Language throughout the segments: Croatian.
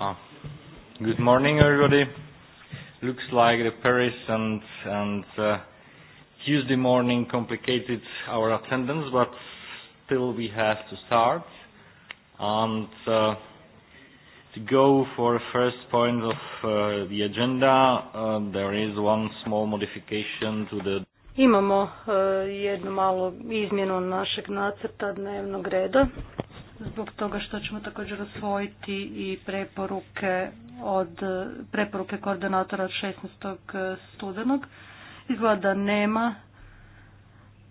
Ah. Good morning, everybody. Looks like the Paris and, and uh, Tuesday morning complicated our attendance, but still we have to start. And uh, to go for the first point of uh, the agenda, uh, there is one small modification to the... Imamo uh, jednu malu izmjenu našeg nacrta dnevnog reda zbog toga što ćemo također osvojiti i preporuke od preporuke koordinatora od 16. studenog. Izgleda da nema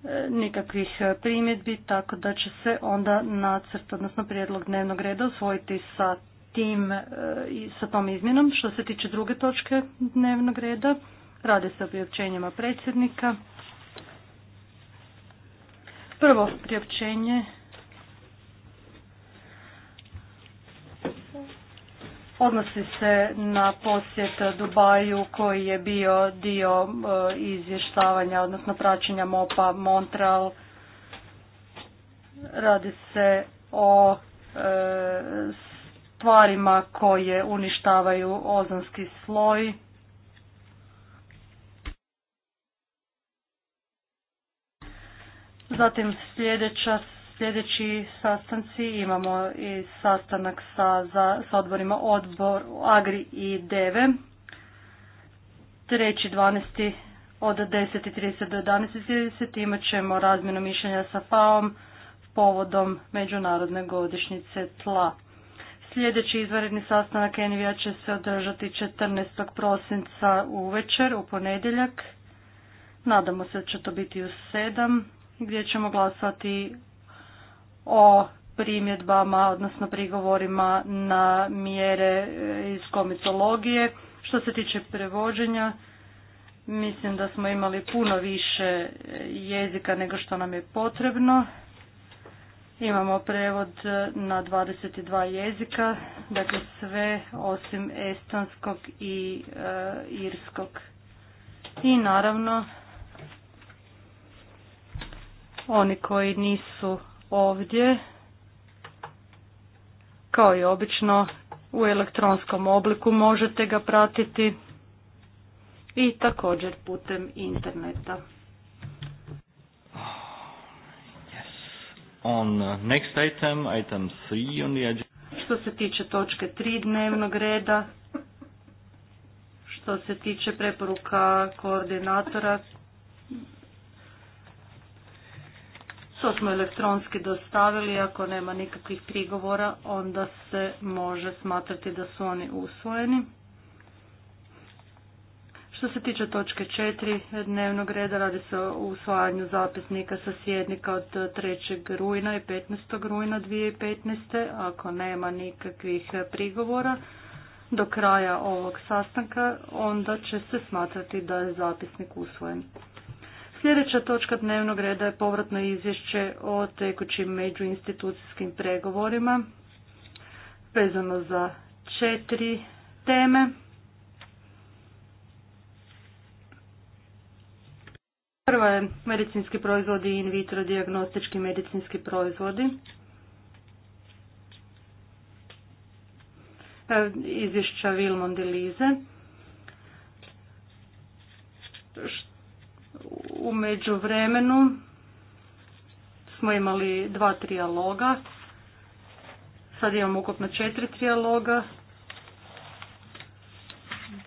e, nikakvih primjedbi, tako da će se onda nacrt, odnosno prijedlog dnevnog reda osvojiti sa tim e, i sa tom izmjenom. Što se tiče druge točke dnevnog reda, radi se o priopćenjima predsjednika. Prvo priopćenje Odnosi se na posjet Dubaju koji je bio dio e, izvještavanja, odnosno praćenja MOPA montreal, Radi se o e, stvarima koje uništavaju ozonski sloj. Zatim sljedeća Sljedeći sastanci imamo i sastanak sa, za, sa odborima odbor Agri i Deve. Treći 12. od 10.30 do 11.30 imat ćemo razmjenu mišljenja sa FAO-om povodom Međunarodne godišnjice tla. Sljedeći izvanredni sastanak Envija će se održati 14. prosinca uvečer u ponedjeljak. Nadamo se da će to biti u 7 gdje ćemo glasati o primjedbama, odnosno prigovorima na mjere e, iz komitologije. Što se tiče prevođenja, mislim da smo imali puno više e, jezika nego što nam je potrebno. Imamo prevod e, na 22 jezika, dakle sve osim estonskog i irskog. I naravno, oni koji nisu ovdje kao i obično u elektronskom obliku možete ga pratiti i također putem interneta. On uh, next item, item on the Što se tiče točke tri dnevnog reda, što se tiče preporuka koordinatora To smo elektronski dostavili, ako nema nikakvih prigovora, onda se može smatrati da su oni usvojeni. Što se tiče točke 4 dnevnog reda, radi se o usvajanju zapisnika sa sjednika od 3. rujna i 15. rujna 2015. Ako nema nikakvih prigovora do kraja ovog sastanka, onda će se smatrati da je zapisnik usvojen. Sljedeća točka dnevnog reda je povratno izvješće o tekućim međuinstitucijskim pregovorima vezano za četiri teme. Prva je medicinski proizvodi i in vitro diagnostički medicinski proizvodi. E, izvješća Vilmon i Lize. U međuvremenu smo imali dva trijaloga. Sad imamo ukupno četiri trijaloga.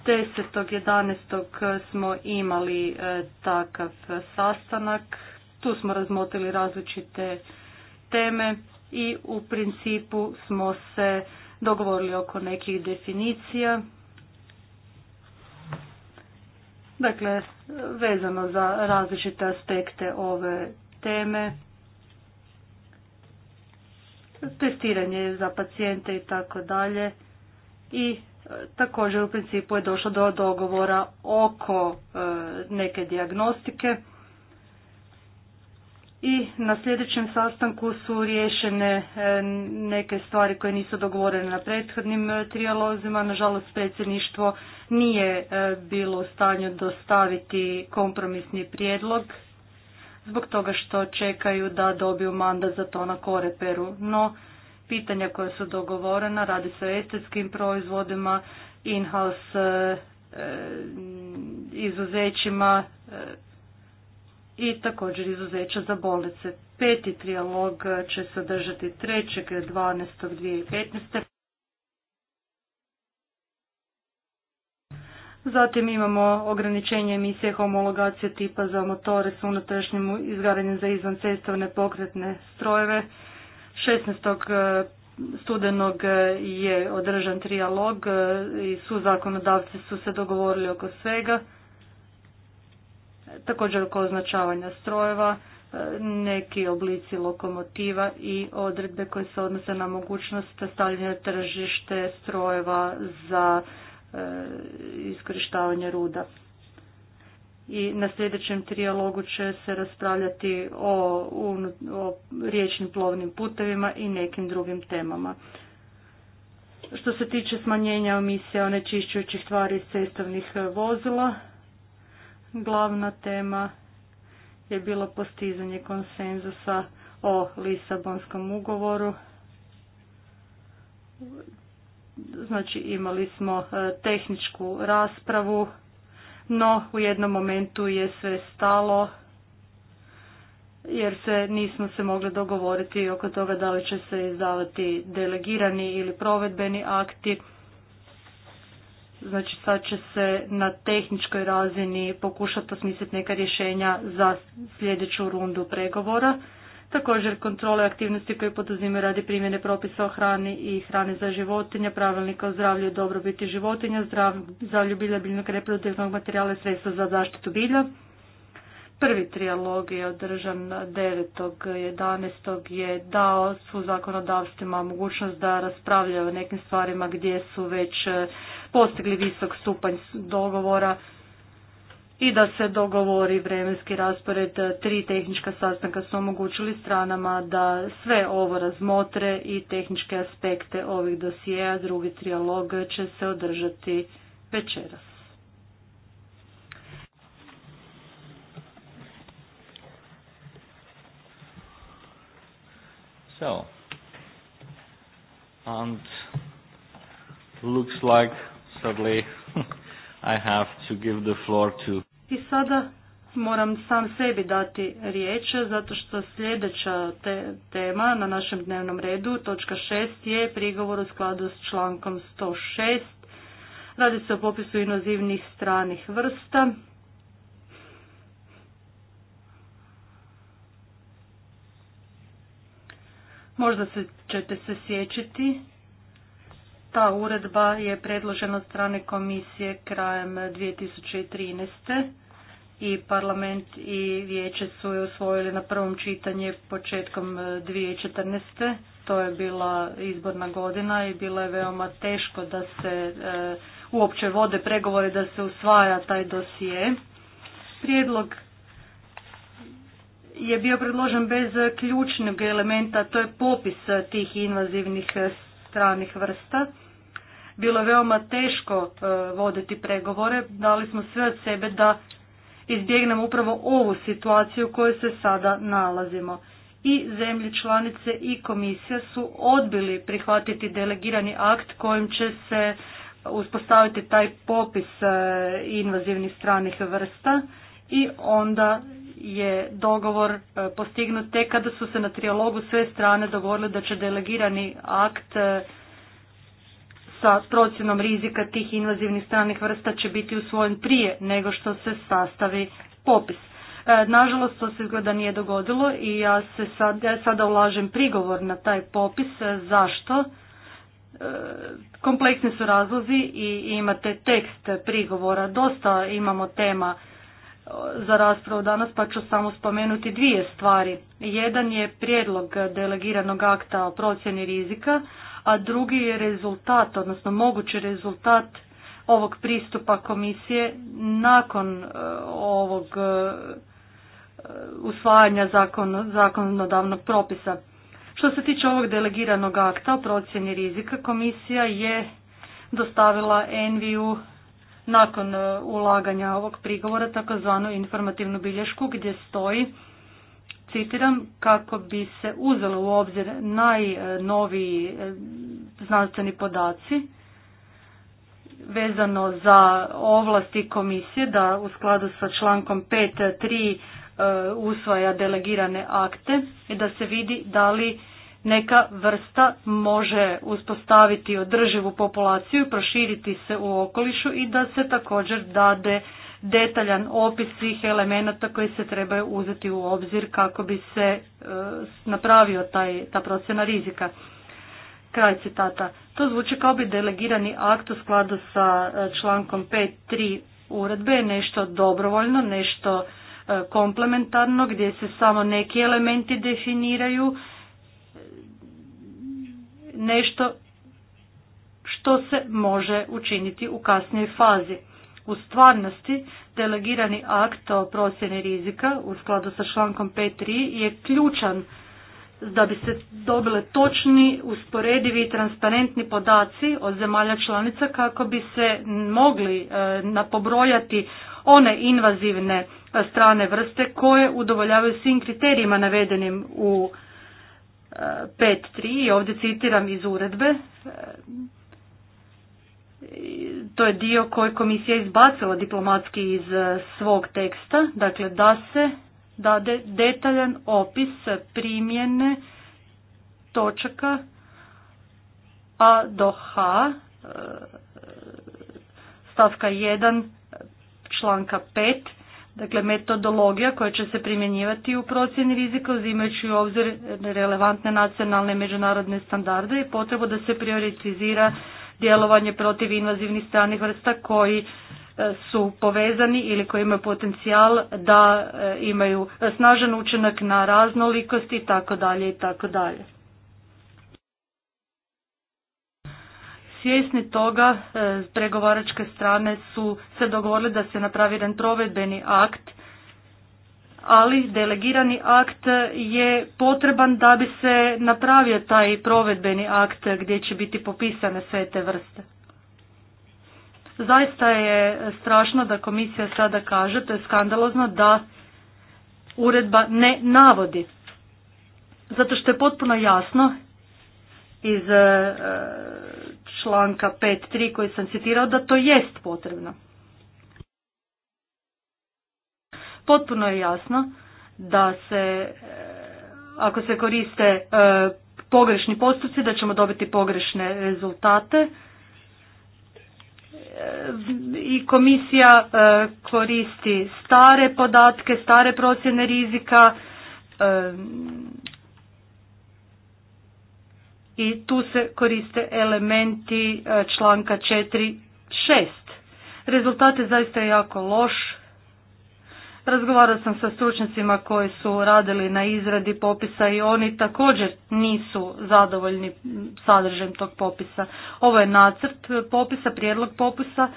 10.11. smo imali e, takav sastanak. Tu smo razmotili različite teme i u principu smo se dogovorili oko nekih definicija Dakle, vezano za različite aspekte ove teme, testiranje za pacijente i tako dalje. I e, također u principu je došlo do dogovora oko e, neke diagnostike i na sljedećem sastanku su riješene e, neke stvari koje nisu dogovorene na prethodnim e, trijalozima. Nažalost, predsjedništvo nije e, bilo u stanju dostaviti kompromisni prijedlog zbog toga što čekaju da dobiju mandat za to na koreperu. No, pitanja koja su dogovorena, radi se o estetskim proizvodima, in-house izuzećima, i također izuzeća za bolnice. Peti trijalog će se održati 3.12.2015. Zatim imamo ograničenje emisije homologacije tipa za motore s unutrašnjim izgaranjem za izvan cestovne pokretne strojeve. 16. E, studenog je održan trijalog e, i su zakonodavci su se dogovorili oko svega također oko označavanja strojeva, e, neki oblici lokomotiva i odredbe koje se odnose na mogućnost stavljanja tržište strojeva za e, iskorištavanje ruda. I na sljedećem trijalogu će se raspravljati o, o riječnim plovnim putevima i nekim drugim temama. Što se tiče smanjenja emisija onečišćujućih tvari iz cestovnih vozila, glavna tema je bilo postizanje konsenzusa o Lisabonskom ugovoru. Znači imali smo e, tehničku raspravu, no u jednom momentu je sve stalo jer se nismo se mogli dogovoriti oko toga da li će se izdavati delegirani ili provedbeni akti Znači sad će se na tehničkoj razini pokušati osmisliti neka rješenja za sljedeću rundu pregovora. Također kontrole aktivnosti koje poduzimaju radi primjene propisa o hrani i hrani za životinje, pravilnika o zdravlju i dobrobiti životinja, zdravlju bilja, biljnog reproduktivnog materijala i sredstva za zaštitu bilja. Prvi trijalog je održan 9.11. je dao svu zakonodavstvima mogućnost da raspravljaju o nekim stvarima gdje su već e, postigli visok stupanj dogovora i da se dogovori vremenski raspored. Tri tehnička sastanka su omogućili stranama da sve ovo razmotre i tehničke aspekte ovih dosijeja. Drugi trijalog će se održati večeras. So, and looks like, I have to give the floor to... sada moram sam sebi dati riječ, zato što sljedeća te, tema na našem dnevnom redu, točka 6, je prigovor u skladu s člankom 106. Radi se o popisu inozivnih stranih vrsta. Možda se, ćete se sjećati, ta uredba je predložena od strane komisije krajem 2013. i parlament i vijeće su je osvojili na prvom čitanje početkom 2014. To je bila izborna godina i bilo je veoma teško da se e, uopće vode pregovore da se usvaja taj dosije. Prijedlog je bio predložen bez ključnog elementa, to je popis tih invazivnih stranih vrsta. Bilo je veoma teško e, voditi pregovore, dali smo sve od sebe da izbjegnemo upravo ovu situaciju u kojoj se sada nalazimo. I zemlje članice i komisija su odbili prihvatiti delegirani akt kojim će se uspostaviti taj popis e, invazivnih stranih vrsta i onda je dogovor e, postignut tek kada su se na trijalogu sve strane dogovorile da će delegirani akt e, sa procjenom rizika tih invazivnih stranih vrsta će biti usvojen prije nego što se sastavi popis. E, nažalost, to se izgleda nije dogodilo i ja se sad, sada ulažem prigovor na taj popis. Zašto? Kompleksni su razlozi i imate tekst prigovora. Dosta imamo tema za raspravu danas, pa ću samo spomenuti dvije stvari. Jedan je prijedlog delegiranog akta o procjeni rizika, a drugi je rezultat, odnosno mogući rezultat ovog pristupa komisije nakon e, ovog e, usvajanja zakon, zakonodavnog propisa. Što se tiče ovog delegiranog akta o procjeni rizika, komisija je dostavila Enviju nakon e, ulaganja ovog prigovora takozvanu informativnu bilješku gdje stoji citiram kako bi se uzelo u obzir najnoviji e, znanstveni podaci vezano za ovlasti komisije da u skladu sa člankom 5.3 e, usvaja delegirane akte i da se vidi da li neka vrsta može uspostaviti održivu populaciju, proširiti se u okolišu i da se također dade detaljan opis svih elemenata koji se trebaju uzeti u obzir kako bi se e, napravio taj, ta procjena rizika. Kraj citata. To zvuči kao bi delegirani akt u skladu sa e, člankom 5.3 uredbe, nešto dobrovoljno, nešto e, komplementarno gdje se samo neki elementi definiraju nešto što se može učiniti u kasnijoj fazi. U stvarnosti, delegirani akt o procjeni rizika u skladu sa člankom 5.3 je ključan da bi se dobile točni, usporedivi i transparentni podaci od zemalja članica kako bi se mogli e, napobrojati one invazivne e, strane vrste koje udovoljavaju svim kriterijima navedenim u 5.3 e, i ovdje citiram iz uredbe. E, to je dio koji komisija izbacila diplomatski iz e, svog teksta, dakle da se dade detaljan opis primjene točaka A do H stavka 1 članka 5 Dakle, metodologija koja će se primjenjivati u procjeni rizika uzimajući u obzir relevantne nacionalne i međunarodne standarde i potrebu da se prioritizira djelovanje protiv invazivnih stranih vrsta koji e, su povezani ili koji imaju potencijal da e, imaju snažan učinak na raznolikost i tako dalje i tako dalje. Svjesni toga, e, pregovaračke strane su se dogovorile da se napravi jedan provedbeni akt, ali delegirani akt je potreban da bi se napravio taj provedbeni akt gdje će biti popisane sve te vrste. Zaista je strašno da komisija sada kaže, to je skandalozno, da uredba ne navodi. Zato što je potpuno jasno iz e, članka 5.3 koji sam citirao da to jest potrebno. Potpuno je jasno da se, e, ako se koriste e, pogrešni postupci, da ćemo dobiti pogrešne rezultate e, i komisija koristi stare podatke, stare procjene rizika, i tu se koriste elementi e, članka 4.6. Rezultat je zaista jako loš. Razgovarao sam sa stručnjacima koji su radili na izradi popisa i oni također nisu zadovoljni sadržajem tog popisa. Ovo je nacrt popisa, prijedlog popisa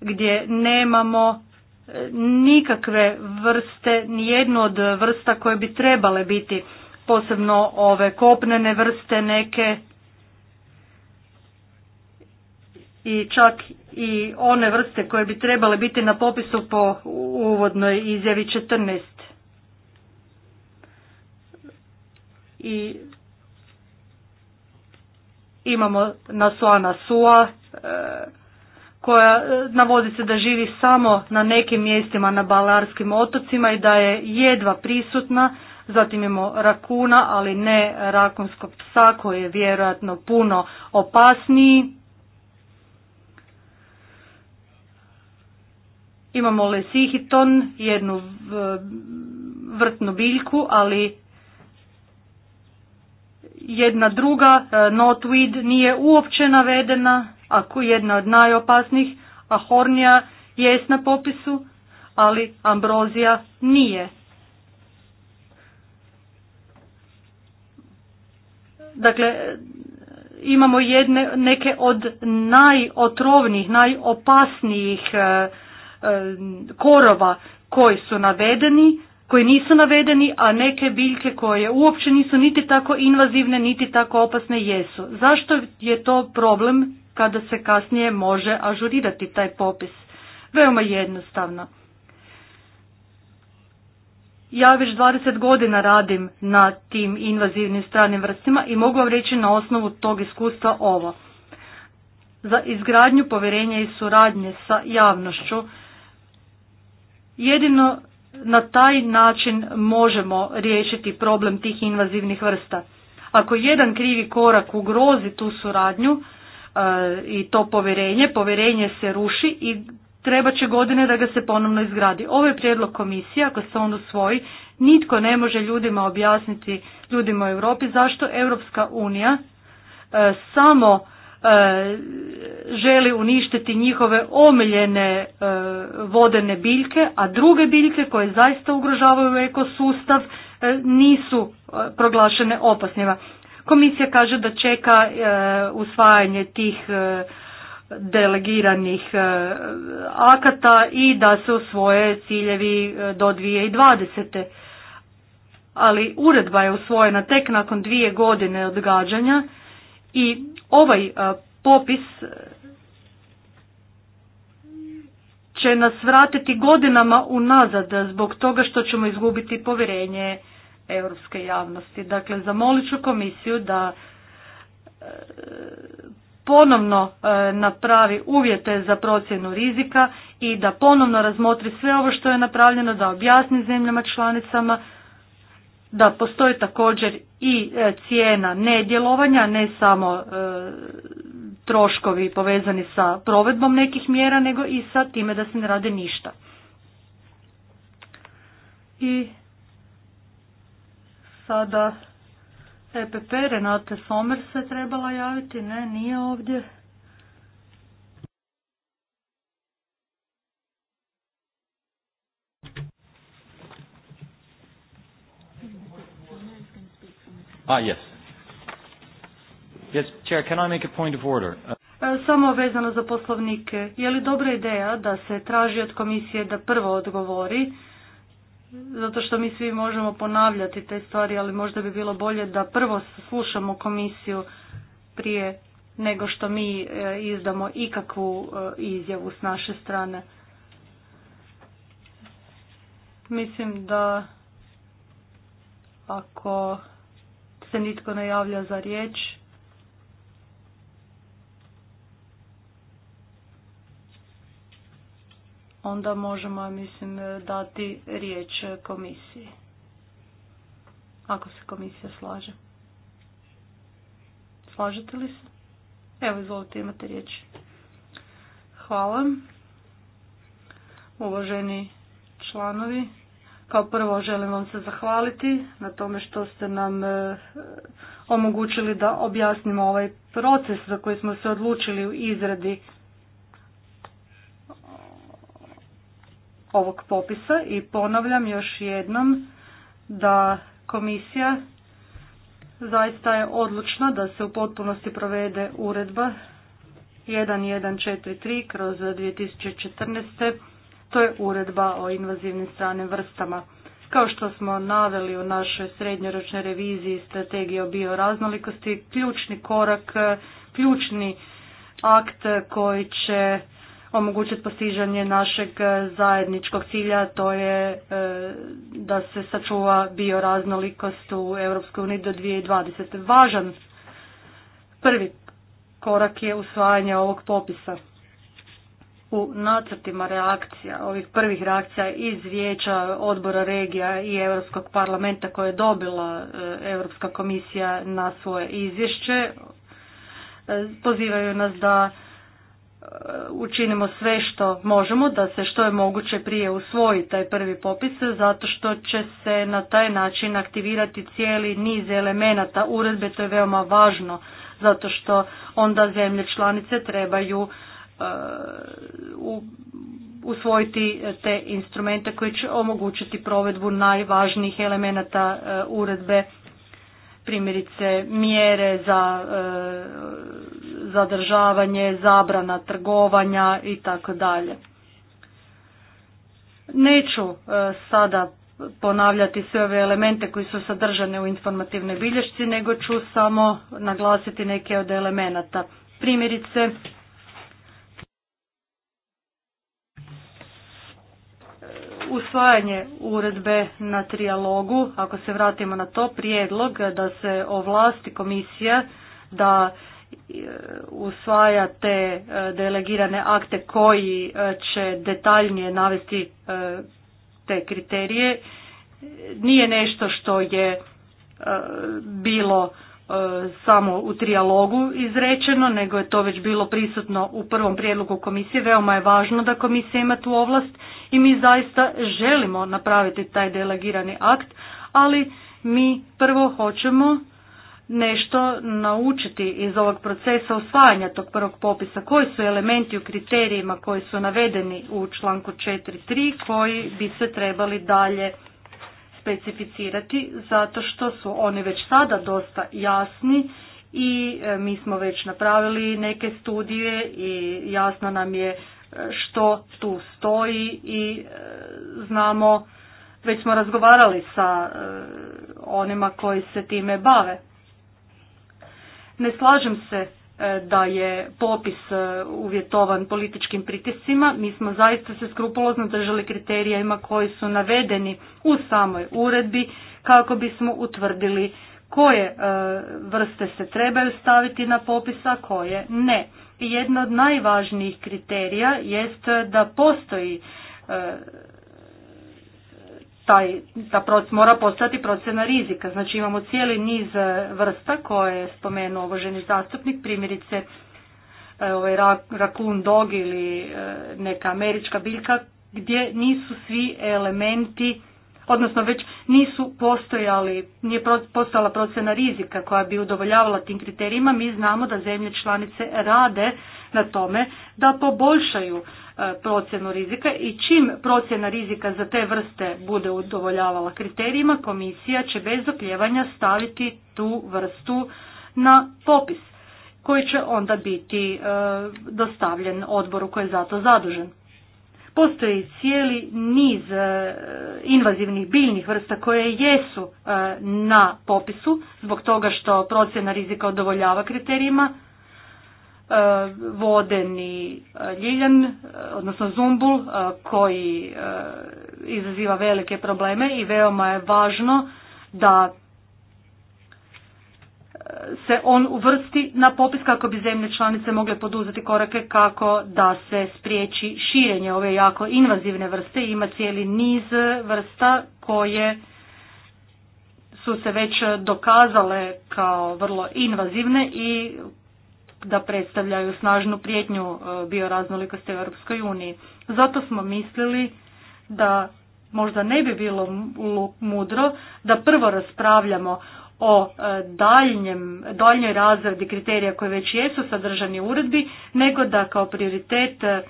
gdje nemamo e, nikakve vrste, nijednu od vrsta koje bi trebale biti posebno ove kopnene vrste neke i čak i one vrste koje bi trebale biti na popisu po uvodnoj izjavi 14. I imamo Nasuana Sua e, koja e, navodi se da živi samo na nekim mjestima na Balarskim otocima i da je jedva prisutna Zatim imamo rakuna, ali ne rakunskog psa koji je vjerojatno puno opasniji. Imamo lesihiton, jednu e, vrtnu biljku, ali jedna druga, e, notweed, nije uopće navedena, ako jedna od najopasnijih, a hornija jest na popisu, ali ambrozija nije. Dakle, imamo jedne, neke od najotrovnijih, najopasnijih e, e, korova koji su navedeni, koji nisu navedeni, a neke biljke koje uopće nisu niti tako invazivne, niti tako opasne jesu. Zašto je to problem kada se kasnije može ažurirati taj popis? Veoma jednostavno. Ja već 20 godina radim na tim invazivnim stranim vrstima i mogu vam reći na osnovu tog iskustva ovo. Za izgradnju povjerenja i suradnje sa javnošću jedino na taj način možemo riješiti problem tih invazivnih vrsta. Ako jedan krivi korak ugrozi tu suradnju e, i to povjerenje, povjerenje se ruši i treba će godine da ga se ponovno izgradi. Ovo je prijedlog komisije, ako se on usvoji, nitko ne može ljudima objasniti, ljudima u Europi, zašto Europska unija e, samo e, želi uništiti njihove omiljene e, vodene biljke, a druge biljke koje zaista ugrožavaju ekosustav nisu proglašene opasnima. Komisija kaže da čeka usvajanje tih delegiranih e, akata i da se usvoje ciljevi e, do 2020. Ali uredba je usvojena tek nakon dvije godine odgađanja i ovaj e, popis će nas vratiti godinama unazad zbog toga što ćemo izgubiti povjerenje europske javnosti. Dakle, zamolit ću komisiju da ponovno e, napravi uvjete za procjenu rizika i da ponovno razmotri sve ovo što je napravljeno, da objasni zemljama članicama da postoji također i e, cijena nedjelovanja, ne samo e, troškovi povezani sa provedbom nekih mjera, nego i sa time da se ne radi ništa. I sada EPP Renate Somer se trebala javiti, ne, nije ovdje. Ah, yes. Yes, Chair, can I make a point of order? Uh, e, samo vezano za poslovnike. Je li dobra ideja da se traži od komisije da prvo odgovori? zato što mi svi možemo ponavljati te stvari, ali možda bi bilo bolje da prvo slušamo komisiju prije nego što mi e, izdamo ikakvu e, izjavu s naše strane. Mislim da ako se nitko ne javlja za riječ, onda možemo, mislim, dati riječ komisiji. Ako se komisija slaže. Slažete li se? Evo, izvolite, imate riječ. Hvala. Uvaženi članovi, kao prvo želim vam se zahvaliti na tome što ste nam e, omogućili da objasnimo ovaj proces za koji smo se odlučili u izradi ovog popisa i ponavljam još jednom da komisija zaista je odlučna da se u potpunosti provede uredba 1143 kroz 2014. To je uredba o invazivnim stranim vrstama. Kao što smo naveli u našoj srednjoročnoj reviziji strategije o bioraznolikosti, ključni korak, ključni akt koji će omogućiti postižanje našeg e, zajedničkog cilja, to je e, da se sačuva bioraznolikost u EU do 2020. Važan prvi korak je usvajanje ovog popisa. U nacrtima reakcija, ovih prvih reakcija iz vijeća odbora regija i Europskog parlamenta koje je dobila e, Europska komisija na svoje izvješće, pozivaju nas da učinimo sve što možemo da se što je moguće prije usvoji taj prvi popis zato što će se na taj način aktivirati cijeli niz elemenata uredbe, to je veoma važno zato što onda zemlje članice trebaju e, usvojiti te instrumente koji će omogućiti provedbu najvažnijih elemenata e, uredbe, primjerice mjere za e, zadržavanje, zabrana trgovanja i tako dalje. Neću e, sada ponavljati sve ove elemente koji su sadržane u informativnoj bilješci, nego ću samo naglasiti neke od elemenata. Primjerice, usvajanje uredbe na trijalogu, ako se vratimo na to, prijedlog da se ovlasti komisija da usvaja te e, delegirane akte koji e, će detaljnije navesti e, te kriterije nije nešto što je bilo samo u trijalogu izrečeno, nego je to već bilo prisutno u prvom prijedlogu komisije. Veoma je važno da komisija ima tu ovlast i mi zaista želimo napraviti taj delegirani akt, ali mi prvo hoćemo nešto naučiti iz ovog procesa osvajanja tog prvog popisa? Koji su elementi u kriterijima koji su navedeni u članku 4.3 koji bi se trebali dalje specificirati zato što su oni već sada dosta jasni i e, mi smo već napravili neke studije i jasno nam je e, što tu stoji i e, znamo, već smo razgovarali sa onima koji se time bave. Ne slažem se e, da je popis e, uvjetovan političkim pritiscima. Mi smo zaista se skrupulozno držali kriterijima koji su navedeni u samoj uredbi kako bismo utvrdili koje e, vrste se trebaju staviti na popis, a koje ne. Jedna od najvažnijih kriterija jest da postoji taj, proc, mora postati procjena rizika. Znači imamo cijeli niz e, vrsta koje je spomenuo uvaženi zastupnik, primjerice e, ovaj rakun dog ili e, neka američka biljka gdje nisu svi elementi odnosno već nisu postojali, nije postojala procjena rizika koja bi udovoljavala tim kriterijima, mi znamo da zemlje članice rade na tome da poboljšaju e, procjenu rizika i čim procjena rizika za te vrste bude udovoljavala kriterijima, komisija će bez okljevanja staviti tu vrstu na popis koji će onda biti e, dostavljen odboru koji je za to zadužen. Postoji cijeli niz e, invazivnih biljnih vrsta koje jesu na popisu zbog toga što procjena rizika udovoljava kriterijima, vodeni ljiljan, odnosno zumbul, e, koji e, izaziva velike probleme i veoma je važno da e, se on uvrsti na popis kako bi zemlje članice mogle poduzeti korake kako da se spriječi širenje ove jako invazivne vrste ima cijeli niz vrsta koje su se već dokazale kao vrlo invazivne i da predstavljaju snažnu prijetnju e, bioraznolikosti u Europskoj uniji. Zato smo mislili da možda ne bi bilo mudro da prvo raspravljamo o e, daljnjem, daljnjoj razredi kriterija koje već jesu sadržani u uredbi, nego da kao prioritet e,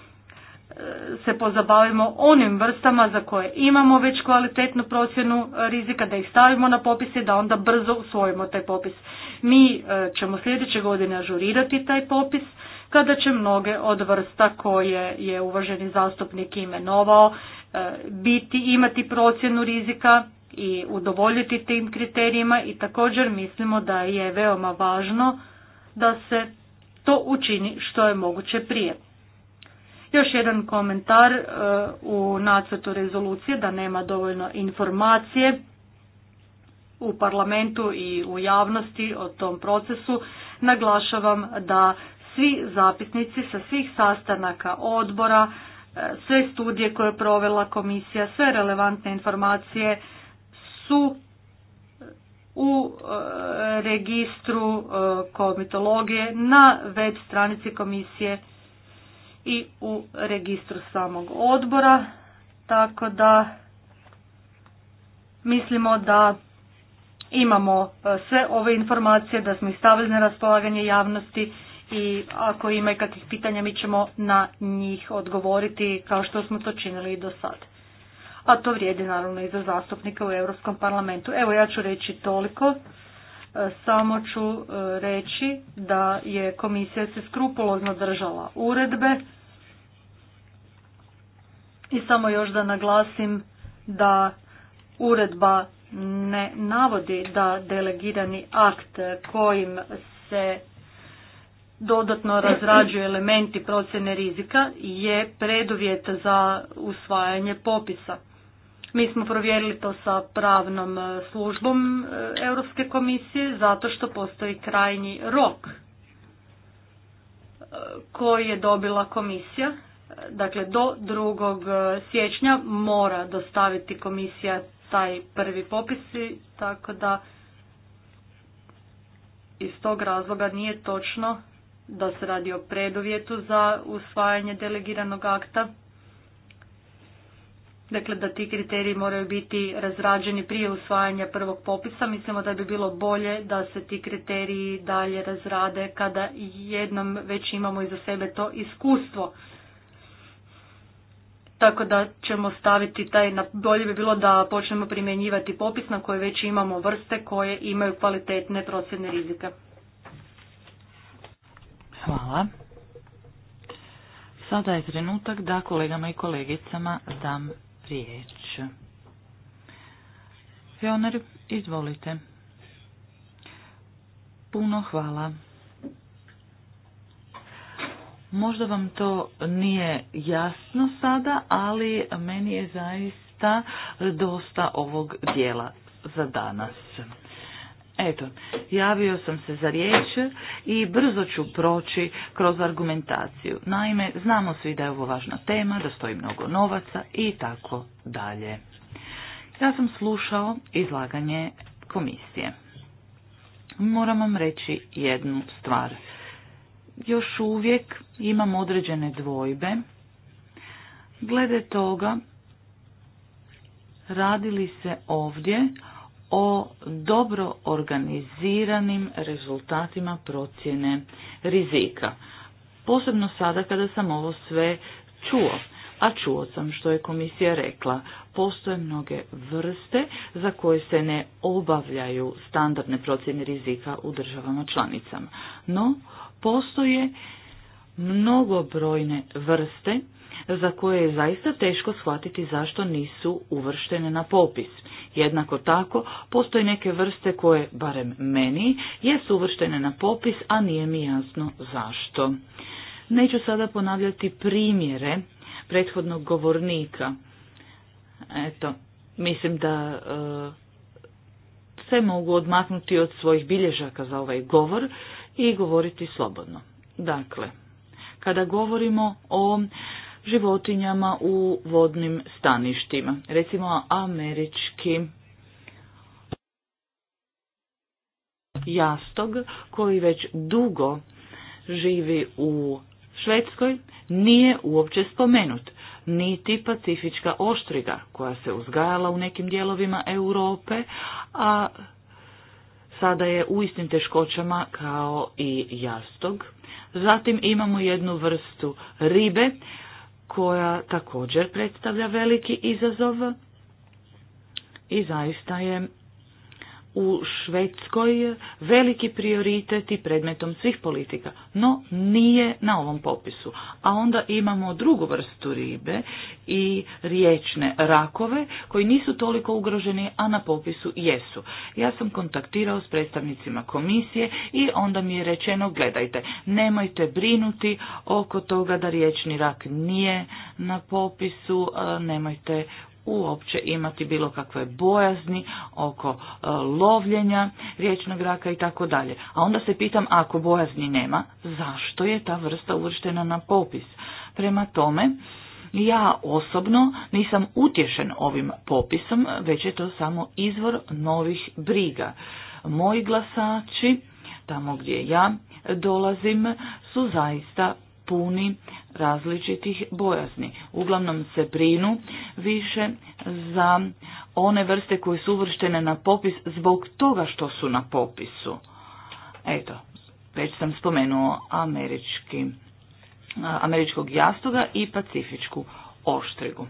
se pozabavimo onim vrstama za koje imamo već kvalitetnu procjenu rizika, da ih stavimo na popise i da onda brzo usvojimo taj popis. Mi e, ćemo sljedeće godine ažurirati taj popis kada će mnoge od vrsta koje je uvaženi zastupnik imenovao e, biti imati procjenu rizika i udovoljiti tim kriterijima i također mislimo da je veoma važno da se to učini što je moguće prije. Još jedan komentar e, u nacrtu rezolucije da nema dovoljno informacije u parlamentu i u javnosti o tom procesu naglašavam da svi zapisnici sa svih sastanaka odbora, e, sve studije koje je provela komisija, sve relevantne informacije su e, u e, registru komitologije na web stranici komisije i u registru samog odbora, tako da mislimo da imamo e, sve ove informacije, da smo ih stavili na raspolaganje javnosti i ako ima kakvih pitanja mi ćemo na njih odgovoriti kao što smo to činili i do sad. A to vrijedi naravno i za zastupnika u Europskom parlamentu. Evo ja ću reći toliko. E, samo ću e, reći da je komisija se skrupulozno držala uredbe i samo još da naglasim da uredba ne navodi da delegirani akt kojim se dodatno razrađuju elementi procjene rizika je preduvjet za usvajanje popisa. Mi smo provjerili to sa pravnom službom eh, Europske komisije zato što postoji krajnji rok eh, koji je dobila komisija. Dakle, do 2. Eh, siječnja mora dostaviti komisija taj prvi popisi, tako da iz tog razloga nije točno da se radi o preduvjetu za usvajanje delegiranog akta. Dakle, da ti kriteriji moraju biti razrađeni prije usvajanja prvog popisa. Mislimo da bi bilo bolje da se ti kriteriji dalje razrade kada jednom već imamo iza sebe to iskustvo tako da ćemo staviti taj, bolje bi bilo da počnemo primjenjivati popis na koje već imamo vrste koje imaju kvalitetne procjene rizika. Hvala. Sada je trenutak da kolegama i kolegicama dam riječ. Fionar, izvolite. Puno hvala. Možda vam to nije jasno sada, ali meni je zaista dosta ovog dijela za danas. Eto, javio sam se za riječ i brzo ću proći kroz argumentaciju. Naime, znamo svi da je ovo važna tema, da stoji mnogo novaca i tako dalje. Ja sam slušao izlaganje komisije. Moram vam reći jednu stvar još uvijek imam određene dvojbe glede toga radili se ovdje o dobro organiziranim rezultatima procjene rizika. Posebno sada kada sam ovo sve čuo, a čuo sam što je komisija rekla, postoje mnoge vrste za koje se ne obavljaju standardne procjene rizika u državama članicama. No, postoje mnogobrojne vrste za koje je zaista teško shvatiti zašto nisu uvrštene na popis. Jednako tako, postoje neke vrste koje, barem meni, jesu uvrštene na popis, a nije mi jasno zašto. Neću sada ponavljati primjere prethodnog govornika. Eto, mislim da e, se mogu odmaknuti od svojih bilježaka za ovaj govor i govoriti slobodno. Dakle, kada govorimo o životinjama u vodnim staništima, recimo američki jastog koji već dugo živi u Švedskoj nije uopće spomenut, niti pacifička oštriga koja se uzgajala u nekim dijelovima Europe, a sada je u istim teškoćama kao i jastog. Zatim imamo jednu vrstu ribe koja također predstavlja veliki izazov i zaista je u Švedskoj veliki prioritet i predmetom svih politika, no nije na ovom popisu. A onda imamo drugu vrstu ribe i riječne rakove koji nisu toliko ugroženi, a na popisu jesu. Ja sam kontaktirao s predstavnicima komisije i onda mi je rečeno gledajte, nemojte brinuti oko toga da riječni rak nije na popisu, e, nemojte uopće imati bilo kakve bojazni oko e, lovljenja riječnog raka i tako dalje. A onda se pitam ako bojazni nema, zašto je ta vrsta uvrštena na popis? Prema tome, ja osobno nisam utješen ovim popisom, već je to samo izvor novih briga. Moji glasači, tamo gdje ja dolazim, su zaista puni različitih bojazni. Uglavnom se brinu više za one vrste koje su uvrštene na popis zbog toga što su na popisu. Eto, već sam spomenuo američki, američkog jastoga i pacifičku oštrigu.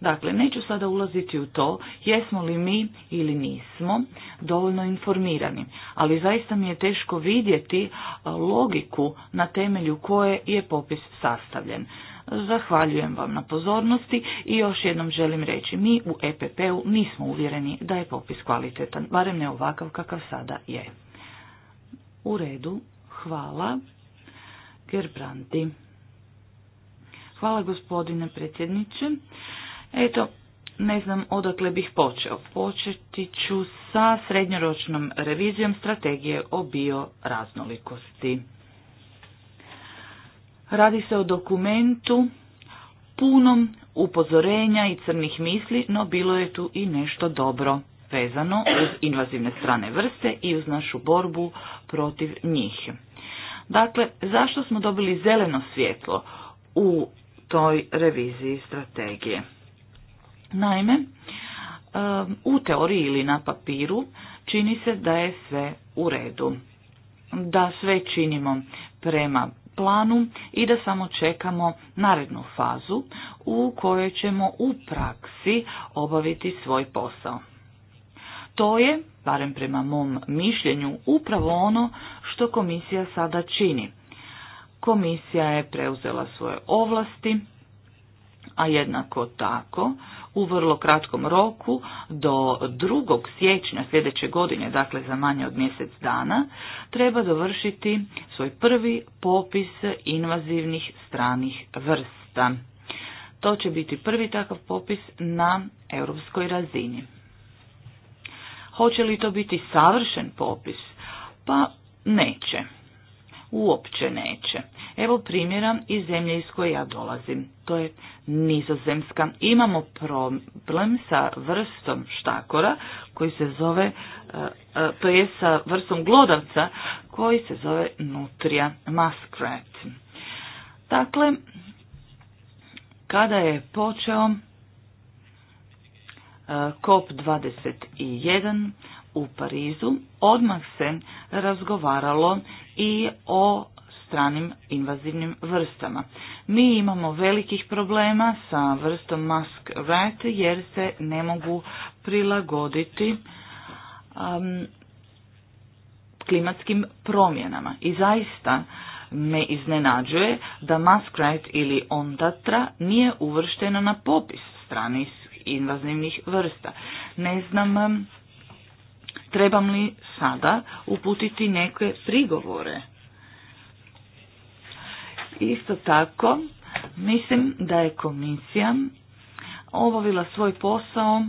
Dakle, neću sada ulaziti u to jesmo li mi ili nismo dovoljno informirani, ali zaista mi je teško vidjeti logiku na temelju koje je popis sastavljen. Zahvaljujem vam na pozornosti i još jednom želim reći, mi u EPP-u nismo uvjereni da je popis kvalitetan, barem ne ovakav kakav sada je. U redu, hvala. Gerbrandi. Hvala gospodine predsjedniče. Eto, ne znam odakle bih počeo. Početi ću sa srednjoročnom revizijom strategije o bioraznolikosti. Radi se o dokumentu punom upozorenja i crnih misli, no bilo je tu i nešto dobro vezano uz invazivne strane vrste i uz našu borbu protiv njih. Dakle, zašto smo dobili zeleno svjetlo u toj reviziji strategije? Naime, u teoriji ili na papiru čini se da je sve u redu, da sve činimo prema planu i da samo čekamo narednu fazu u kojoj ćemo u praksi obaviti svoj posao. To je, barem prema mom mišljenju, upravo ono što komisija sada čini. Komisija je preuzela svoje ovlasti, a jednako tako u vrlo kratkom roku do 2. siječnja sljedeće godine, dakle za manje od mjesec dana, treba dovršiti svoj prvi popis invazivnih stranih vrsta. To će biti prvi takav popis na europskoj razini. Hoće li to biti savršen popis? Pa neće uopće neće. Evo primjera iz zemlje iz koje ja dolazim. To je nizozemska. Imamo problem sa vrstom štakora koji se zove, e, e, to je sa vrstom glodavca koji se zove nutria muskrat. Dakle, kada je počeo COP21, e, u Parizu odmah se razgovaralo i o stranim invazivnim vrstama. Mi imamo velikih problema sa vrstom mask jer se ne mogu prilagoditi um, klimatskim promjenama. I zaista me iznenađuje da muskrat ili ondatra nije uvrštena na popis stranih invazivnih vrsta. Ne znam um, Trebam li sada uputiti neke prigovore? Isto tako, mislim da je komisija obavila svoj posao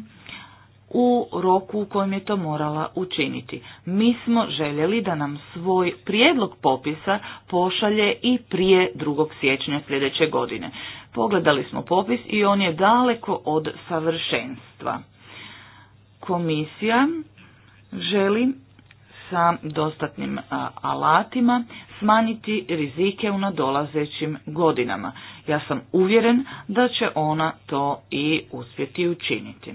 u roku u kojem je to morala učiniti. Mi smo željeli da nam svoj prijedlog popisa pošalje i prije 2. siječnja sljedeće godine. Pogledali smo popis i on je daleko od savršenstva. Komisija želi sa dostatnim alatima smanjiti rizike u nadolazećim godinama. Ja sam uvjeren da će ona to i uspjeti učiniti.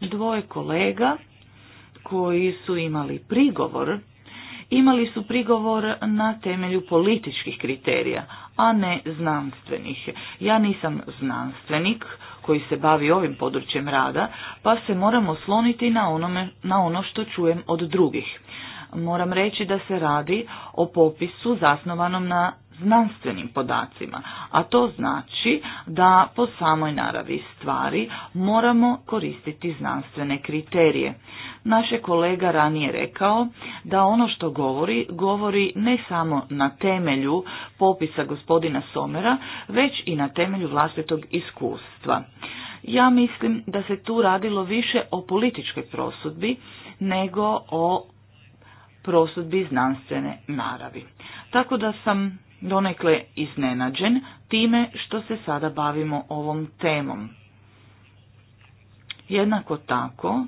Dvoje kolega koji su imali prigovor, imali su prigovor na temelju političkih kriterija, a ne znanstvenih. Ja nisam znanstvenik, koji se bavi ovim područjem rada, pa se moramo osloniti na, na ono što čujem od drugih. Moram reći da se radi o popisu zasnovanom na znanstvenim podacima, a to znači da po samoj naravi stvari moramo koristiti znanstvene kriterije. Naš je kolega ranije rekao da ono što govori, govori ne samo na temelju popisa gospodina Somera, već i na temelju vlastitog iskustva. Ja mislim da se tu radilo više o političkoj prosudbi nego o prosudbi znanstvene naravi. Tako da sam donekle iznenađen time što se sada bavimo ovom temom. Jednako tako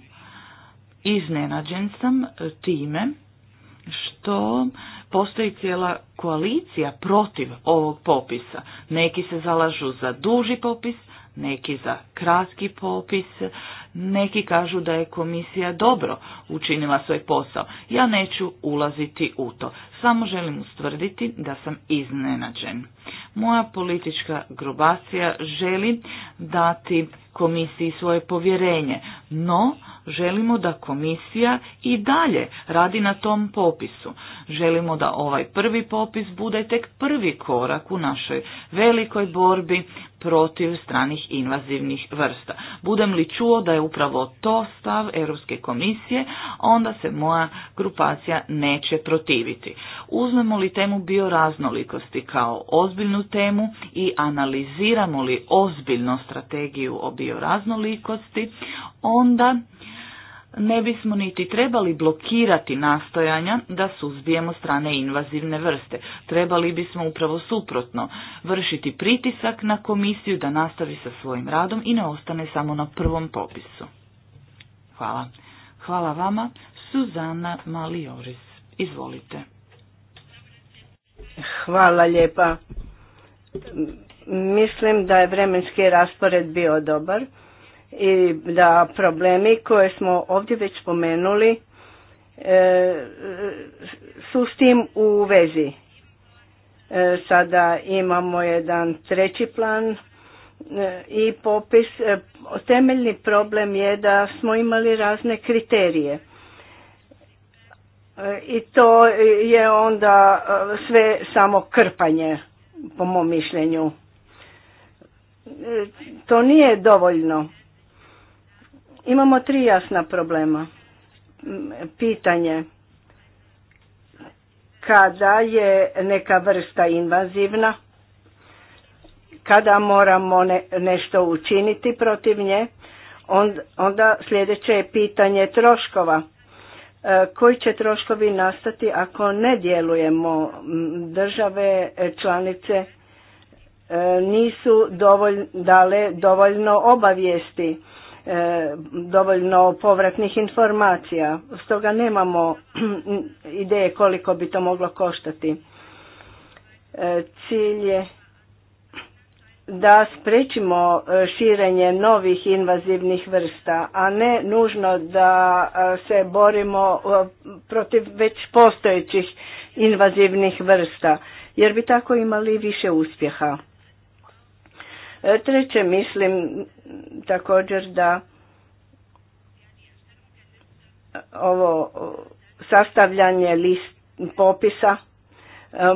Iznenađen sam e, time što postoji cijela koalicija protiv ovog popisa. Neki se zalažu za duži popis, neki za kratki popis, neki kažu da je komisija dobro učinila svoj posao. Ja neću ulaziti u to, samo želim ustvrditi da sam iznenađen. Moja politička grupacija želi dati komisiji svoje povjerenje, no želimo da komisija i dalje radi na tom popisu. Želimo da ovaj prvi popis bude tek prvi korak u našoj velikoj borbi protiv stranih invazivnih vrsta. Budem li čuo da je upravo to stav Europske komisije, onda se moja grupacija neće protiviti. Uzmemo li temu bioraznolikosti kao ozbiljnosti? ozbiljnu temu i analiziramo li ozbiljno strategiju o bioraznolikosti, onda ne bismo niti trebali blokirati nastojanja da suzbijemo strane invazivne vrste. Trebali bismo upravo suprotno vršiti pritisak na komisiju da nastavi sa svojim radom i ne ostane samo na prvom popisu. Hvala. Hvala vama. Suzana Malioris. Izvolite. Hvala lijepa. Mislim da je vremenski raspored bio dobar i da problemi koje smo ovdje već spomenuli e, su s tim u vezi. E, sada imamo jedan treći plan e, i popis. Temeljni problem je da smo imali razne kriterije. I to je onda sve samo krpanje po mom mišljenju. E, to nije dovoljno. Imamo tri jasna problema. Pitanje kada je neka vrsta invazivna, kada moramo nešto učiniti protiv nje, onda sljedeće je pitanje troškova E, koji će troškovi nastati ako ne djelujemo države e, članice e, nisu dovolj, dale dovoljno obavijesti dovoljno povratnih informacija stoga nemamo ideje koliko bi to moglo koštati cilj je da sprečimo e, širenje novih invazivnih vrsta, a ne nužno da e, se borimo e, protiv već postojećih invazivnih vrsta, jer bi tako imali više uspjeha. Treće, mislim također da ovo sastavljanje list popisa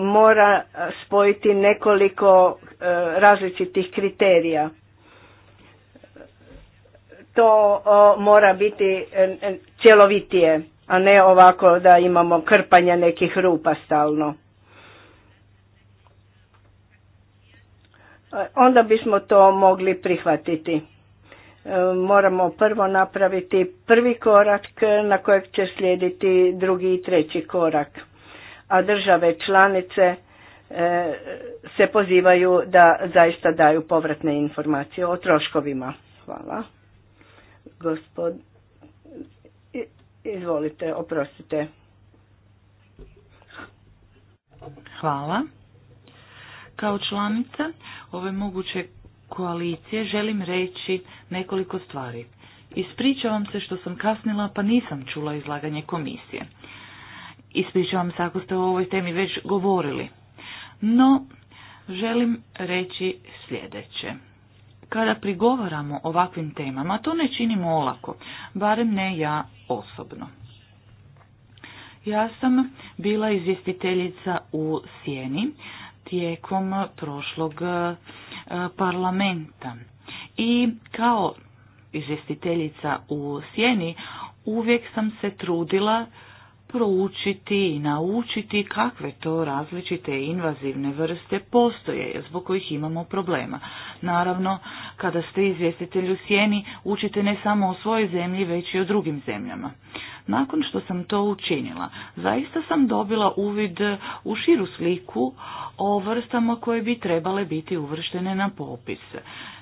mora spojiti nekoliko različitih kriterija. To mora biti e, e, cjelovitije, a ne ovako da imamo krpanje nekih rupa stalno. E, onda bismo to mogli prihvatiti. Moramo prvo napraviti prvi korak na kojeg će slijediti drugi i treći korak. A države članice E, se pozivaju da zaista daju povratne informacije o troškovima. Hvala. Gospod, izvolite, oprostite. Hvala. Kao članica ove moguće koalicije želim reći nekoliko stvari. Ispričavam se što sam kasnila pa nisam čula izlaganje komisije. Ispričavam se ako ste o ovoj temi već govorili. No, želim reći sljedeće. Kada prigovaramo ovakvim temama, to ne činimo olako, barem ne ja osobno. Ja sam bila izvjestiteljica u Sjeni tijekom prošlog e, parlamenta i kao izvjestiteljica u Sjeni uvijek sam se trudila proučiti i naučiti kakve to različite invazivne vrste postoje zbog kojih imamo problema. Naravno, kada ste izvjestitelj u sjeni, učite ne samo o svojoj zemlji, već i o drugim zemljama. Nakon što sam to učinila, zaista sam dobila uvid u širu sliku o vrstama koje bi trebale biti uvrštene na popis.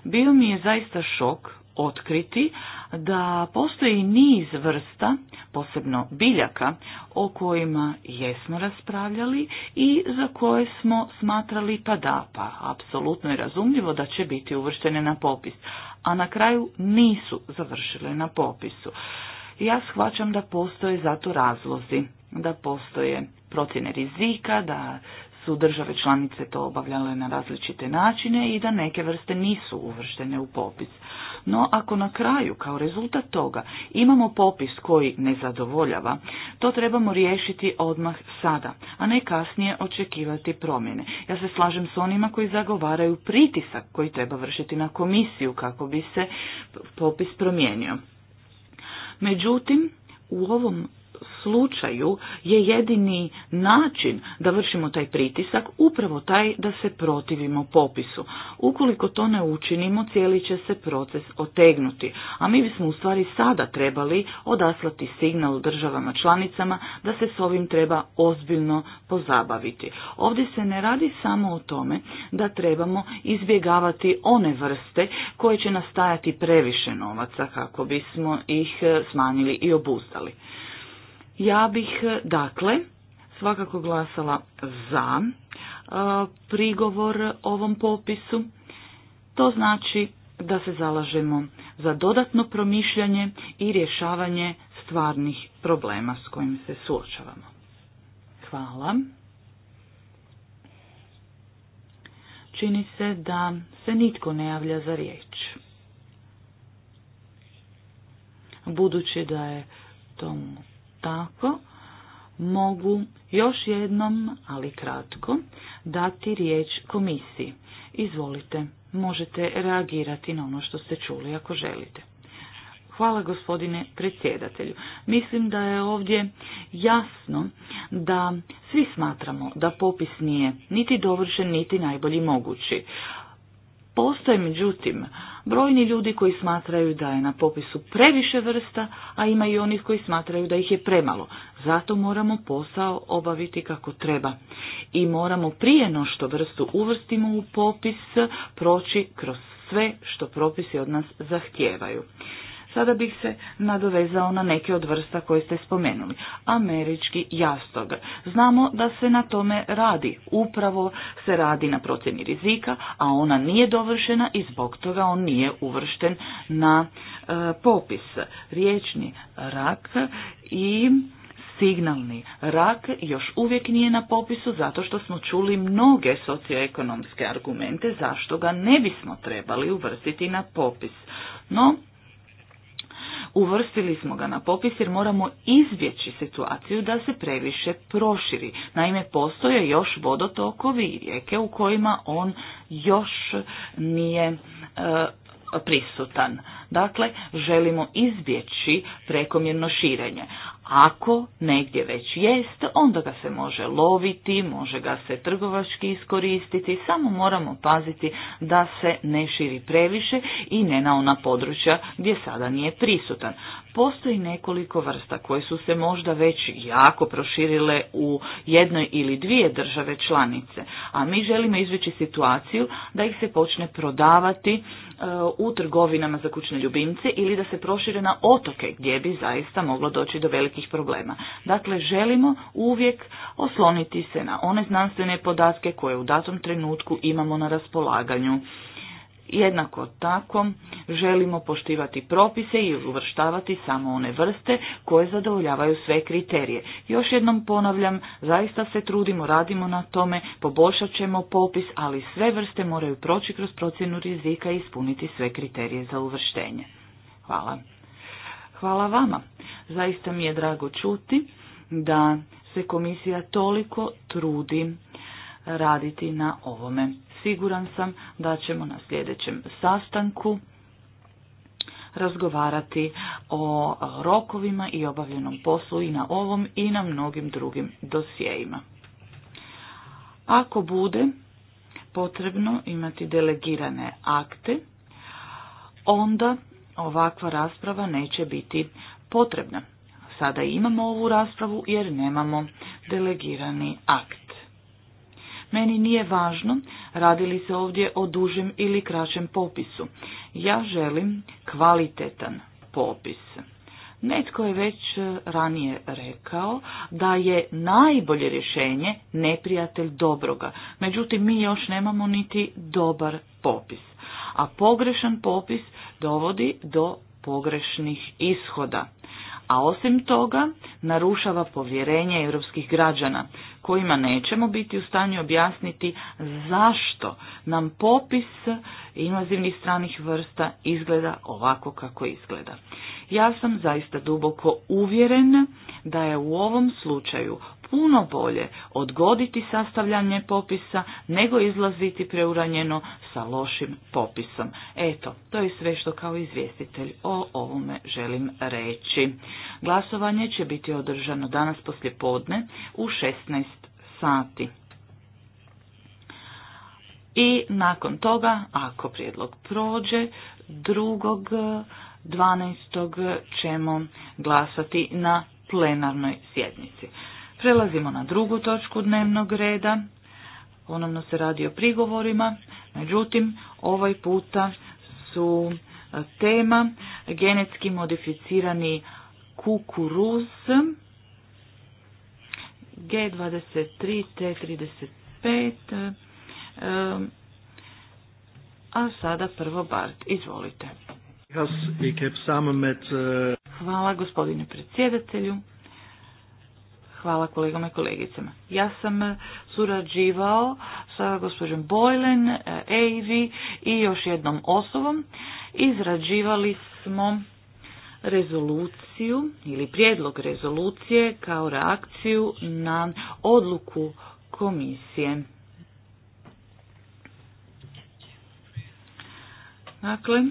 Bio mi je zaista šok otkriti da postoji niz vrsta, posebno biljaka, o kojima jesmo raspravljali i za koje smo smatrali pa da, pa apsolutno je razumljivo da će biti uvrštene na popis, a na kraju nisu završile na popisu. Ja shvaćam da postoje zato razlozi, da postoje procjene rizika, da su države članice to obavljale na različite načine i da neke vrste nisu uvrštene u popis. No ako na kraju kao rezultat toga imamo popis koji ne zadovoljava, to trebamo riješiti odmah sada, a ne kasnije očekivati promjene. Ja se slažem s onima koji zagovaraju pritisak koji treba vršiti na komisiju kako bi se popis promijenio. Međutim, u ovom slučaju je jedini način da vršimo taj pritisak upravo taj da se protivimo popisu. Ukoliko to ne učinimo, cijeli će se proces otegnuti, a mi bismo u stvari sada trebali odaslati signal državama članicama da se s ovim treba ozbiljno pozabaviti. Ovdje se ne radi samo o tome da trebamo izbjegavati one vrste koje će nastajati previše novaca kako bismo ih smanjili i obustali. Ja bih, e, dakle, svakako glasala za e, prigovor ovom popisu. To znači da se zalažemo za dodatno promišljanje i rješavanje stvarnih problema s kojim se suočavamo. Hvala. Čini se da se nitko ne javlja za riječ. Budući da je tom tako mogu još jednom, ali kratko, dati riječ komisiji. Izvolite, možete reagirati na ono što ste čuli ako želite. Hvala gospodine predsjedatelju. Mislim da je ovdje jasno da svi smatramo da popis nije niti dovršen, niti najbolji mogući. Postoje međutim brojni ljudi koji smatraju da je na popisu previše vrsta, a ima i onih koji smatraju da ih je premalo. Zato moramo posao obaviti kako treba. I moramo prije no što vrstu uvrstimo u popis proći kroz sve što propisi od nas zahtijevaju. Sada bih se nadovezao na neke od vrsta koje ste spomenuli. Američki jastog. Znamo da se na tome radi. Upravo se radi na procjeni rizika, a ona nije dovršena i zbog toga on nije uvršten na e, popis. Riječni rak i signalni rak još uvijek nije na popisu zato što smo čuli mnoge socioekonomske argumente zašto ga ne bismo trebali uvrstiti na popis. No, Uvrstili smo ga na popis jer moramo izbjeći situaciju da se previše proširi. Naime, postoje još vodotokovi i rijeke u kojima on još nije e, prisutan. Dakle, želimo izbjeći prekomjerno širenje. Ako negdje već jest, onda ga se može loviti, može ga se trgovački iskoristiti, samo moramo paziti da se ne širi previše i ne na ona područja gdje sada nije prisutan. Postoji nekoliko vrsta koje su se možda već jako proširile u jednoj ili dvije države članice, a mi želimo izveći situaciju da ih se počne prodavati u trgovinama za kućne ljubimce ili da se prošire na otoke gdje bi zaista moglo doći do velikih problema. Dakle, želimo uvijek osloniti se na one znanstvene podatke koje u datom trenutku imamo na raspolaganju Jednako tako želimo poštivati propise i uvrštavati samo one vrste koje zadovoljavaju sve kriterije. Još jednom ponavljam, zaista se trudimo, radimo na tome, poboljšat ćemo popis, ali sve vrste moraju proći kroz procjenu rizika i ispuniti sve kriterije za uvrštenje. Hvala. Hvala vama. Zaista mi je drago čuti da se komisija toliko trudi raditi na ovome Siguran sam da ćemo na sljedećem sastanku razgovarati o rokovima i obavljenom poslu i na ovom i na mnogim drugim dosjejima. Ako bude potrebno imati delegirane akte, onda ovakva rasprava neće biti potrebna. Sada imamo ovu raspravu jer nemamo delegirani akt. Meni nije važno radi li se ovdje o dužem ili kraćem popisu. Ja želim kvalitetan popis. Netko je već e, ranije rekao da je najbolje rješenje neprijatelj dobroga. Međutim, mi još nemamo niti dobar popis. A pogrešan popis dovodi do pogrešnih ishoda. A osim toga, narušava povjerenje europskih građana kojima nećemo biti u stanju objasniti zašto nam popis invazivnih stranih vrsta izgleda ovako kako izgleda. Ja sam zaista duboko uvjeren da je u ovom slučaju puno bolje odgoditi sastavljanje popisa nego izlaziti preuranjeno sa lošim popisom. Eto, to je sve što kao izvjestitelj o ovome želim reći. Glasovanje će biti održano danas poslje podne u 16 sati. I nakon toga, ako prijedlog prođe, drugog 12. ćemo glasati na plenarnoj sjednici. Prelazimo na drugu točku dnevnog reda. Ponovno se radi o prigovorima, međutim ovaj puta su e, tema genetski modificirani kukuruz G23 T35 e, e, a sada prvo Bart, izvolite. Uh, Hvala gospodine predsjedatelju. Hvala kolegama i kolegicama. Ja sam eh, surađivao sa gospođom Boylen, Evi eh, i još jednom osobom. Izrađivali smo rezoluciju ili prijedlog rezolucije kao reakciju na odluku komisije. Dakle,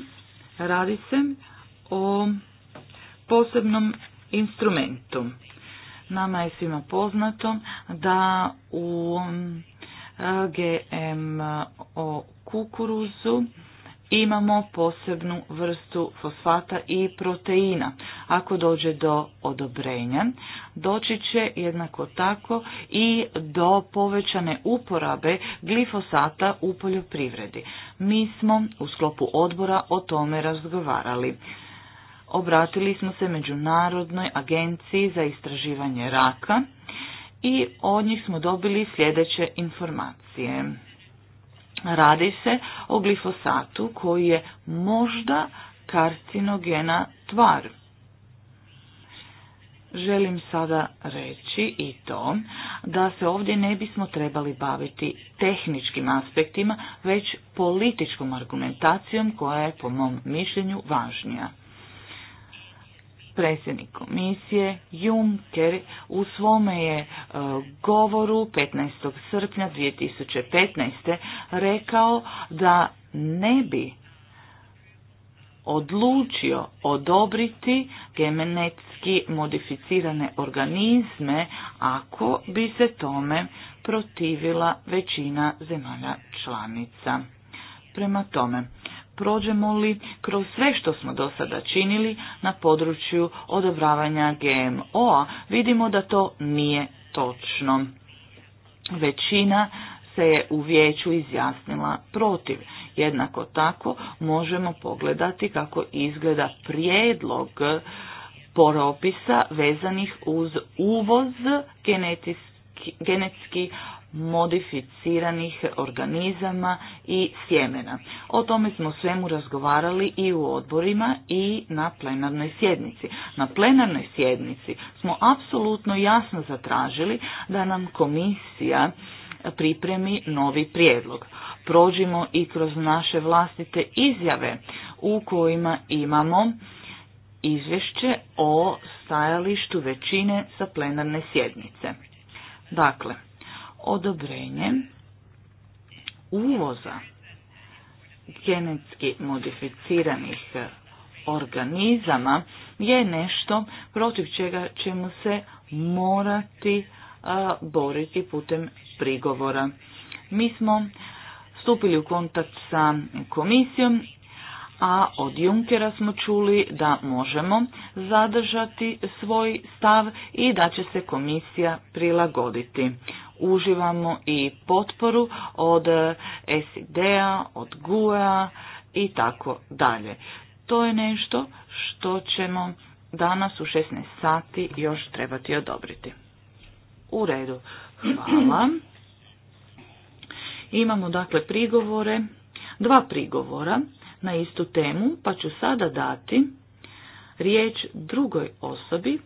radi se o posebnom instrumentu Nama je svima poznato da u mm, GMO kukuruzu imamo posebnu vrstu fosfata i proteina. Ako dođe do odobrenja, doći će jednako tako i do povećane uporabe glifosata u poljoprivredi. Mi smo u sklopu odbora o tome razgovarali obratili smo se Međunarodnoj agenciji za istraživanje raka i od njih smo dobili sljedeće informacije. Radi se o glifosatu koji je možda karcinogena tvar. Želim sada reći i to da se ovdje ne bismo trebali baviti tehničkim aspektima, već političkom argumentacijom koja je po mom mišljenju važnija predsjednik komisije Juncker u svome je e, govoru 15. srpnja 2015. rekao da ne bi odlučio odobriti genetski modificirane organizme ako bi se tome protivila većina zemalja članica. Prema tome, prođemo li kroz sve što smo do sada činili na području odobravanja GMO-a, vidimo da to nije točno. Većina se je u vijeću izjasnila protiv. Jednako tako možemo pogledati kako izgleda prijedlog poropisa vezanih uz uvoz genetski genetski modificiranih organizama i sjemena. O tome smo svemu razgovarali i u odborima i na plenarnoj sjednici. Na plenarnoj sjednici smo apsolutno jasno zatražili da nam komisija pripremi novi prijedlog. Prođimo i kroz naše vlastite izjave u kojima imamo izvješće o stajalištu većine sa plenarne sjednice. Dakle, odobrenje uvoza genetski modificiranih organizama je nešto protiv čega ćemo se morati boriti putem prigovora. Mi smo stupili u kontakt sa komisijom a od Junkera smo čuli da možemo zadržati svoj stav i da će se komisija prilagoditi. Uživamo i potporu od SID-a, od GUA i tako dalje. To je nešto što ćemo danas u 16 sati još trebati odobriti. U redu. Hvala. Imamo dakle prigovore, dva prigovora na istu temu, pa ću sada dati riječ drugoj osobi,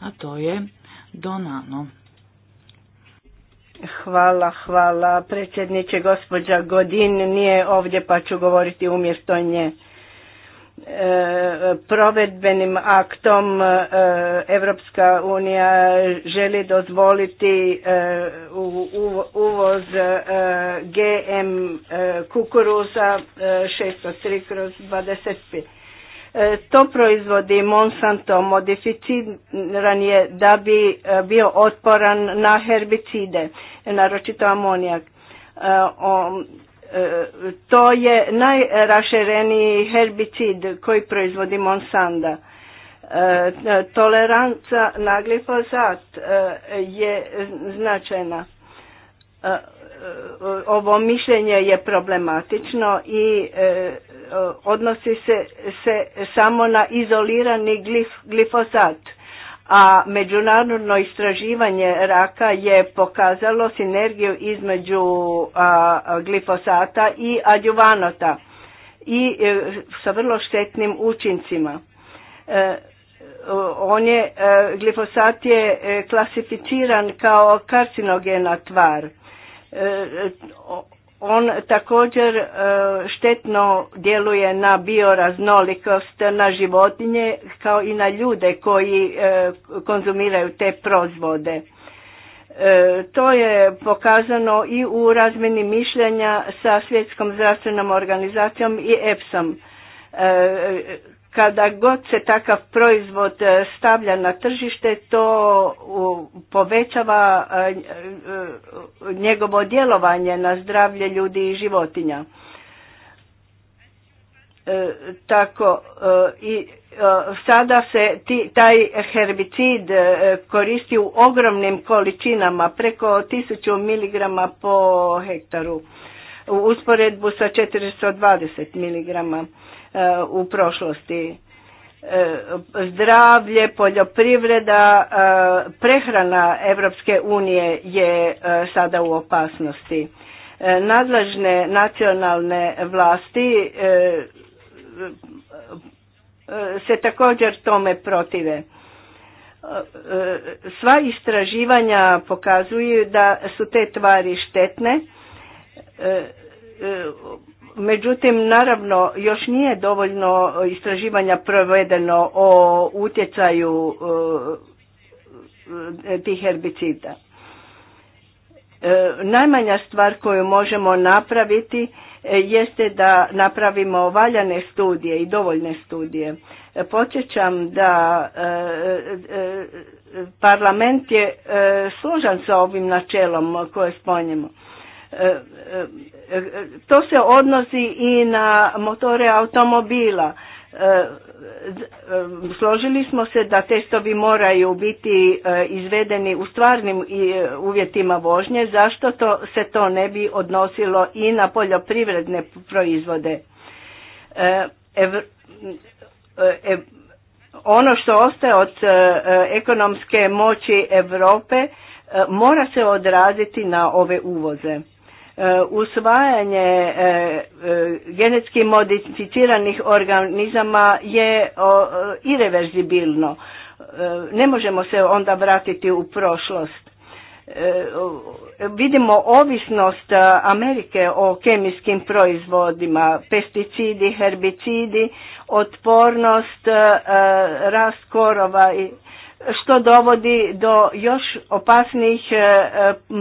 a to je Donano. Hvala, hvala. Predsjedniče, gospođa Godin nije ovdje pa ću govoriti umjesto nje. E, provedbenim aktom e, Evropska unija želi dozvoliti e, uvoz GM kukuruza 603 kroz 25. To proizvodi Monsanto modificiran je da bi bio otporan na herbicide, naročito amonijak. To je najrašireniji herbicid koji proizvodi Monsanda. E, toleranca na glifosat e, je značajna. E, ovo mišljenje je problematično i odnosi se, se samo na izolirani glifosat a međunarodno istraživanje raka je pokazalo sinergiju između glifosata i adjuvanota i e, sa vrlo štetnim učincima. E, on je, e, glifosat je klasificiran kao karcinogena tvar. On također e, štetno djeluje na bioraznolikost, na životinje kao i na ljude koji e, konzumiraju te proizvode. E, to je pokazano i u razmjeni mišljenja sa Svjetskom zdravstvenom organizacijom i EPSom. Kada god se takav proizvod e, stavlja na tržište, to povećava e, e, njegovo djelovanje na zdravlje ljudi i životinja. Tako i sada se ti, taj herbicid koristi u ogromnim količinama, preko 1000 mg po hektaru, u usporedbu sa 420 mg u prošlosti. E, zdravlje, poljoprivreda, e, prehrana Europske unije je e, sada u opasnosti. Nadležne nacionalne vlasti se također tome protive. Sva istraživanja pokazuju da su te tvari štetne Međutim, naravno, još nije dovoljno istraživanja provedeno o utjecaju e, e, tih herbicida. E, najmanja stvar koju možemo napraviti jeste da napravimo valjane studije i dovoljne studije. Počećam da parlament je služan sa ovim načelom koje sponjemo. To se odnosi i na motore automobila. E, e, složili smo se da testovi moraju biti e, izvedeni u stvarnim uvjetima vožnje, zašto to se to ne bi odnosilo i na poljoprivredne proizvode. ono što ostaje od ekonomske moći Europe mora se odraziti na ove uvoze usvajanje e, e, genetski modificiranih organizama je e, ireverzibilno. Ne možemo se onda vratiti u prošlost. Vidimo ovisnost Amerike o kemijskim proizvodima, pesticidi, herbicidi, otpornost, rast korova i što dovodi do još opasnijih e,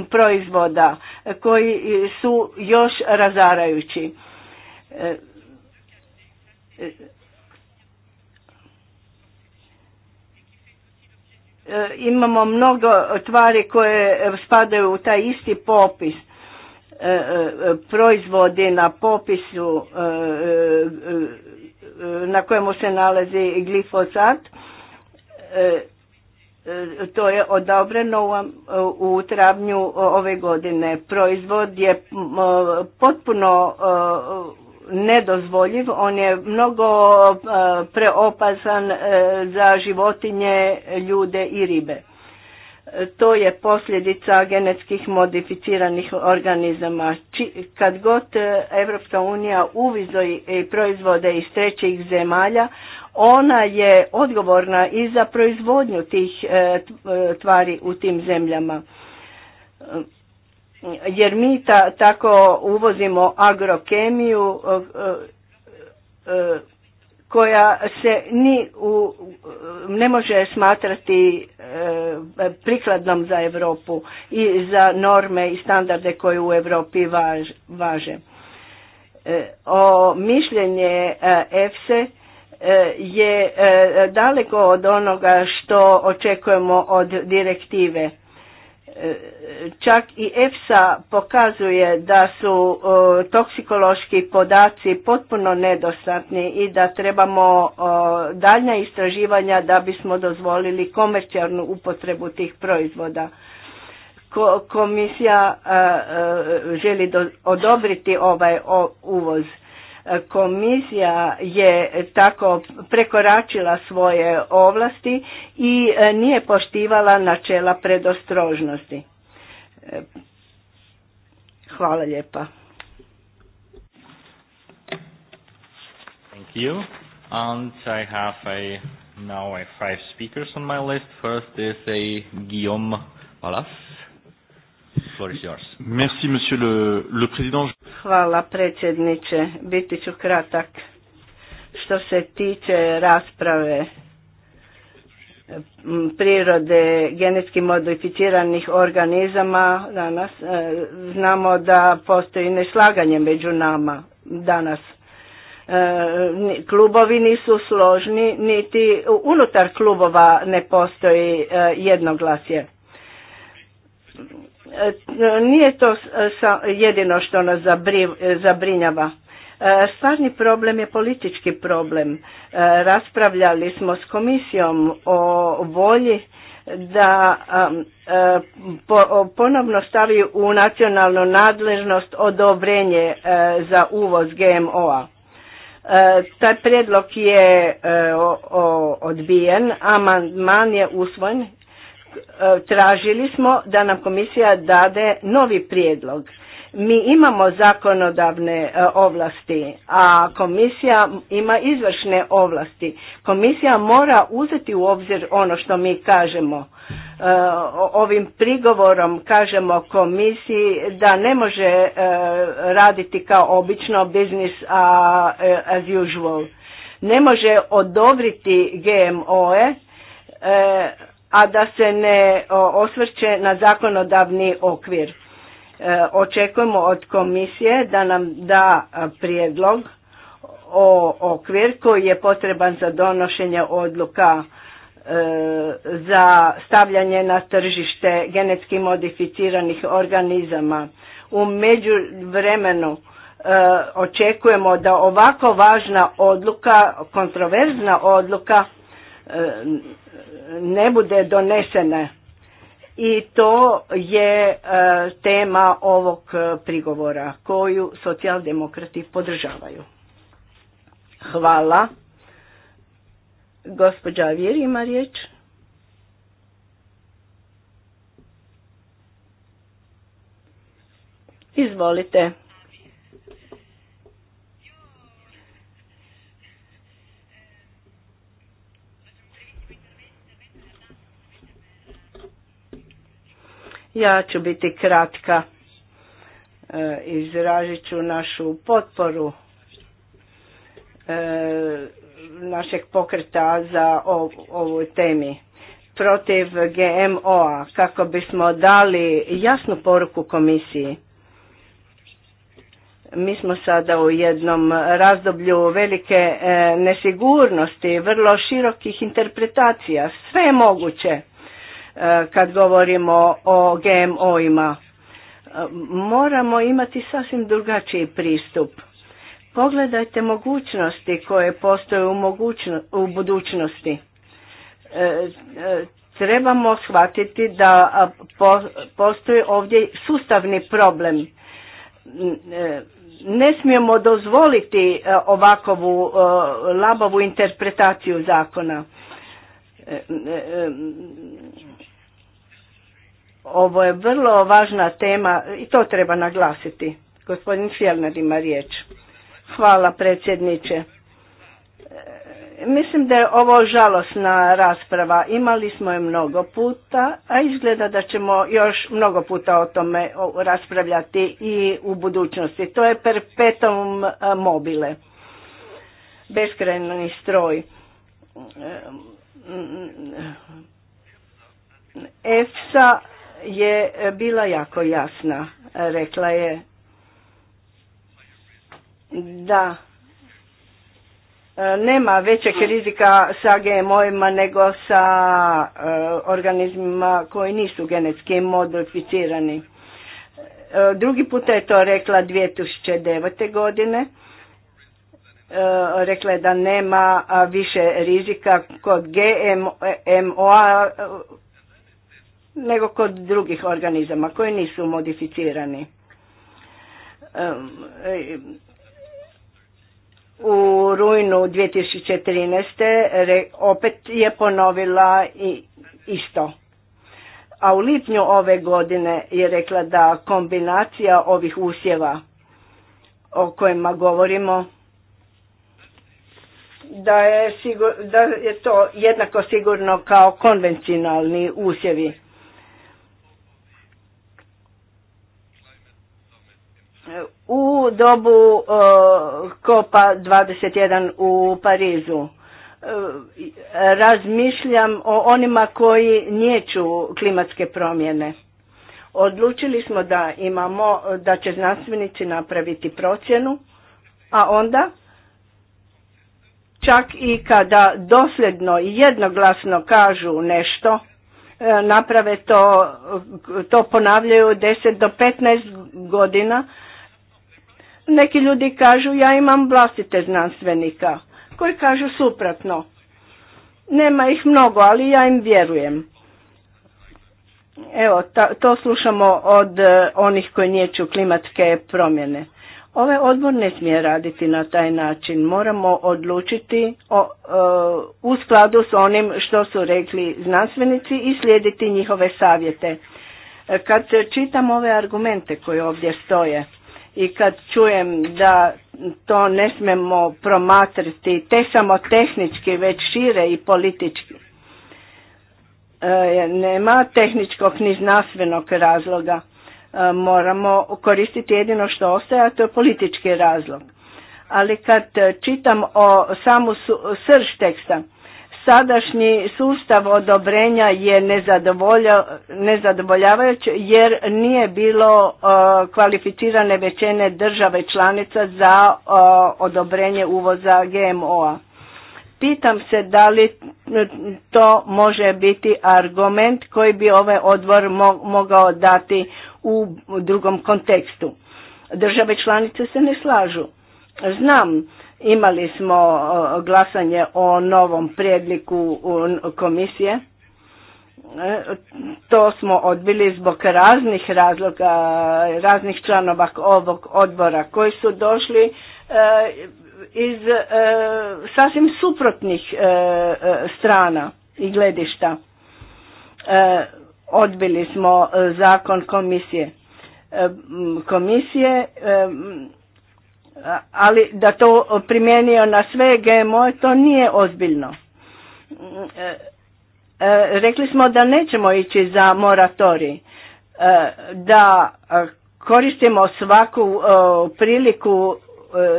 proizvoda koji su još razarajući. E, e, imamo mnogo tvari koje spadaju u taj isti popis proizvodi na popisu na kojemu se nalazi glifosat E, to je odobreno u travnju ove godine. Proizvod je e, potpuno e, nedozvoljiv, on je mnogo preopasan za životinje, ljude i ribe. To je posljedica genetskih modificiranih organizama. Kad god Evropska unija uvizuje proizvode iz trećih zemalja, ona je odgovorna i za proizvodnju tih e, e, tvari u tim zemljama. E, jer mi tako uvozimo agrokemiju koja se ni u, ne može smatrati prikladnom za Europu i za norme i standarde koje u Europi važe. O mišljenje EFSE je e, daleko od onoga što očekujemo od direktive. E, čak i EFSA pokazuje da su e, toksikološki podaci potpuno nedostatni i da trebamo daljnja istraživanja da bismo dozvolili komercijalnu upotrebu tih proizvoda. Komisija želi odobriti ovaj uvoz Komisija je tako prekoračila svoje ovlasti i e, nije poštivala načela predostrožnosti. E, hvala lijepa. Thank you. And I have a, now I have five speakers on my list. First is a Guillaume Wallace. Merci, Hvala predsjedniče, biti ću kratak. Što se tiče rasprave prirode genetski modificiranih organizama danas, e, znamo da postoji neslaganje među nama danas. E, klubovi nisu složni, niti unutar klubova ne postoji e, jednoglasje nije to jedino što nas zabrinjava. E, stvarni problem je politički problem. E, raspravljali smo s komisijom o volji da e, ponovno stavi u nacionalnu nadležnost odobrenje za uvoz GMO-a. Taj predlog je odbijen, amandman je usvojen Eh, tražili smo da nam komisija dade novi prijedlog. Mi imamo zakonodavne eh, ovlasti, a komisija ima izvršne ovlasti. Komisija mora uzeti u obzir ono što mi kažemo. Eh, ovim prigovorom kažemo komisiji da ne može raditi kao obično business as usual. Ne može odobriti gmo e, a da se ne osvrće na zakonodavni okvir. E, očekujemo od komisije da nam da prijedlog o okvir koji je potreban za donošenje odluka e, za stavljanje na tržište genetski modificiranih organizama. U međuvremenu e, očekujemo da ovako važna odluka, kontroverzna odluka ne bude donesena i to je e, tema ovog e, prigovora koju socijaldemokrati podržavaju. Hvala. Gospođa Vjeri ima riječ. Izvolite. Ja ću biti kratka. E, izražit ću našu potporu e, našeg pokreta za ovu temi protiv GMO-a kako bismo dali jasnu poruku komisiji. Mi smo sada u jednom razdoblju velike e, nesigurnosti, vrlo širokih interpretacija, sve je moguće kad govorimo o GMO-ima. E, moramo imati sasvim drugačiji pristup. Pogledajte mogućnosti koje postoje u, mogućno, u budućnosti. E, e, trebamo shvatiti da postoji ovdje sustavni problem. ne smijemo dozvoliti ovakovu labavu interpretaciju zakona. Ovo je vrlo važna tema i to treba naglasiti. Gospodin Fjelner ima riječ. Hvala predsjedniče. Mislim da je ovo žalosna rasprava. Imali smo je mnogo puta, a izgleda da ćemo još mnogo puta o tome raspravljati i u budućnosti. To je perpetuum mobile, beskrajni stroj. EFSA je bila jako jasna. Rekla je da e, nema većeg rizika sa GMO-ima nego sa e, organizmima koji nisu genetski modificirani. E, drugi puta je to rekla 2009. godine. Rekla je da nema više rizika kod GMO-a nego kod drugih organizama koji nisu modificirani. E, u rujnu 2013. opet je ponovila i isto. A u lipnju ove godine je rekla da kombinacija ovih usjeva o kojima govorimo da je, sigur, da je to jednako sigurno kao konvencionalni usjevi u dobu e, kopa 21 u Parizu e, razmišljam o onima koji nijeću klimatske promjene. Odlučili smo da imamo, da će znanstvenici napraviti procjenu, a onda čak i kada dosljedno i jednoglasno kažu nešto, e, naprave to, to ponavljaju 10 do 15 godina, neki ljudi kažu ja imam vlastite znanstvenika koji kažu suprotno. Nema ih mnogo, ali ja im vjerujem. Evo, ta, to slušamo od e, onih koji nječu klimatske promjene. Ovaj odbor ne smije raditi na taj način. Moramo odlučiti o, e, u skladu s onim što su rekli znanstvenici i slijediti njihove savjete. E, kad čitam ove argumente koje ovdje stoje, i kad čujem da to ne smemo promatrati te samo tehnički već šire i politički e, nema tehničkog ni znanstvenog razloga e, moramo koristiti jedino što ostaje a to je politički razlog ali kad čitam o samu srž teksta Sadašnji sustav odobrenja je nezadovoljavajući jer nije bilo e, kvalificirane većine države članica za e, odobrenje uvoza GMO-a. Pitam se da li to može biti argument koji bi ovaj odbor mogao dati u drugom kontekstu. Države članice se ne slažu. Znam Imali smo e, glasanje o novom prijedliku komisije. E, to smo odbili zbog raznih razloga, raznih članova ovog odbora koji su došli e, iz sasvim suprotnih strana i gledišta. Odbili smo zakon komisije. Komisije ali da to primijenio na sve GMO to nije ozbiljno. E, e, rekli smo da nećemo ići za moratorij, e, da koristimo svaku priliku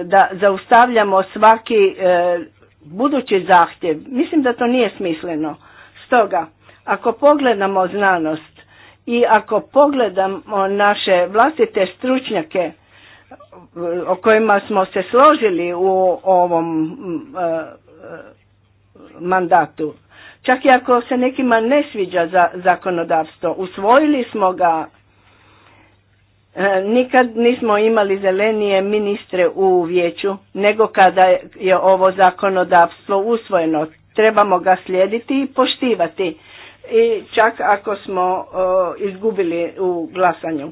da zaustavljamo svaki budući zahtjev. Mislim da to nije smisleno. Stoga, ako pogledamo znanost i ako pogledamo naše vlastite stručnjake, o kojima smo se složili u ovom e, e, mandatu. Čak i ako se nekima ne sviđa za zakonodavstvo, usvojili smo ga, e, nikad nismo imali zelenije ministre u vijeću nego kada je ovo zakonodavstvo usvojeno. Trebamo ga slijediti i poštivati i čak ako smo izgubili u glasanju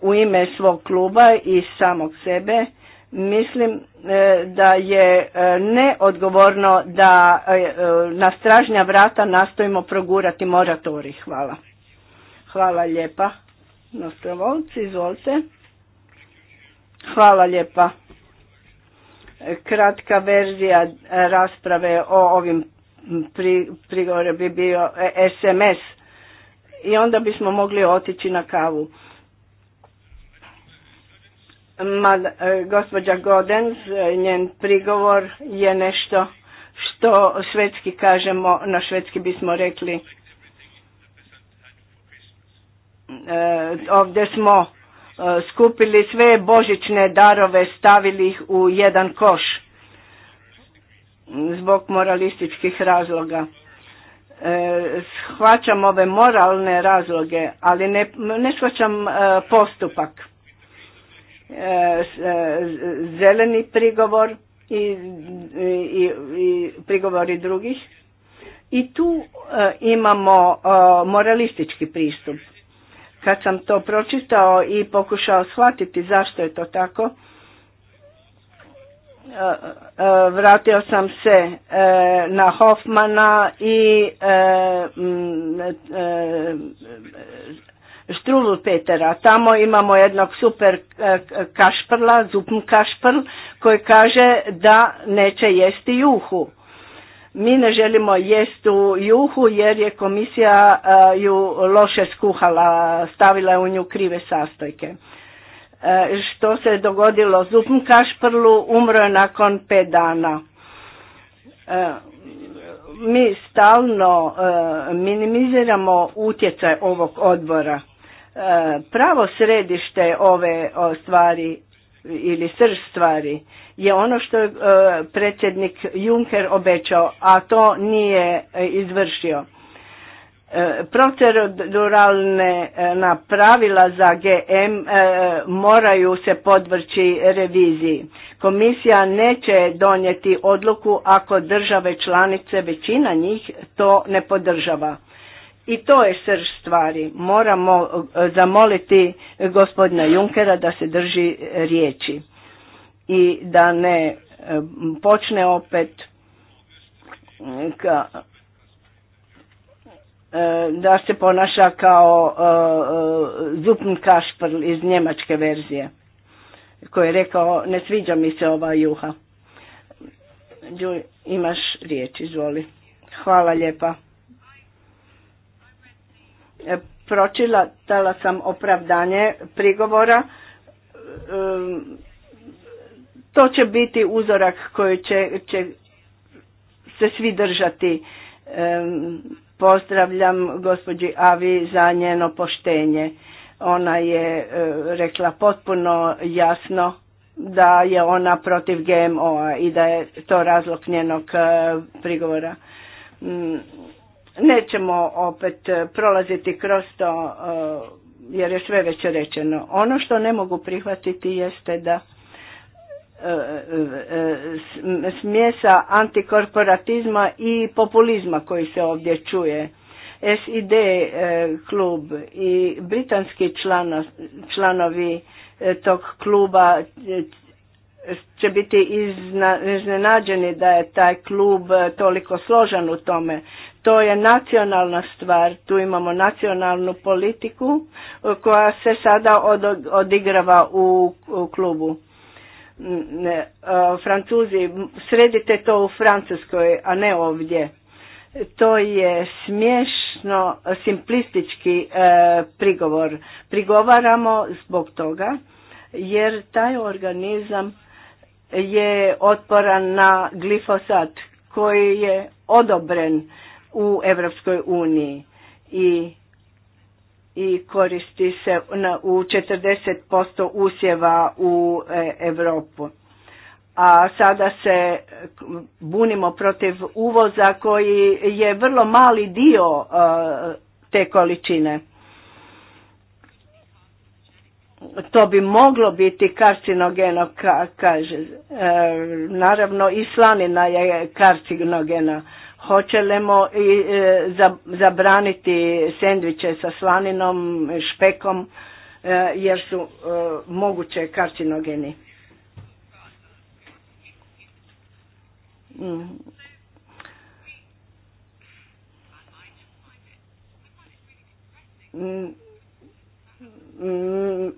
u ime svog kluba i samog sebe mislim e, da je e, neodgovorno da e, na stražnja vrata nastojimo progurati moratorij. Hvala. Hvala lijepa. Nostrovolci, izvolite. Hvala lijepa. Kratka verzija rasprave o ovim prigore bi bio SMS i onda bismo mogli otići na kavu. E, gospođa Godens, e, njen prigovor je nešto što švedski kažemo, na švedski bismo rekli e, ovdje smo skupili sve božićne darove, stavili ih u jedan koš zbog moralističkih razloga. Shvaćam ove moralne razloge, ali ne, ne shvaćam postupak zeleni prigovor i, i, i prigovori drugih. I tu e, imamo e, moralistički pristup. Kad sam to pročitao i pokušao shvatiti zašto je to tako, e, vratio sam se na Hoffmana i Strulu Petera. Tamo imamo jednog super eh, kašprla, zupn kašprl, koji kaže da neće jesti juhu. Mi ne želimo jesti u juhu jer je komisija eh, ju loše skuhala, stavila je u nju krive sastojke. Eh, što se dogodilo zupn kašprlu, umro je nakon pet dana. Mi stalno minimiziramo utjecaj ovog odbora E, pravo središte ove stvari ili srž stvari je ono što je predsjednik Juncker obećao, a to nije e, izvršio. E, proceduralne pravila za GM moraju se podvrći reviziji. Komisija neće donijeti odluku ako države članice, većina njih, to ne podržava. I to je srž stvari. Moramo e, zamoliti gospodina Junkera da se drži riječi i da ne e, počne opet e, ka, da se ponaša kao Zupn Kašprl iz njemačke verzije koji je rekao ne sviđa mi se ova juha. Imaš riječ, izvoli. Hvala lijepa. Pročila dala sam opravdanje prigovora. To će biti uzorak koji će, će se svi držati. Pozdravljam gospođi Avi za njeno poštenje. Ona je e, rekla potpuno jasno da je ona protiv GMO-a i da je to razlog njenog e, prigovora. Mm, Nećemo opet e, prolaziti kroz to e, jer je sve već rečeno. Ono što ne mogu prihvatiti jeste da e, smjesa antikorporatizma i populizma koji se ovdje čuje. SID klub i britanski članovi tog kluba će biti iznenađeni da je taj klub toliko složan u tome. To je nacionalna stvar, tu imamo nacionalnu politiku e, koja se sada odigrava u klubu. E, Francuzi, sredite to u Francuskoj, a ne ovdje. To je smješno simplistički e, prigovor. Prigovaramo zbog toga jer taj organizam je otporan na glifosat koji je odobren u Evropskoj uniji i i koristi se u 40% usjeva u Europu. A sada se bunimo protiv uvoza koji je vrlo mali dio e, te količine. To bi moglo biti karcinogeno, kaže. E, naravno i slanina je karcinogena Hoćemo i e, zabraniti sendviče sa slaninom, špekom, e, jer su e, moguće karcinogeni. Mm. Mm. Mm.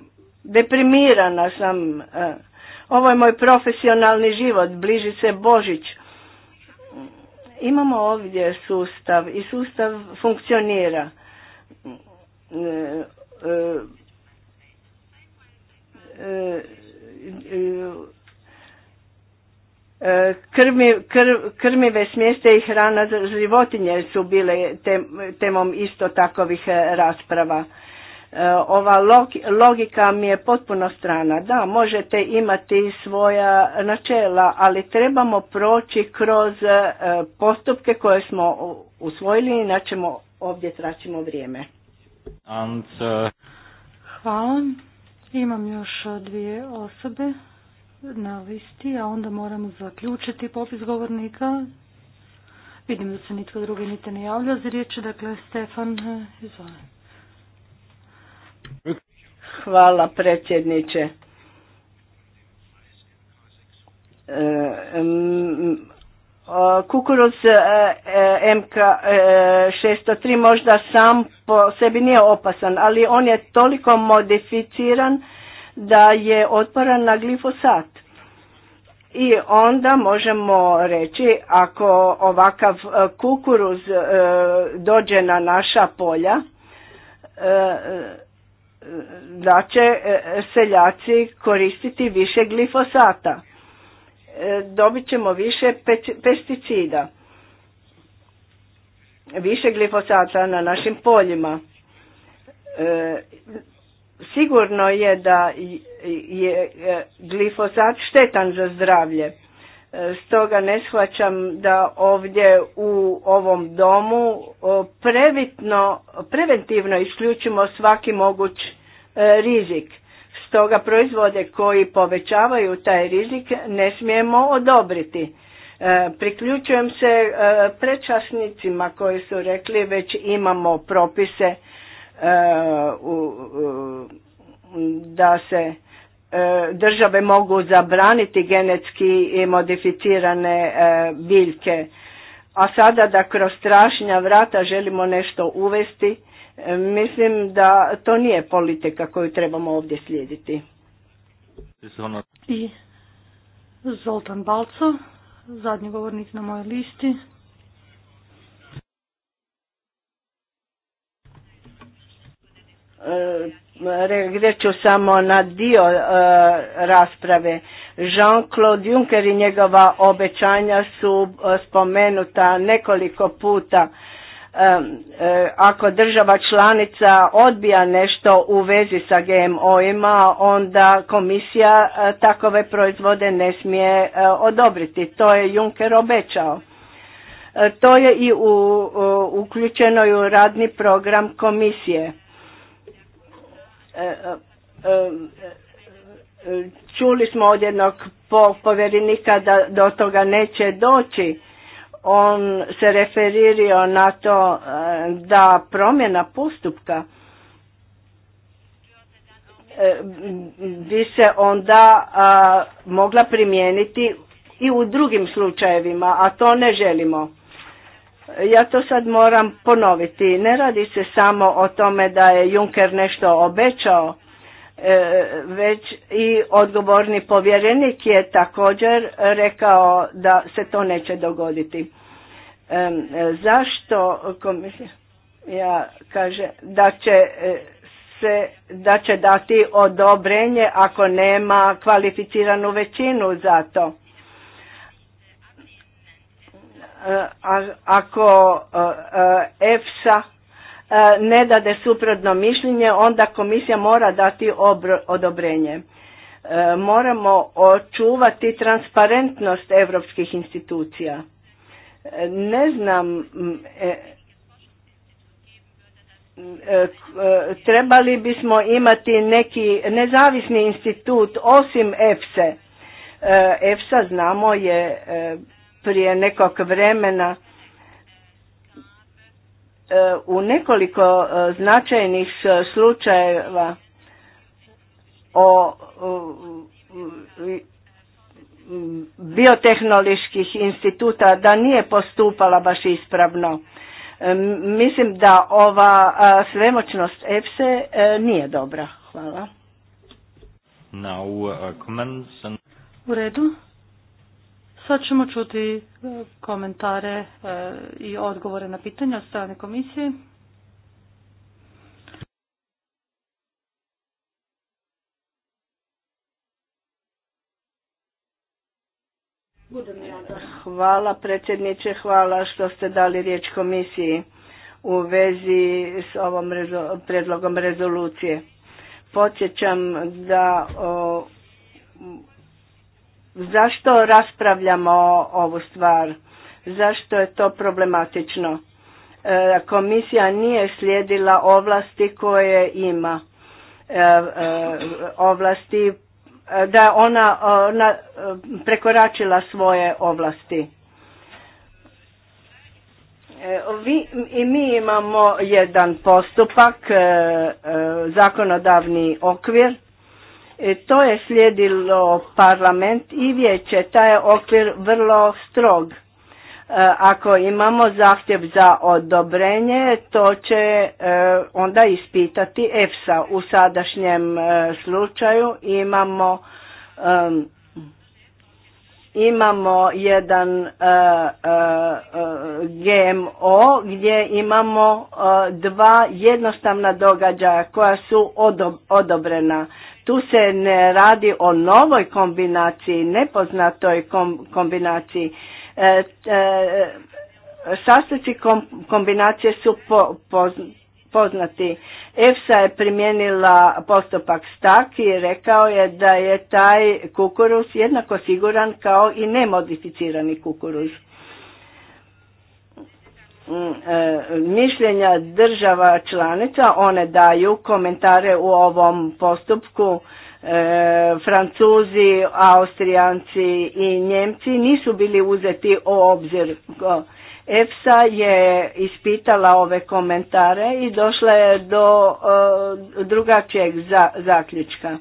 Deprimirana sam. Ovo je moj profesionalni život, bliži se Božić Imamo ovdje sustav i sustav funkcionira. krmi, kr, krmive smjeste i hrana za životinje su bile tem, temom isto takovih rasprava ova logika mi je potpuno strana. Da, možete imati svoja načela, ali trebamo proći kroz e, postupke koje smo usvojili, inače ovdje tračimo vrijeme. Uh, Hvala. Imam još dvije osobe na listi, a onda moramo zaključiti popis govornika. Vidim da se nitko drugi niti ne javlja za riječ, dakle Stefan, e, izvolite. Hvala predsjedniče. E, kukuruz e, e, MK 603 možda sam po sebi nije opasan, ali on je toliko modificiran da je otporan na glifosat. I onda možemo reći ako ovakav kukuruz dođe na naša polja, da će e, seljaci koristiti više glifosata. E, dobit ćemo više pesticida, više glifosata na našim poljima. E, sigurno je da je glifosat štetan za zdravlje Stoga ne shvaćam da ovdje u ovom domu previtno, preventivno isključimo svaki moguć e, rizik. Stoga proizvode koji povećavaju taj rizik ne smijemo odobriti. E, priključujem se e, prečasnicima koji su rekli već imamo propise da se E, države mogu zabraniti genetski modificirane e, biljke. A sada da kroz strašnja vrata želimo nešto uvesti, e, mislim da to nije politika koju trebamo ovdje slijediti. I Zoltan Balco, zadnji govornik na mojoj listi. E, ću samo na dio e, rasprave. Jean-Claude Juncker i njegova obećanja su e, spomenuta nekoliko puta. ako država članica odbija nešto u vezi sa GMO-ima, onda komisija takove proizvode ne smije odobriti. To je Juncker obećao. To je i u, u, uključeno u radni program komisije E, e, e, čuli smo od jednog povjerenika da do toga neće doći. On se referirio na to da promjena postupka bi se onda mogla primijeniti i u drugim slučajevima, a to ne želimo. Ja to sad moram ponoviti. Ne radi se samo o tome da je Juncker nešto obećao, e, već i odgovorni povjerenik je također rekao da se to neće dogoditi. E, zašto komisija ja kaže da će e, se da će dati odobrenje ako nema kvalificiranu većinu za to ako EFSA ne dade suprotno mišljenje, onda komisija mora dati odobrenje. E, moramo očuvati transparentnost europskih institucija. E, ne znam, e, trebali bismo imati neki nezavisni institut osim EFSA. EFSA znamo je prije nekog vremena e, u nekoliko e, značajnih e, slučajeva o biotehnoloških instituta da nije postupala baš ispravno. Mislim da ova svemoćnost epse nije dobra. Hvala. Uh, u redu. Sad ćemo čuti e, komentare e, i odgovore na pitanja od strane komisije. Hvala predsjedniče, hvala što ste dali riječ komisiji u vezi s ovom predlogom rezolucije. Podsjećam da Zašto raspravljamo ovu stvar? Zašto je to problematično? E, komisija nije slijedila ovlasti koje ima. E, e, ovlasti da je ona, ona prekoračila svoje ovlasti. Vi, I mi imamo jedan postupak, zakonodavni okvir E, to je slijedilo parlament i vijeće. Taj je okvir vrlo strog. E, ako imamo zahtjev za odobrenje, to će e, onda ispitati EFSA. U sadašnjem slučaju imamo imamo jedan GMO gdje imamo dva jednostavna događaja koja su odobrena. Tu se ne radi o novoj kombinaciji, nepoznatoj kombinaciji. E, e Sastojci kombinacije su poznati. EFSA je primijenila postupak stak i rekao je da je taj kukuruz jednako siguran kao i nemodificirani kukuruz. Mm, e, mišljenja država članica, one daju komentare u ovom postupku, e, Francuzi, Austrijanci i Njemci nisu bili uzeti u obzir. EFSA je ispitala ove komentare i došla je do e, drugačijeg zaključka.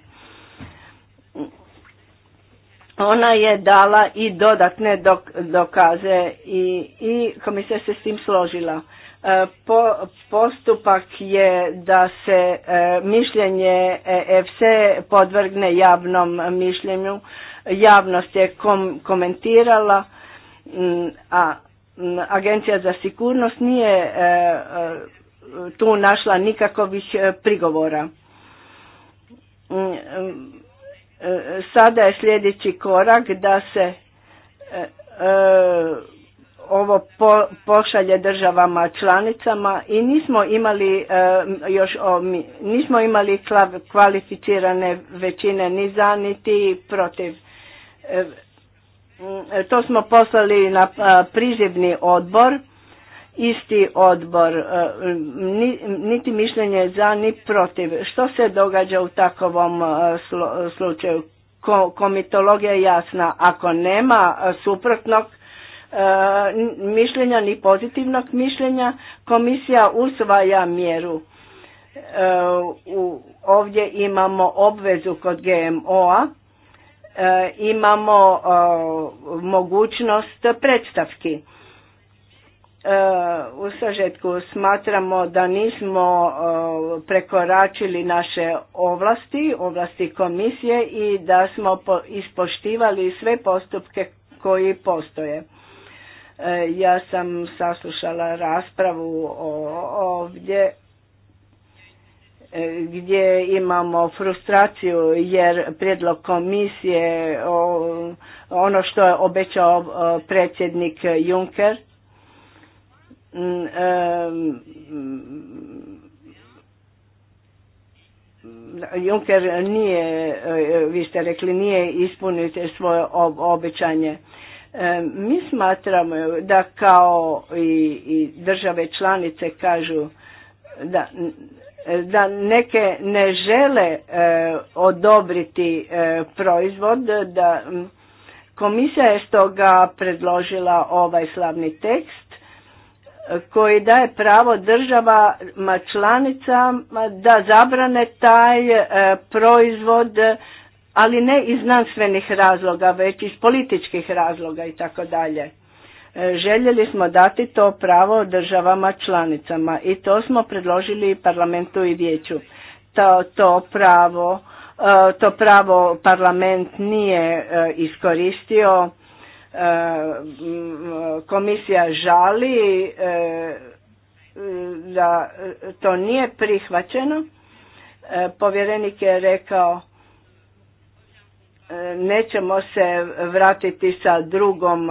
Ona je dala i dodatne dok, dokaze i, i komisija se s tim složila. E, po, postupak je da se e, mišljenje EFSE podvrgne javnom mišljenju. Javnost je kom, komentirala, a Agencija za sigurnost nije e, e, tu našla nikakvih prigovora. Sada je sljedeći korak da se e, e, ovo pošalje državama članicama i nismo imali e, još nismo imali kvalificirane većine ni za niti protiv to smo poslali na a, prizivni odbor isti odbor, e, niti mišljenje za, ni protiv. Što se događa u takvom e, slučaju? Komitologija je jasna. Ako nema e, suprotnog mišljenja, ni pozitivnog mišljenja, komisija usvaja mjeru. Ovdje imamo obvezu kod GMO-a, imamo mogućnost predstavki u sažetku smatramo da nismo e, prekoračili naše ovlasti, ovlasti komisije i da smo ispoštivali sve postupke koji postoje. E, ja sam saslušala raspravu ovdje e, gdje imamo frustraciju jer prijedlog komisije ono što je obećao predsjednik Juncker Juncker nije, e, e, vi ste rekli, nije ispunite svoje obećanje. E, mi smatramo da kao i, države članice kažu da, da neke ne žele odobriti proizvod, da komisija je stoga predložila ovaj slavni tekst koji daje pravo državama članicama da zabrane taj e, proizvod, ali ne iz znanstvenih razloga, već iz političkih razloga i tako dalje. E, željeli smo dati to pravo državama članicama i to smo predložili parlamentu i vijeću. To, to pravo e, to pravo parlament nije iskoristio komisija žali e, da to nije prihvaćeno. E, povjerenik je rekao e, nećemo se vratiti sa drugom,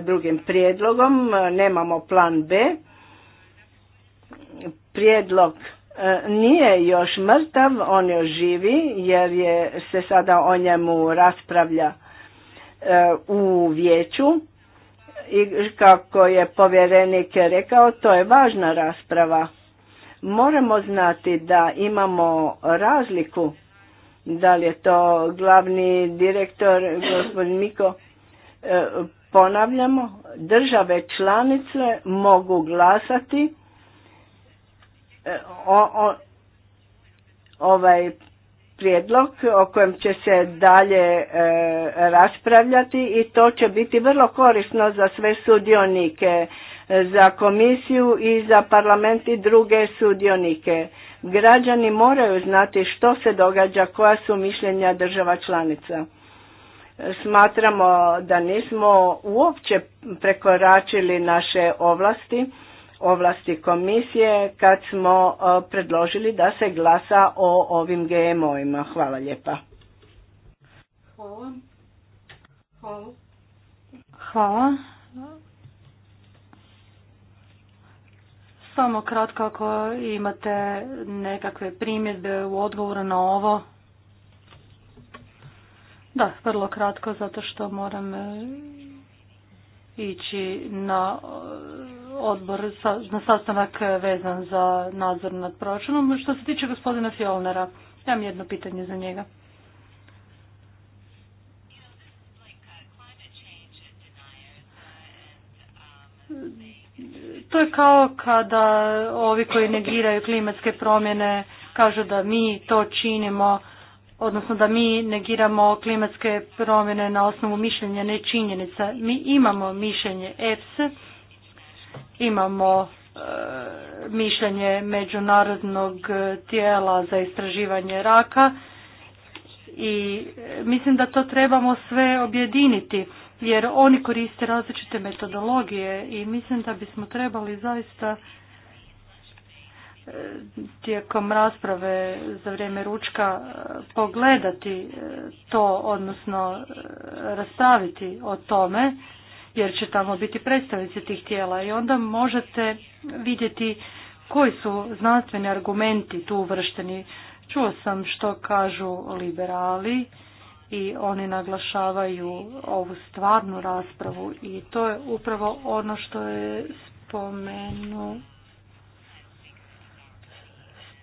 drugim prijedlogom, nemamo plan B. Prijedlog nije još mrtav, on još živi jer je, se sada o njemu raspravlja E, u vijeću i kako je povjerenik rekao, to je važna rasprava. Moramo znati da imamo razliku, da li je to glavni direktor gospodin Miko, e, ponavljamo, države članice mogu glasati e, o, o, ovaj prijedlog o kojem će se dalje e, raspravljati i to će biti vrlo korisno za sve sudionike, e, za komisiju i za parlament i druge sudionike. Građani moraju znati što se događa, koja su mišljenja država članica. Smatramo da nismo uopće prekoračili naše ovlasti ovlasti komisije kad smo e, predložili da se glasa o ovim GMO-ima. Hvala lijepa. Hvala. Hvala. Samo kratko ako imate nekakve primjedbe u odgovoru na ovo. Da, vrlo kratko zato što moram e, ići na eh, odbor, na sastanak vezan za nadzor nad proračunom. Što se tiče gospodina Fjolnera, imam jedno pitanje za njega. To je kao kada ovi koji negiraju klimatske promjene kažu da mi to činimo odnosno da mi negiramo klimatske promjene na osnovu mišljenja ne činjenica. Mi imamo mišljenje EPS, imamo e, mišljenje međunarodnog tijela za istraživanje raka i e, mislim da to trebamo sve objediniti jer oni koriste različite metodologije i mislim da bismo trebali zaista tijekom rasprave za vrijeme ručka e, pogledati e, to, odnosno e, rastaviti o tome, jer će tamo biti predstavnici tih tijela i onda možete vidjeti koji su znanstveni argumenti tu uvršteni. Čuo sam što kažu liberali i oni naglašavaju ovu stvarnu raspravu i to je upravo ono što je spomenuo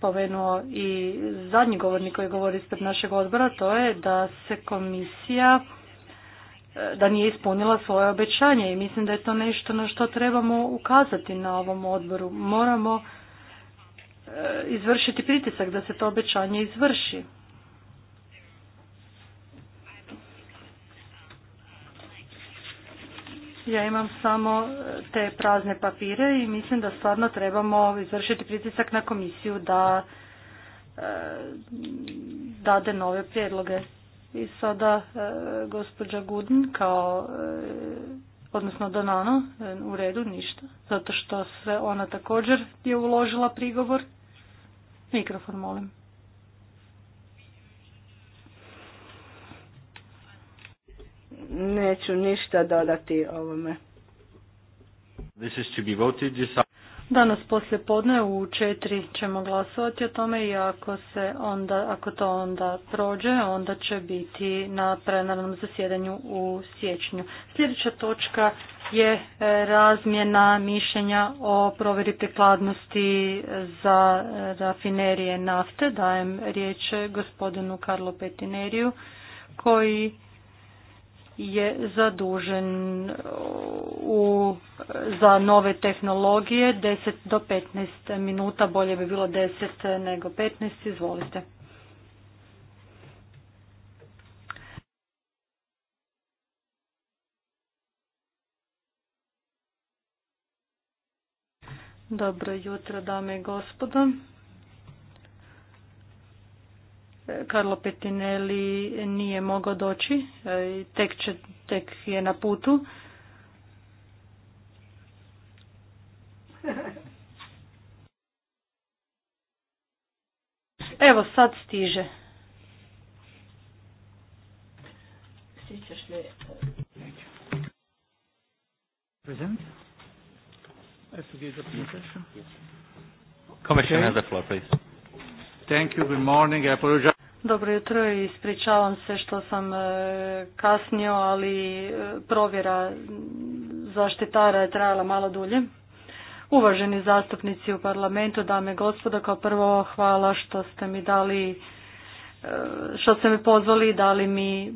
spomenuo i zadnji govornik koji govori ispred našeg odbora, to je da se komisija e, da nije ispunila svoje obećanje i mislim da je to nešto na što trebamo ukazati na ovom odboru. Moramo e, izvršiti pritisak da se to obećanje izvrši. Ja imam samo e, te prazne papire i mislim da stvarno trebamo izvršiti pritisak na komisiju da e, dade nove prijedloge. I sada e, gospođa Gudin kao odnosno Donano u redu ništa zato što se ona također je uložila prigovor. Mikrofon molim. Neću ništa dodati ovome. Danas poslije podne u četiri ćemo glasovati o tome i ako, se onda, ako to onda prođe, onda će biti na plenarnom zasjedanju u siječnju. Sljedeća točka je e, razmjena mišljenja o provjeri prikladnosti za e, rafinerije nafte. Dajem riječ gospodinu Karlo Petineriju koji je zadužen uh, u, za nove tehnologije 10 do 15 minuta, bolje bi bilo 10 nego 15, izvolite. Dobro jutro, dame i gospodo. Karlo Petinelli nije mogao doći, e, tek, će, tek je na putu. Evo sad stiže. Sjećaš li... E? Present? I have to give the presentation. Commissioner, the floor, please. Dobro jutro i ispričavam se što sam e, kasnio, ali e, provjera zaštitara je trajala malo dulje. Uvaženi zastupnici u parlamentu, dame i gospodo, kao prvo hvala što ste mi dali e, što ste me pozvali i dali mi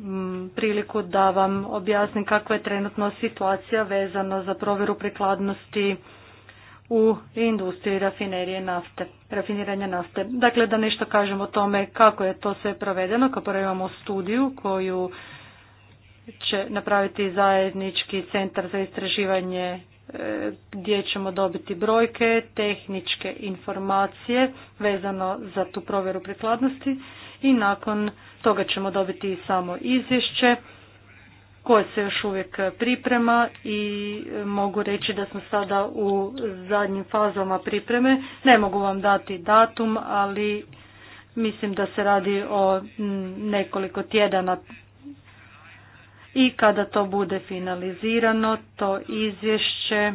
priliku da vam objasnim kakva je trenutno situacija vezana za provjeru prikladnosti u industriji rafinerije nafte, rafiniranja nafte. Dakle, da nešto kažem o tome kako je to sve provedeno, kao imamo studiju koju će napraviti zajednički centar za istraživanje e, gdje ćemo dobiti brojke, tehničke informacije vezano za tu provjeru prikladnosti i nakon toga ćemo dobiti samo izvješće koje se još uvijek priprema i e, mogu reći da smo sada u zadnjim fazama pripreme. Ne mogu vam dati datum, ali mislim da se radi o nekoliko tjedana i kada to bude finalizirano, to izvješće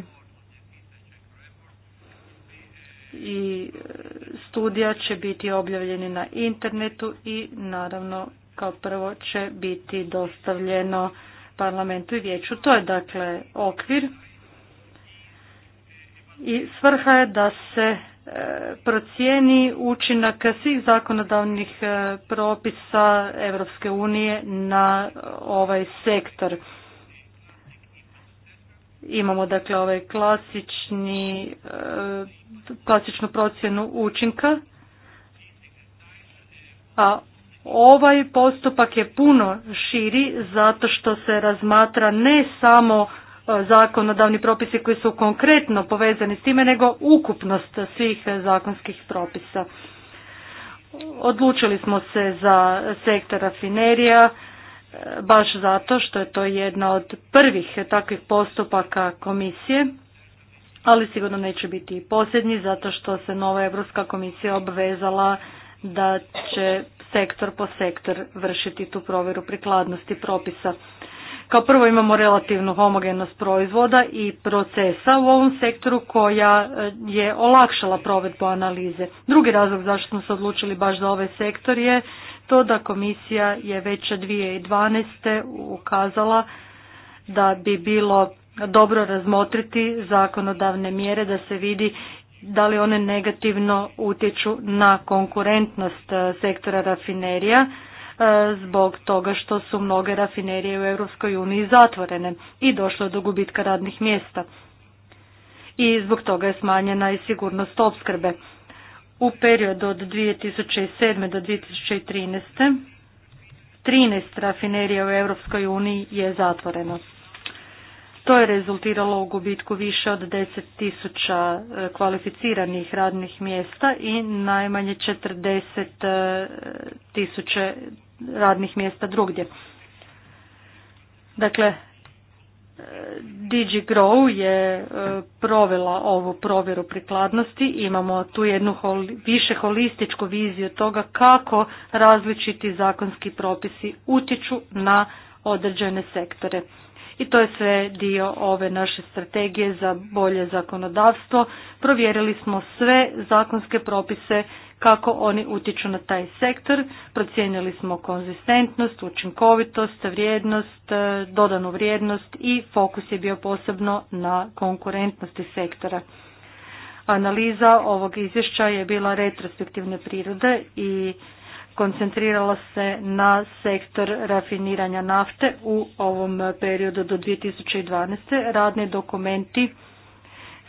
i e, studija će biti objavljeni na internetu i naravno kao prvo će biti dostavljeno parlamentu i vijeću. To je dakle okvir i svrha je da se e, procijeni učinak svih zakonodavnih e, propisa Europske unije na e, ovaj sektor. Imamo dakle ovaj klasični, klasičnu procjenu učinka, a Ovaj postupak je puno širi zato što se razmatra ne samo e, zakonodavni propisi koji su konkretno povezani s time, nego ukupnost svih zakonskih propisa. Odlučili smo se za sektor rafinerija e, baš zato što je to jedna od prvih takvih postupaka komisije, ali sigurno neće biti i posljednji zato što se nova Europska komisija obvezala da će sektor po sektor vršiti tu provjeru prikladnosti propisa. Kao prvo imamo relativnu homogenost proizvoda i procesa u ovom sektoru koja eh, je olakšala provedbu analize. Drugi razlog zašto smo se odlučili baš za ovaj sektor je to da komisija je već 2012. ukazala da bi bilo dobro razmotriti zakonodavne mjere da se vidi da li one negativno utječu na konkurentnost e, sektora rafinerija e, zbog toga što su mnoge rafinerije u Europskoj uniji zatvorene i došlo do gubitka radnih mjesta. I zbog toga je smanjena i sigurnost opskrbe. U periodu od 2007. do 2013. 13 rafinerija u Europskoj uniji je zatvoreno. To je rezultiralo u gubitku više od 10.000 e, kvalificiranih radnih mjesta i najmanje 40.000 e, radnih mjesta drugdje. Dakle, e, DigiGrow je provela ovu provjeru prikladnosti. Imamo tu jednu više holističku viziju toga kako različiti zakonski propisi utječu na određene sektore i to je sve dio ove naše strategije za bolje zakonodavstvo. Provjerili smo sve zakonske propise kako oni utiču na taj sektor, procijenili smo konzistentnost, učinkovitost, vrijednost, e, dodanu vrijednost i fokus je bio posebno na konkurentnosti sektora. Analiza ovog izvješća je bila retrospektivne prirode i koncentrirala se na sektor rafiniranja nafte u ovom periodu do 2012. Radni dokumenti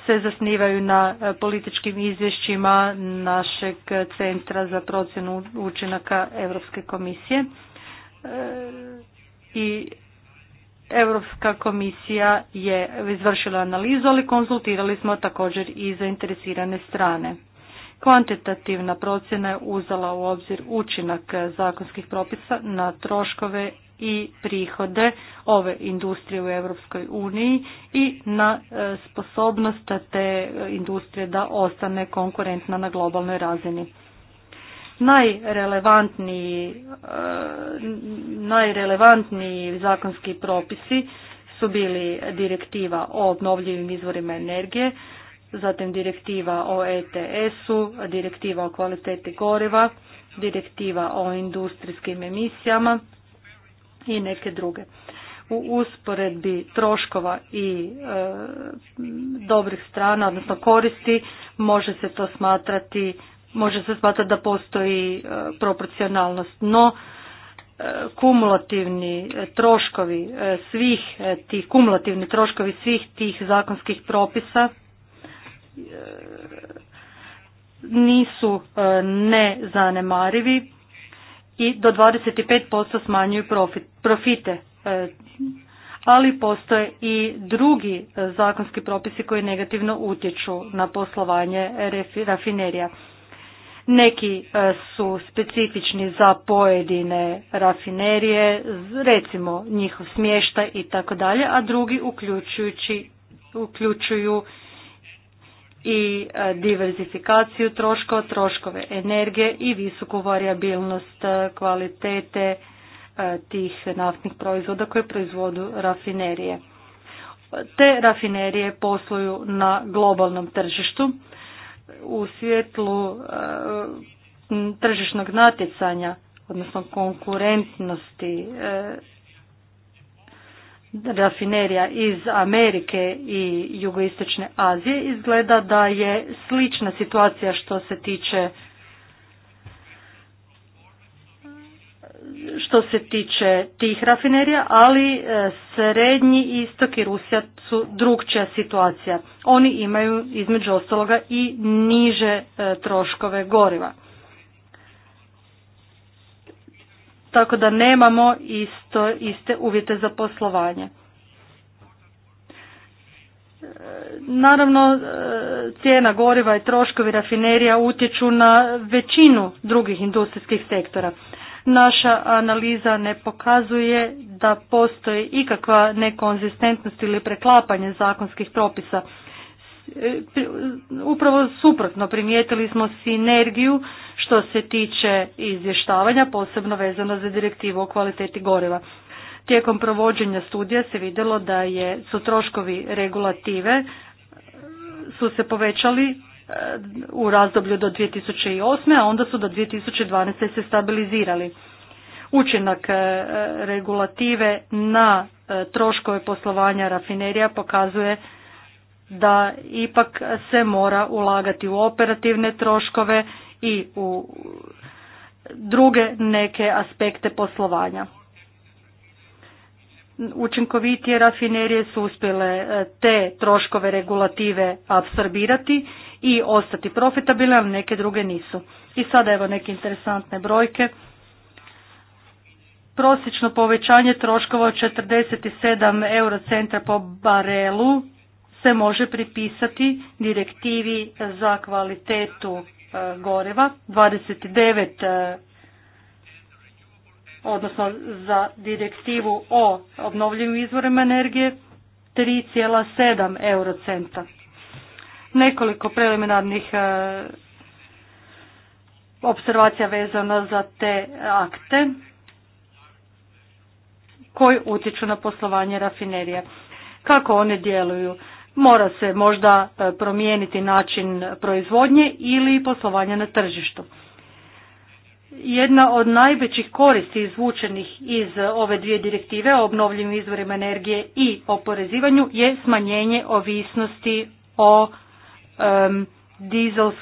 se zasnivaju na političkim izvješćima našeg Centra za procjenu učinaka Europske komisije e, i Europska komisija je izvršila analizu, ali konzultirali smo također i zainteresirane strane. Kvantitativna procjena je uzela u obzir učinak zakonskih propisa na troškove i prihode ove industrije u Europskoj uniji i na e, sposobnost te industrije da ostane konkurentna na globalnoj razini. Najrelevantniji, e, najrelevantniji zakonski propisi su bili direktiva o obnovljivim izvorima energije, zatim direktiva o ETS-u, direktiva o kvaliteti goriva, direktiva o industrijskim emisijama i neke druge. U usporedbi troškova i e, dobrih strana, odnosno koristi, može se to smatrati, može se smatrati da postoji e, proporcionalnost, no e, kumulativni troškovi svih tih kumulativni troškovi svih tih zakonskih propisa E, nisu e, nezanemarivi i do 25% smanjuju profite. E, ali postoje i drugi zakonski propisi koji negativno utječu na poslovanje rafinerija. Neki su specifični za pojedine rafinerije, recimo njihov smještaj i tako dalje, a drugi uključujući, uključuju i e, diverzifikaciju troškova, troškove energije i visoku variabilnost e, kvalitete e, tih naftnih proizvoda koje proizvodu rafinerije. Te rafinerije posluju na globalnom tržištu u svjetlu tržišnog natjecanja, odnosno konkurentnosti rafinerija iz Amerike i jugoistočne Azije izgleda da je slična situacija što se tiče što se tiče tih rafinerija, ali e, Srednji istok i Rusija su drugčija situacija. Oni imaju između ostaloga i niže e, troškove goriva. tako da nemamo isto, iste uvjete za poslovanje. Naravno, e, cijena goriva i troškovi rafinerija utječu na većinu drugih industrijskih sektora. Naša analiza ne pokazuje da postoji ikakva nekonzistentnost ili preklapanje zakonskih propisa E, upravo suprotno primijetili smo sinergiju što se tiče izvještavanja, posebno vezano za direktivu o kvaliteti goriva. Tijekom provođenja studija se vidjelo da je, su troškovi regulative e, su se povećali e, u razdoblju do 2008. a onda su do 2012. se stabilizirali. Učinak regulative na troškove poslovanja rafinerija pokazuje da ipak se mora ulagati u operativne troškove i u druge neke aspekte poslovanja. Učinkovitije rafinerije su uspjele e, te troškove regulative apsorbirati i ostati profitabilne, ali neke druge nisu. I sada evo neke interesantne brojke. Prosječno povećanje troškova od 47 eurocentra centra po barelu se može pripisati direktivi za kvalitetu e, goriva 29 e, odnosno za direktivu o obnovljivim izvorima energije 3,7 eurocenta. Nekoliko preliminarnih e, observacija vezano za te akte koji utječu na poslovanje rafinerije. Kako one djeluju? Mora se možda e, promijeniti način proizvodnje ili poslovanja na tržištu. Jedna od najvećih koristi izvučenih iz ove dvije direktive o obnovljivim izvorima energije i oporezivanju je smanjenje ovisnosti o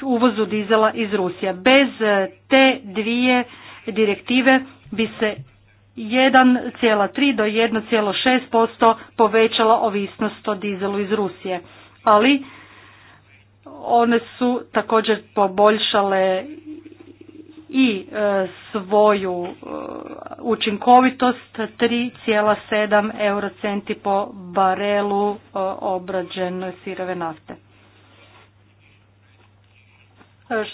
uvozu dizela iz Rusija. Bez e, te dvije direktive bi se 1,3 do 1,6% povećala ovisnost o dizelu iz Rusije. Ali one su također poboljšale i e, svoju e, učinkovitost 3,7 eurocenti po barelu e, obrađene sirove nafte.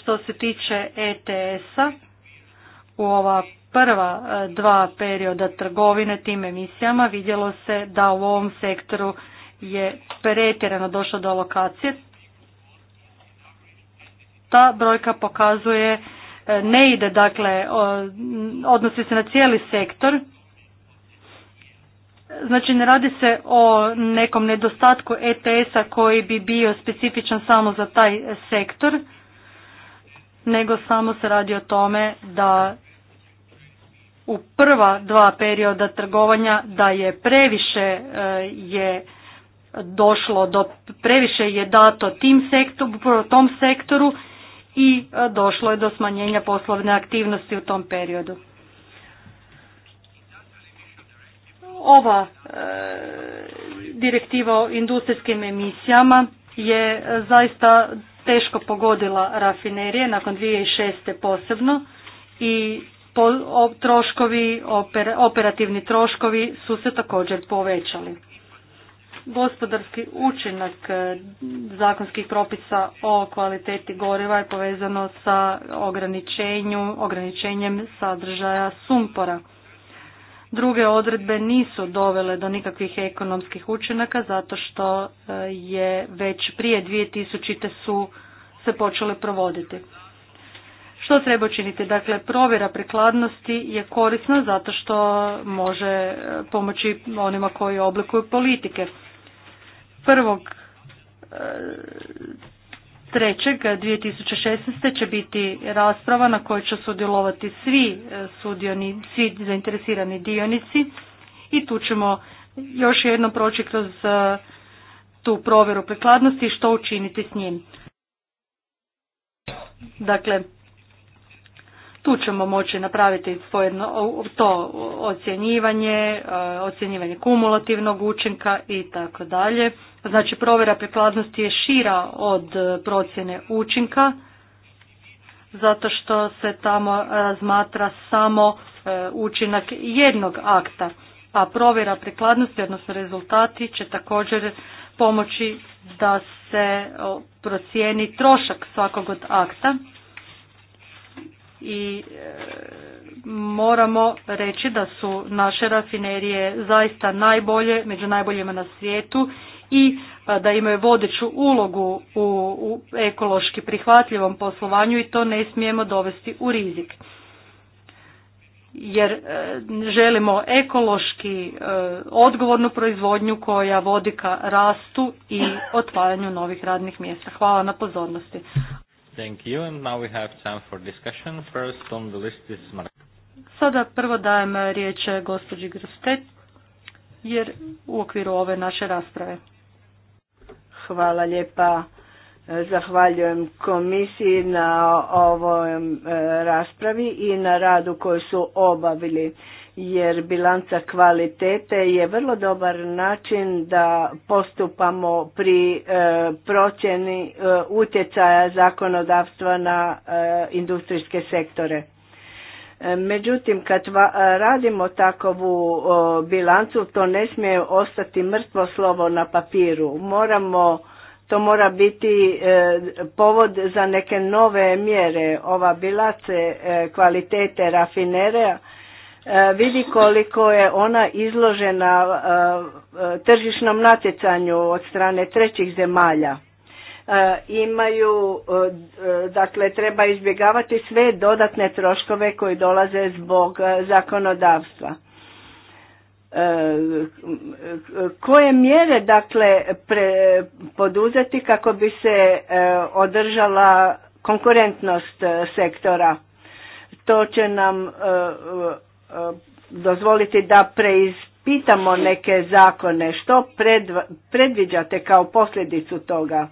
Što se tiče ETS-a, u ova prva e, dva perioda trgovine tim emisijama vidjelo se da u ovom sektoru je pretjerano došlo do alokacije. Ta brojka pokazuje, e, ne ide, dakle, odnosi se na cijeli sektor. Znači ne radi se o nekom nedostatku ETS-a koji bi bio specifičan samo za taj sektor, nego samo se radi o tome da u prva dva perioda trgovanja da je previše e, je došlo do previše je dato tim sektoru, tom sektoru i e, došlo je do smanjenja poslovne aktivnosti u tom periodu. Ova e, direktiva o industrijskim emisijama je zaista teško pogodila rafinerije nakon 2006. posebno i troškovi, operativni troškovi su se također povećali. Gospodarski učinak e, zakonskih propisa o kvaliteti goriva je povezano sa ograničenju, ograničenjem sadržaja sumpora. Druge odredbe nisu dovele do nikakvih ekonomskih učinaka zato što e, je već prije 2000. su se počele provoditi. To treba učiniti? Dakle, provjera prikladnosti je korisna zato što može e, pomoći onima koji oblikuju politike. Prvog e, trećeg 2016. će biti rasprava na kojoj će sudjelovati svi, e, sudioni, svi zainteresirani dionici i tu ćemo još jednom proći kroz tu provjeru prikladnosti i što učiniti s njim. Dakle, tu ćemo moći napraviti to ocjenjivanje, e, ocjenjivanje kumulativnog učinka i tako dalje. Znači provjera prikladnosti je šira od e, procjene učinka zato što se tamo razmatra samo e, učinak jednog akta, a provjera prikladnosti, odnosno rezultati će također pomoći da se procijeni trošak svakog od akta i e, moramo reći da su naše rafinerije zaista najbolje, među najboljima na svijetu i e, da imaju vodeću ulogu u ekološki prihvatljivom poslovanju i to ne smijemo dovesti u rizik. Jer e, želimo ekološki odgovornu proizvodnju koja vodi ka rastu i otvaranju novih radnih mjesta. Hvala na pozornosti. Thank you. And now we have time for discussion. First on the list is Mark. Sada prvo dajem riječ gospođi Grostet, jer u okviru ove naše rasprave. Hvala lijepa. Zahvaljujem komisiji na ovoj e, raspravi i na radu koju su obavili jer bilanca kvalitete je vrlo dobar način da postupamo pri e, procjeni e, utjecaja zakonodavstva na e, industrijske sektore. E, međutim, kad radimo takovu bilancu, to ne smije ostati mrtvo slovo na papiru. Moramo to mora biti povod za neke nove mjere. Ova bilace kvalitete rafinerija E, vidi koliko je ona izložena e, e, tržišnom natjecanju od strane trećih zemalja. Imaju, dakle, treba izbjegavati sve dodatne troškove koji dolaze zbog zakonodavstva. Koje mjere, dakle, pre, poduzeti kako bi se održala konkurentnost sektora? To će nam Eh, dozvoliti da preispitamo neke zakone. Što predviđate kao posljedicu toga?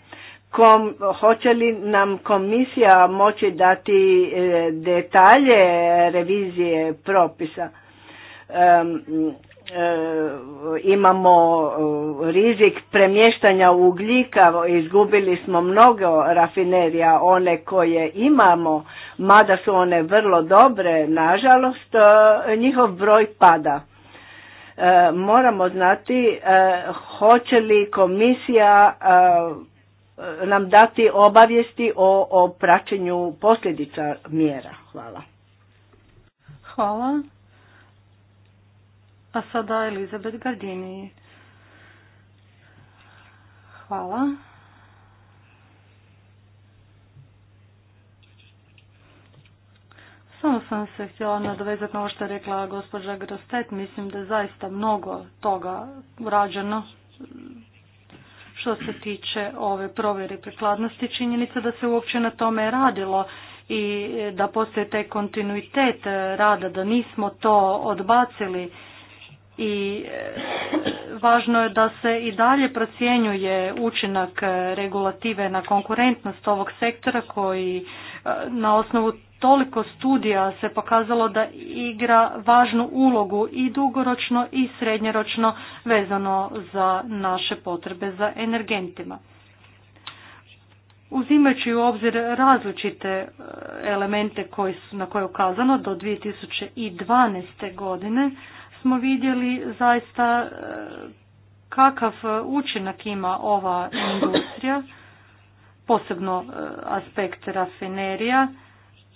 Kom, hoće li nam komisija moći dati eh, detalje revizije propisa? E, imamo e, rizik premještanja ugljika, izgubili smo mnogo rafinerija, one koje imamo, mada su one vrlo dobre, nažalost, e, njihov broj pada. Moramo znati hoće li komisija nam dati obavijesti o, o praćenju posljedica mjera. Hvala. Hvala. A sada Elizabeth Gardini. Hvala. Samo sam se htjela nadovezati na ovo što je rekla gospođa Grostet. Mislim da je zaista mnogo toga urađeno što se tiče ove provjere prikladnosti. Činjenica da se uopće na tome radilo i da postoje taj kontinuitet rada, da nismo to odbacili i e, važno je da se i dalje procjenjuje učinak e, regulative na konkurentnost ovog sektora koji e, na osnovu toliko studija se pokazalo da igra važnu ulogu i dugoročno i srednjeročno vezano za naše potrebe za energentima. Uzimajući u obzir različite elemente koji su, na koje je ukazano do 2012. godine, smo vidjeli zaista e, kakav učinak ima ova industrija, posebno e, aspekt rafinerija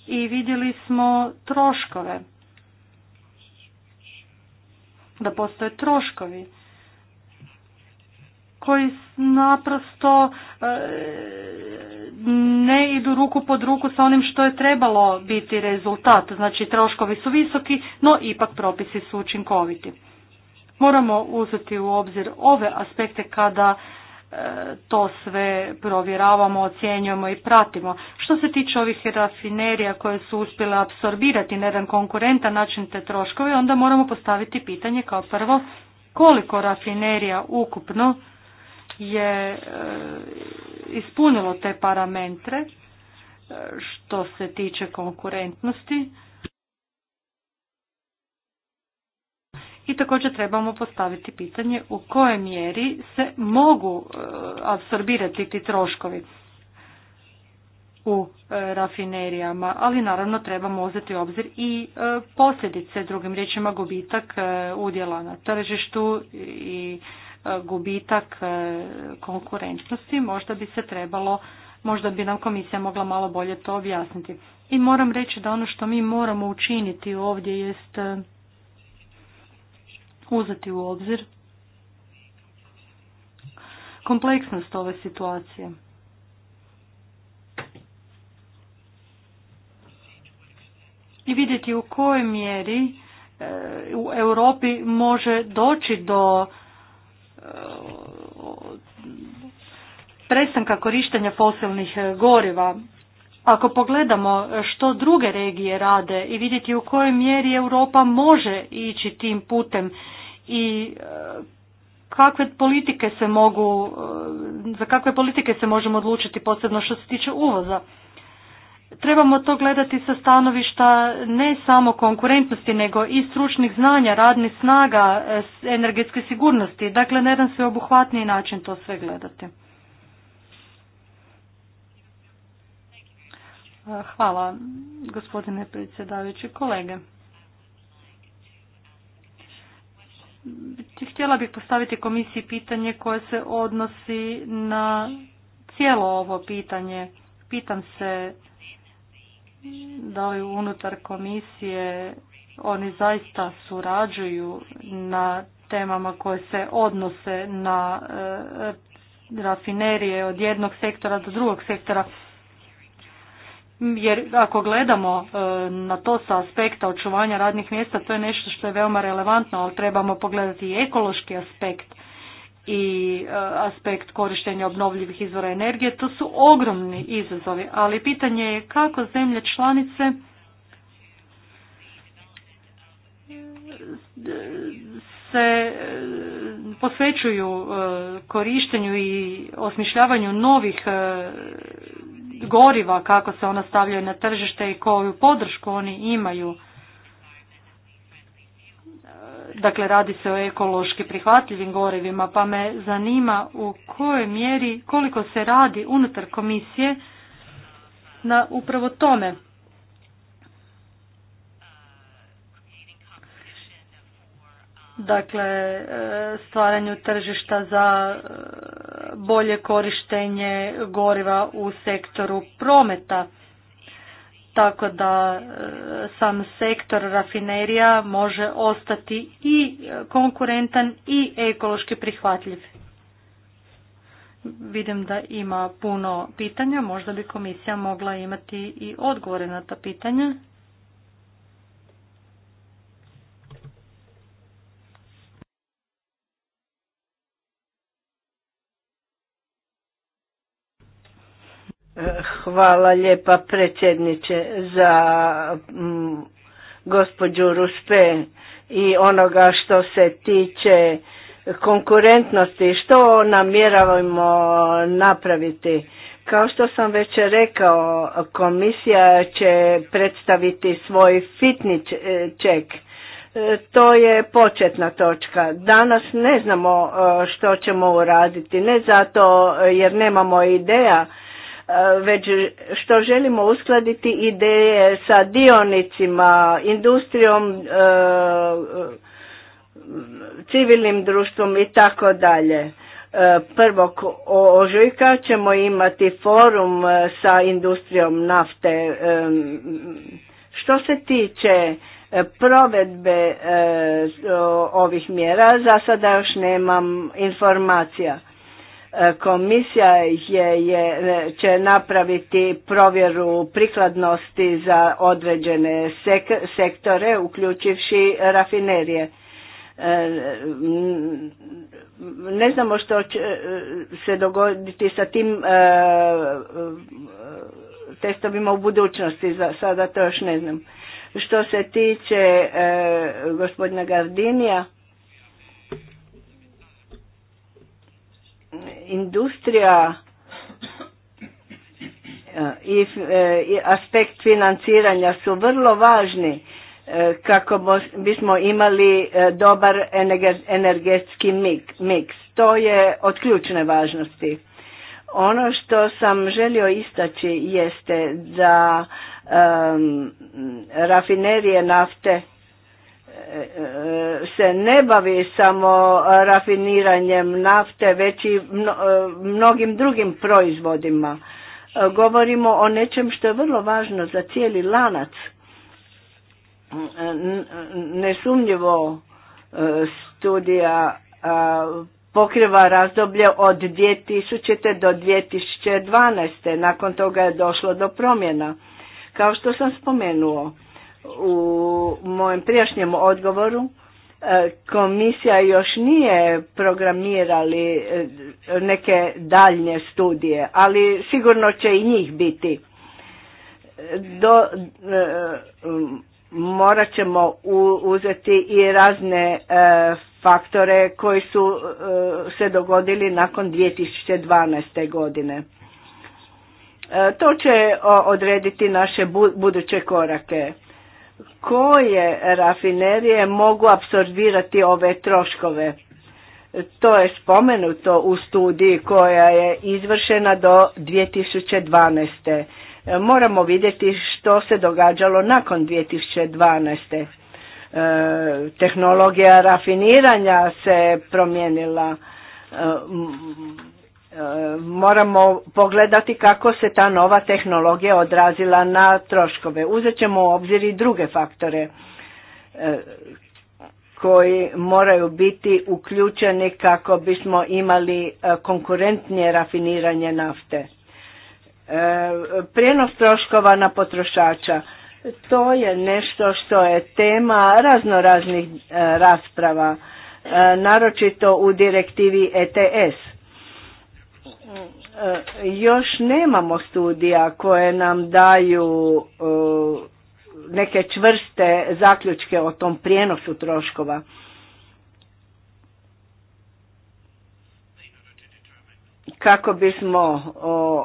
i vidjeli smo troškove. Da postoje troškovi koji naprosto e, ne idu ruku pod ruku sa onim što je trebalo biti rezultat. Znači troškovi su visoki, no ipak propisi su učinkoviti. Moramo uzeti u obzir ove aspekte kada e, to sve provjeravamo, ocjenjujemo i pratimo. Što se tiče ovih rafinerija koje su uspjele apsorbirati na jedan konkurentan način te troškove, onda moramo postaviti pitanje kao prvo koliko rafinerija ukupno je e, ispunilo te parametre e, što se tiče konkurentnosti. I također trebamo postaviti pitanje u kojoj mjeri se mogu e, absorbirati ti troškovi u rafinerijama, ali naravno trebamo uzeti u obzir i posljedice, drugim riječima gubitak udjela na tržištu i gubitak e, konkurentnosti, možda bi se trebalo, možda bi nam komisija mogla malo bolje to objasniti. I moram reći da ono što mi moramo učiniti ovdje jest e, uzeti u obzir kompleksnost ove situacije. I vidjeti u kojoj mjeri e, u Europi može doći do prestanka korištenja fosilnih e, goriva. Ako pogledamo e, što druge regije rade i vidjeti u kojoj mjeri Europa može ići tim putem i e, kakve politike se mogu, za kakve politike se možemo odlučiti posebno što se tiče uvoza trebamo to gledati sa stanovišta ne samo konkurentnosti, nego i stručnih znanja, radnih snaga, eh, energetske sigurnosti. Dakle, na jedan sveobuhvatniji način to sve gledati. Eh, hvala, gospodine predsjedavajući kolege. Htjela bih postaviti komisiji pitanje koje se odnosi na cijelo ovo pitanje. Pitam se da li unutar komisije oni zaista surađuju na temama koje se odnose na e, rafinerije od jednog sektora do drugog sektora. Jer ako gledamo e, na to sa aspekta očuvanja radnih mjesta, to je nešto što je veoma relevantno, ali trebamo pogledati i ekološki aspekt i e, aspekt korištenja obnovljivih izvora energije, to su ogromni izazovi, ali pitanje je kako zemlje članice se e, posvećuju e, korištenju i osmišljavanju novih goriva, kako se ona stavljaju na tržište i koju podršku oni imaju dakle radi se o ekološki prihvatljivim gorivima, pa me zanima u kojoj mjeri, koliko se radi unutar komisije na upravo tome. Dakle, e, stvaranju tržišta za e, bolje korištenje goriva u sektoru prometa tako da e, sam sektor rafinerija može ostati i konkurentan i ekološki prihvatljiv. Vidim da ima puno pitanja, možda bi komisija mogla imati i odgovore na ta pitanja. Eh, hvala lijepa predsjedniče za mm, gospođu Ruspe i onoga što se tiče konkurentnosti, što namjeravamo napraviti. Kao što sam već rekao, komisija će predstaviti svoj fitni eh, ček. Eh, to je početna točka. Danas ne znamo što ćemo uraditi, ne zato jer nemamo ideja, E, već što želimo uskladiti ideje sa dionicima, industrijom, e, e, civilnim društvom i tako dalje. Prvog ožujka ćemo imati forum sa industrijom nafte. Što se tiče provedbe ovih mjera, za sada još nemam informacija E, komisija je, je, će napraviti provjeru prikladnosti za određene sektore, uključivši rafinerije. E, ne znamo što će e, se dogoditi sa tim testovima u budućnosti, za sada to još ne znam. Što se tiče gospodina Gardinija, industrija eh, eh, i aspekt financiranja su vrlo važni eh, kako bismo imali dobar energetski miks. To je od ključne važnosti. Ono što sam želio istaći jeste da rafinerije nafte se ne bavi samo rafiniranjem nafte, već i e, mnogim drugim proizvodima. E, govorimo o nečem što je vrlo važno za cijeli lanac. E, nesumnjivo studija pokriva razdoblje od 2000. do 2012. Nakon toga je došlo do promjena. Kao što sam spomenuo, u mojem prijašnjem odgovoru e, komisija još nije programirali e, neke daljnje studije, ali sigurno će i njih biti. Do, e, morat ćemo uzeti i razne faktore koji su se dogodili nakon 2012. godine. To će odrediti naše buduće korake koje rafinerije mogu apsorbirati ove troškove. To je spomenuto u studiji koja je izvršena do 2012. Moramo vidjeti što se događalo nakon 2012. E, tehnologija rafiniranja se promijenila. E, moramo pogledati kako se ta nova tehnologija odrazila na troškove. Uzet ćemo u obzir i druge faktore e, koji moraju biti uključeni kako bismo imali e, konkurentnije rafiniranje nafte. E, prijenos troškova na potrošača. To je nešto što je tema raznoraznih rasprava, naročito u direktivi ETS E, još nemamo studija koje nam daju e, neke čvrste zaključke o tom prijenosu troškova. Kako bismo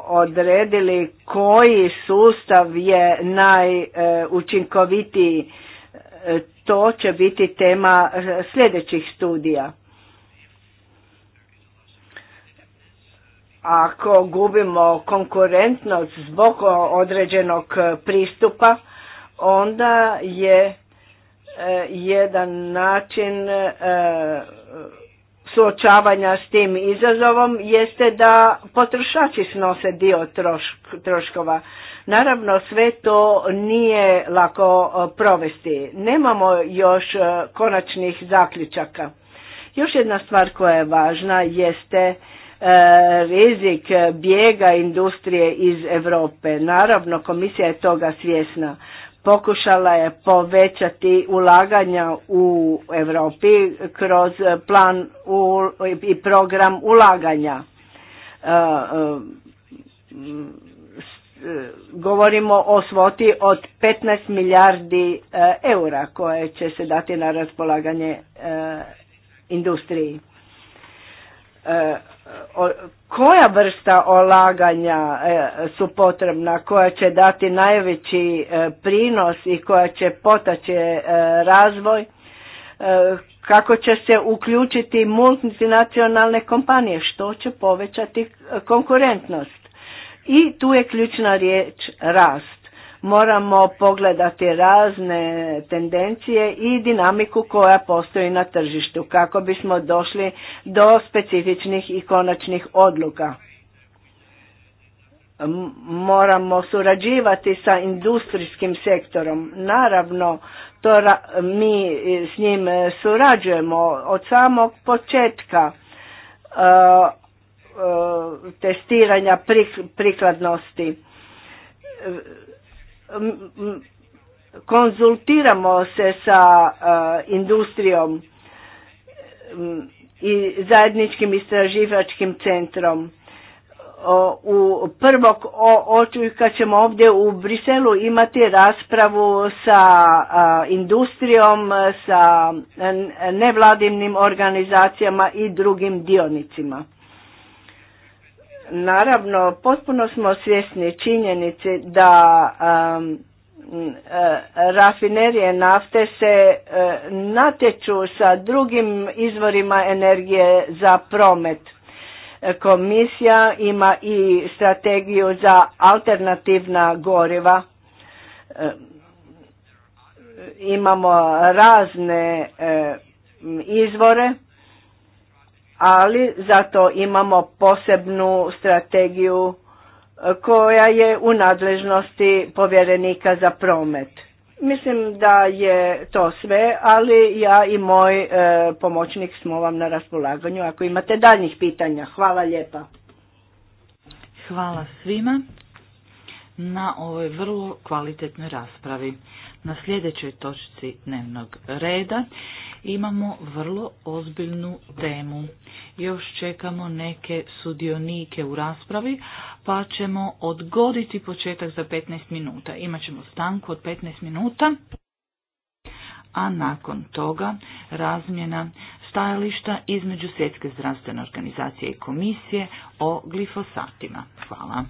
odredili koji sustav je najučinkovitiji, e, to će biti tema sljedećih studija. Ako gubimo konkurentnost zbog određenog e, pristupa, onda je e, jedan način e, suočavanja s tim izazovom jeste da potrošači snose dio troškova. Naravno sve to nije lako provesti. Nemamo još konačnih zaključaka. Još jedna stvar koja je važna jeste E, rizik bijega industrije iz Europe. Naravno, komisija je toga svjesna. Pokušala je povećati ulaganja u Europi kroz plan i program ulaganja. E, e, govorimo o svoti od 15 milijardi eura koje će se dati na raspolaganje industriji koja vrsta olaganja e, su potrebna, koja će dati najveći e, prinos i koja će potaći e, razvoj, kako će se uključiti multinacionalne kompanije, što će povećati konkurentnost. I tu je ključna riječ rast. Moramo pogledati razne tendencije i dinamiku koja postoji na tržištu kako bismo došli do specifičnih i konačnih odluka. Moramo surađivati sa industrijskim sektorom. Naravno, to mi s njim e, surađujemo od samog početka e, e, testiranja prikladnosti konzultiramo se sa e, industrijom i zajedničkim istraživačkim centrom. U prvog očujka ćemo ovdje u Briselu imati raspravu sa industrijom, sa nevladinim organizacijama i drugim dionicima. Naravno, potpuno smo svjesni činjenici da um, e, rafinerije nafte se e, natječu sa drugim izvorima energije za promet. Komisija ima i strategiju za alternativna goriva. E, imamo razne izvore ali zato imamo posebnu strategiju e, koja je u nadležnosti povjerenika za promet. Mislim da je to sve, ali ja i moj e, pomoćnik smo vam na raspolaganju ako imate daljnjih pitanja. Hvala lijepa. Hvala svima na ovoj vrlo kvalitetnoj raspravi. Na sljedećoj točci dnevnog reda imamo vrlo ozbiljnu temu. Još čekamo neke sudionike u raspravi, pa ćemo odgoditi početak za 15 minuta. Imaćemo stanku od 15 minuta, a nakon toga razmjena stajališta između Svjetske zdravstvene organizacije i komisije o glifosatima. Hvala.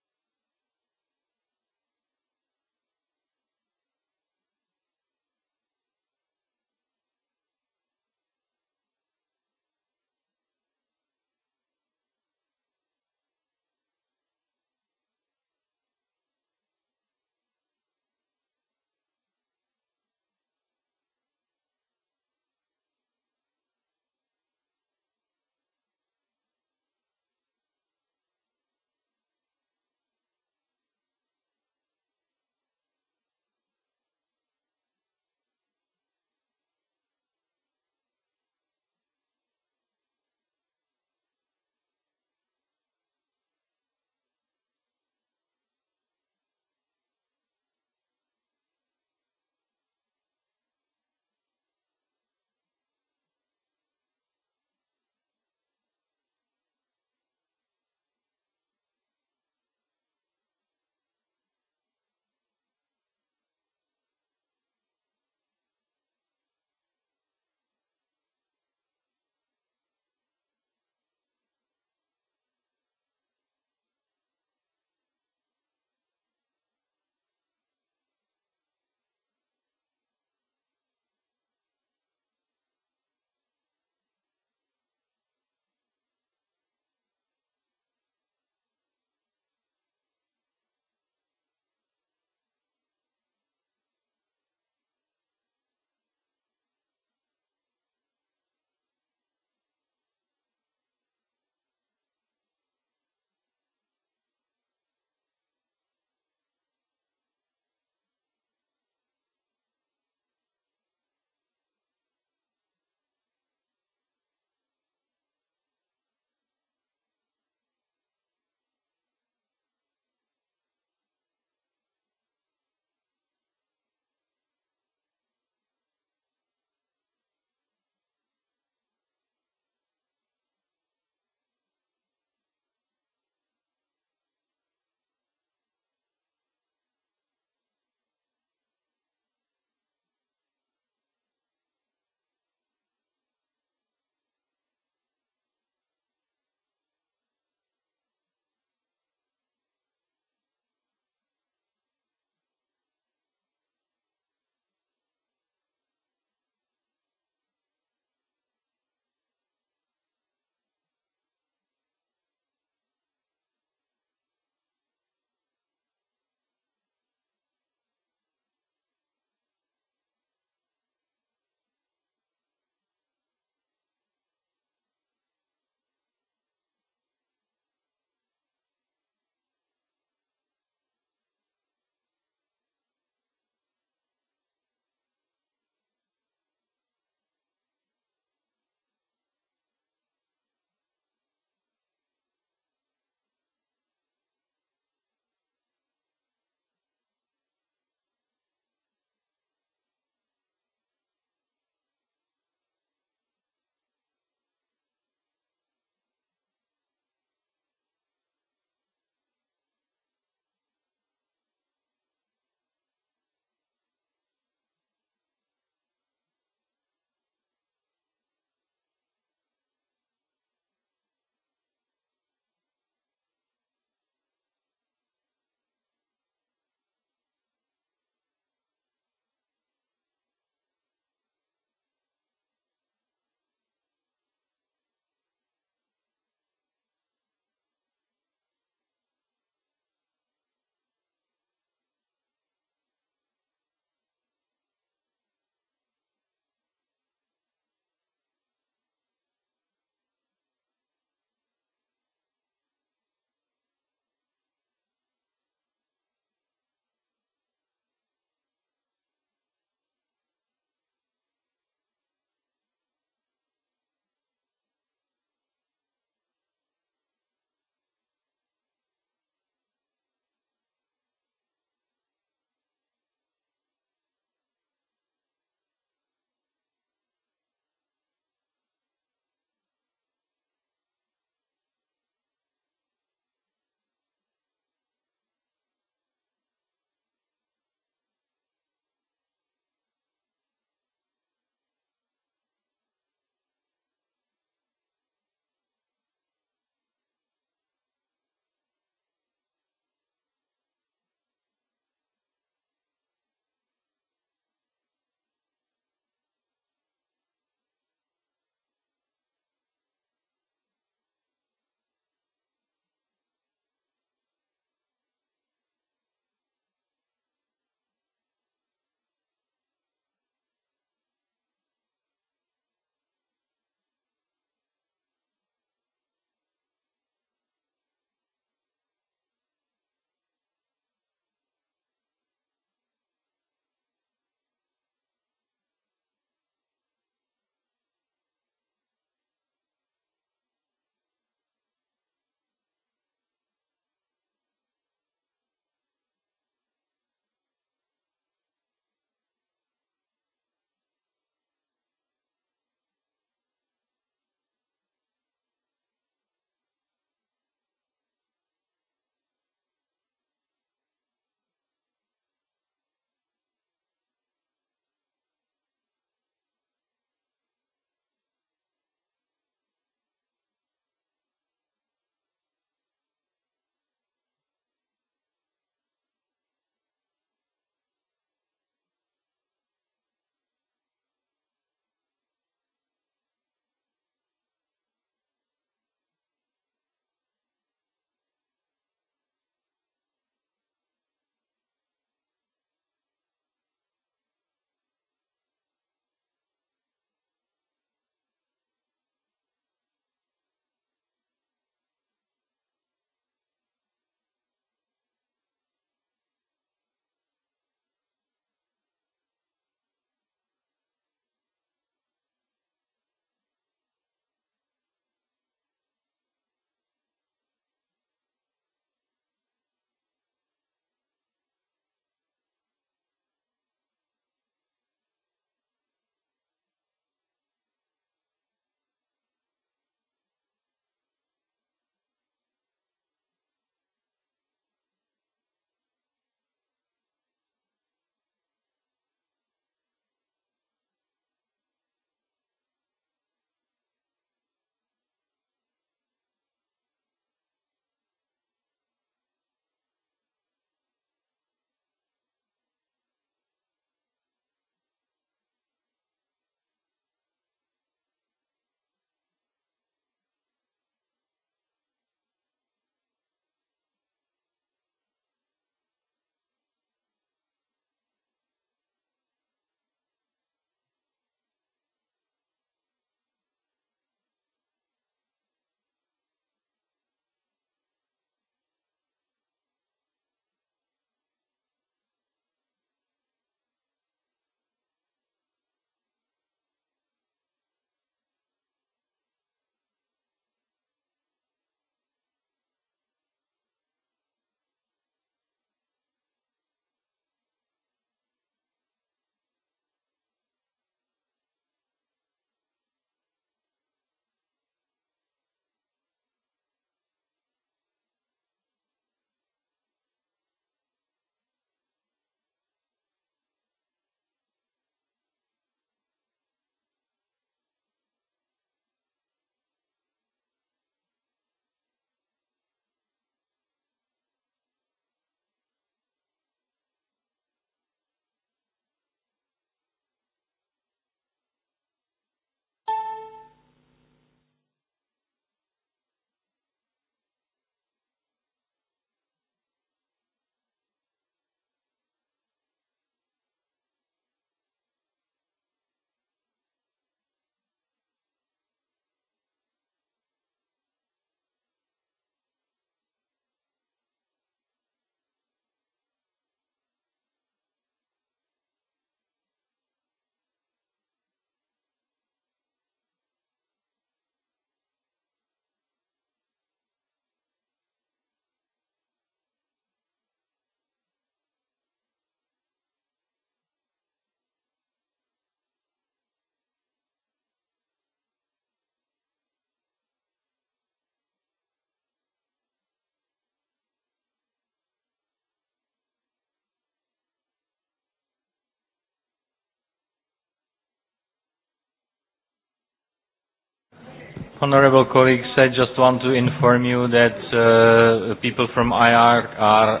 honorable colleagues, I just want to inform you that uh, people from IR are...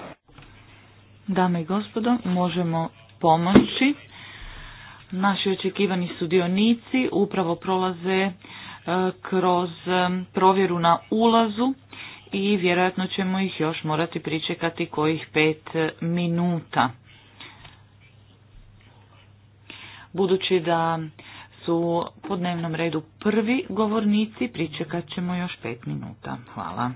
Dame i gospodo, možemo pomoći. Naši očekivani sudionici upravo prolaze e, kroz e, provjeru na ulazu i vjerojatno ćemo ih još morati pričekati kojih pet minuta. Budući da su po dnevnom redu prvi govornici, pričekat ćemo još pet minuta. Hvala.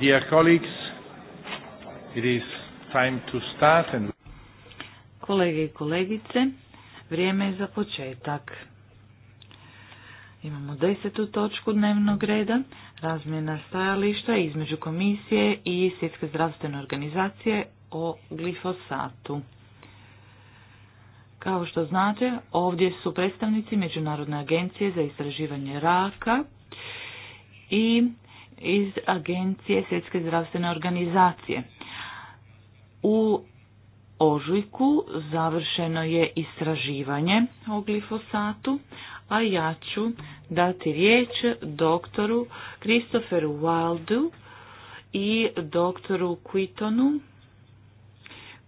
Dear colleagues, it is time to start and... Kolege i kolegice, vrijeme je za početak. Imamo desetu točku dnevnog reda, razmjena stajališta između komisije i Svjetske zdravstvene organizacije o glifosatu. Kao što znate, ovdje su predstavnici Međunarodne agencije za istraživanje raka i iz Agencije Svjetske zdravstvene organizacije. U ožujku završeno je istraživanje o glifosatu, a ja ću dati riječ doktoru Christopheru Wildu i doktoru Quitonu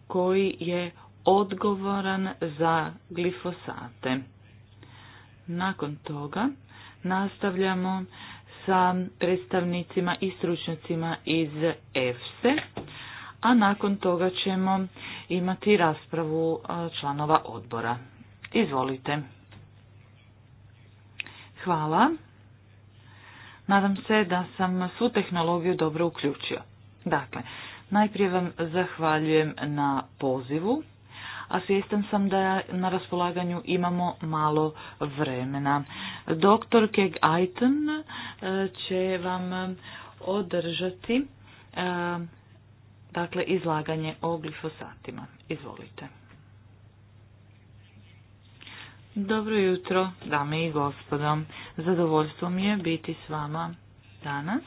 koji je odgovoran za glifosate. Nakon toga nastavljamo sa predstavnicima i stručnjacima iz EFSE, a nakon toga ćemo imati raspravu e, članova odbora. Izvolite. Hvala. Nadam se da sam svu tehnologiju dobro uključio. Dakle, najprije vam zahvaljujem na pozivu a svjestan sam da na raspolaganju imamo malo vremena. Doktor Keg Aiton e, će vam održati e, dakle, izlaganje o glifosatima. Izvolite. Dobro jutro, dame i gospodo. Zadovoljstvo mi je biti s vama danas.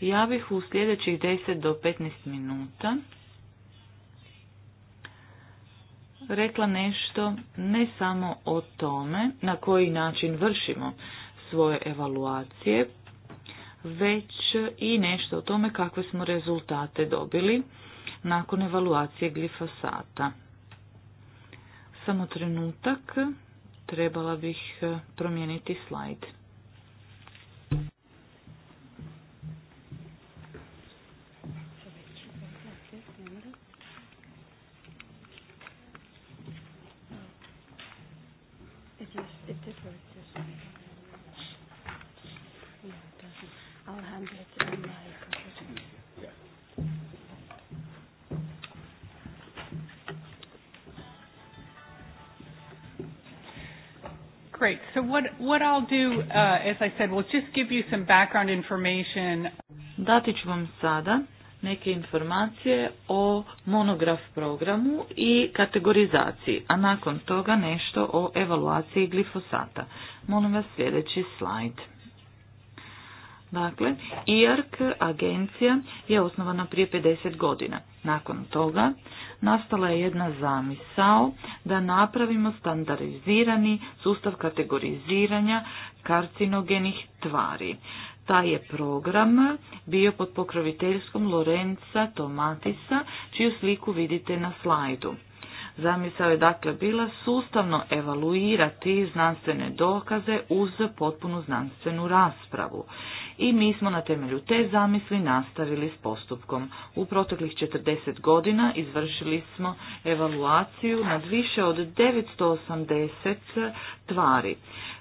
Ja bih u sljedećih 10 do 15 minuta rekla nešto ne samo o tome na koji način vršimo svoje evaluacije, već i nešto o tome kakve smo rezultate dobili nakon evaluacije glifosata. Samo trenutak, trebala bih promijeniti slajd. what, I'll do, uh, background information. Dati ću vam sada neke informacije o monograf programu i kategorizaciji, a nakon toga nešto o evaluaciji glifosata. Molim vas sljedeći slajd. Dakle, IARC agencija je osnovana prije 50 godina. Nakon toga nastala je jedna zamisao da napravimo standardizirani sustav kategoriziranja karcinogenih tvari. Taj je program bio pod pokroviteljskom Lorenza Tomatisa, čiju sliku vidite na slajdu. Zamisao je dakle bila sustavno evaluirati znanstvene dokaze uz potpunu znanstvenu raspravu i mi smo na temelju te zamisli nastavili s postupkom. U proteklih 40 godina izvršili smo evaluaciju nad više od 980 tvari.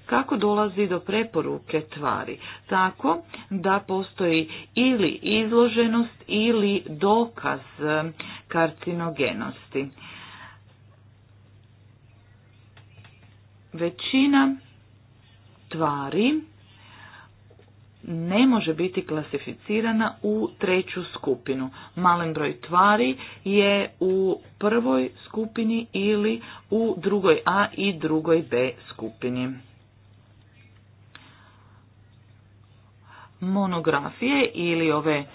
Kako dolazi do preporuke tvari? Tako da postoji ili izloženost ili dokaz karcinogenosti. Većina tvari ne može biti klasificirana u treću skupinu. Malen broj tvari je u prvoj skupini ili u drugoj A i drugoj B skupini. Monografije ili ove e,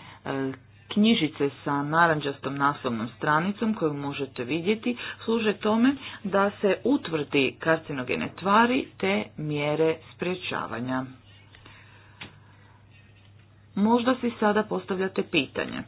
knjižice sa naranđastom naslovnom stranicom koju možete vidjeti služe tome da se utvrdi karcinogene tvari te mjere sprječavanja. Možda si sada postavljate pitanje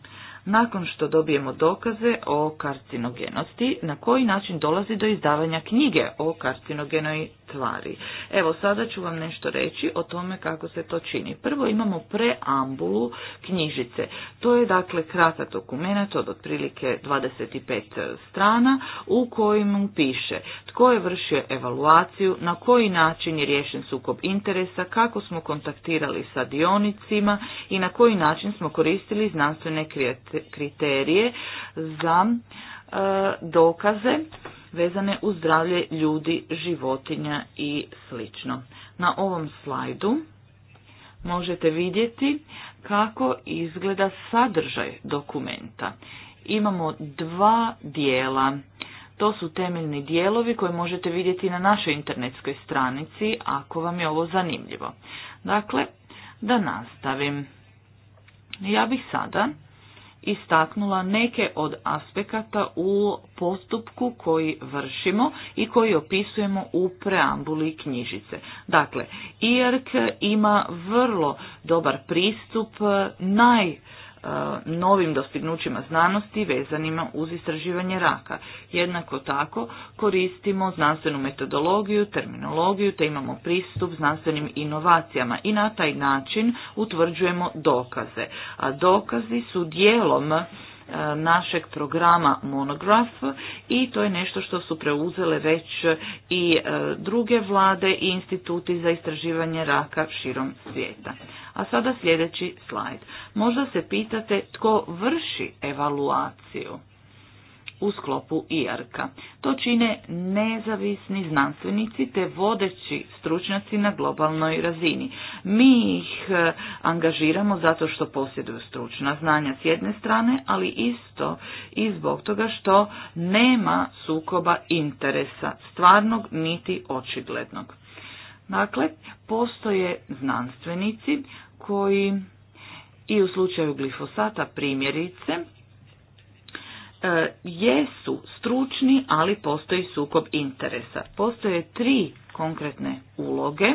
nakon što dobijemo dokaze o karcinogenosti, na koji način dolazi do izdavanja knjige o karcinogenoj tvari. Evo, sada ću vam nešto reći o tome kako se to čini. Prvo imamo preambulu knjižice. To je dakle kratak dokument od otprilike 25 strana u kojem piše tko je vršio evaluaciju, na koji način je rješen sukob interesa, kako smo kontaktirali sa dionicima i na koji način smo koristili znanstvene kriterije za e, dokaze vezane uz zdravlje ljudi, životinja i sl. Na ovom slajdu možete vidjeti kako izgleda sadržaj dokumenta. Imamo dva dijela. To su temeljni dijelovi koje možete vidjeti na našoj internetskoj stranici ako vam je ovo zanimljivo. Dakle, da nastavim. Ja bih sada istaknula neke od aspekata u postupku koji vršimo i koji opisujemo u preambuli knjižice. Dakle, IRK ima vrlo dobar pristup naj novim dostignućima znanosti vezanima uz istraživanje raka. Jednako tako koristimo znanstvenu metodologiju, terminologiju, te imamo pristup znanstvenim inovacijama i na taj način utvrđujemo dokaze. A dokazi su dijelom E, našeg programa Monograph i to je nešto što su preuzele već i e, druge vlade i instituti za istraživanje raka širom svijeta. A sada sljedeći slajd. Možda se pitate tko vrši evaluaciju u sklopu irk To čine nezavisni znanstvenici te vodeći stručnjaci na globalnoj razini. Mi ih e, angažiramo zato što posjeduju stručna znanja s jedne strane, ali isto i zbog toga što nema sukoba interesa stvarnog niti očiglednog. Dakle, postoje znanstvenici koji i u slučaju glifosata primjerice E, jesu stručni, ali postoji sukob interesa. Postoje tri konkretne uloge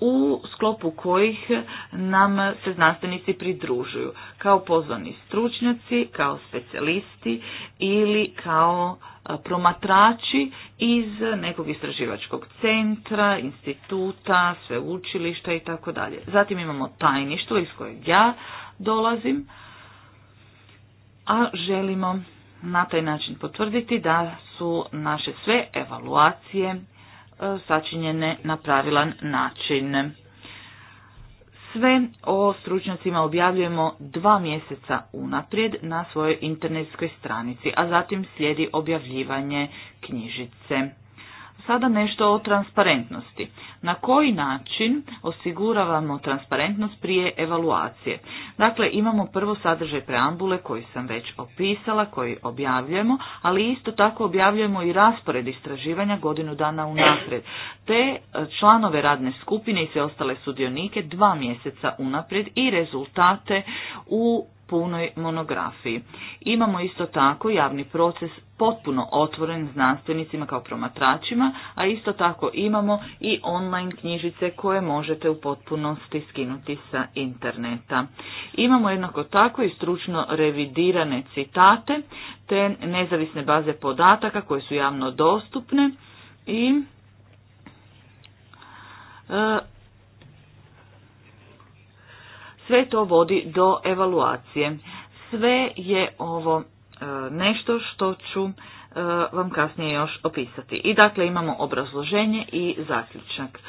u sklopu kojih nam se znanstvenici pridružuju kao pozvani stručnjaci, kao specijalisti ili kao e, promatrači iz nekog istraživačkog centra, instituta, sveučilišta i tako dalje. Zatim imamo tajništvo iz kojeg ja dolazim, a želimo na taj način potvrditi da su naše sve evaluacije e, sačinjene na pravilan način. Sve o stručnjacima objavljujemo dva mjeseca unaprijed na svojoj internetskoj stranici, a zatim slijedi objavljivanje knjižice. Sada nešto o transparentnosti. Na koji način osiguravamo transparentnost prije evaluacije? Dakle, imamo prvo sadržaj preambule koji sam već opisala, koji objavljujemo, ali isto tako objavljujemo i raspored istraživanja godinu dana unaprijed, te e, članove radne skupine i sve ostale sudionike dva mjeseca unaprijed i rezultate u punoj monografiji. Imamo isto tako javni proces potpuno otvoren znanstvenicima kao promatračima, a isto tako imamo i online knjižice koje možete u potpunosti skinuti sa interneta. Imamo jednako tako i stručno revidirane citate te nezavisne baze podataka koje su javno dostupne i e, sve to vodi do evaluacije. Sve je ovo e, nešto što ću e, vam kasnije još opisati. I dakle imamo obrazloženje i zaključak.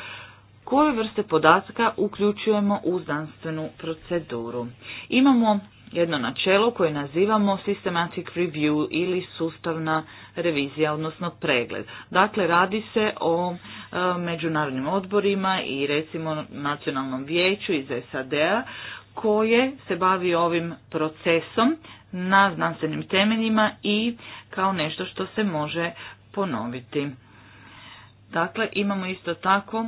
Koje vrste podatka uključujemo u znanstvenu proceduru? Imamo jedno načelo koje nazivamo systematic review ili sustavna revizija, odnosno pregled. Dakle, radi se o e, međunarodnim odborima i recimo nacionalnom vijeću iz SAD-a koje se bavi ovim procesom na znanstvenim temeljima i kao nešto što se može ponoviti. Dakle, imamo isto tako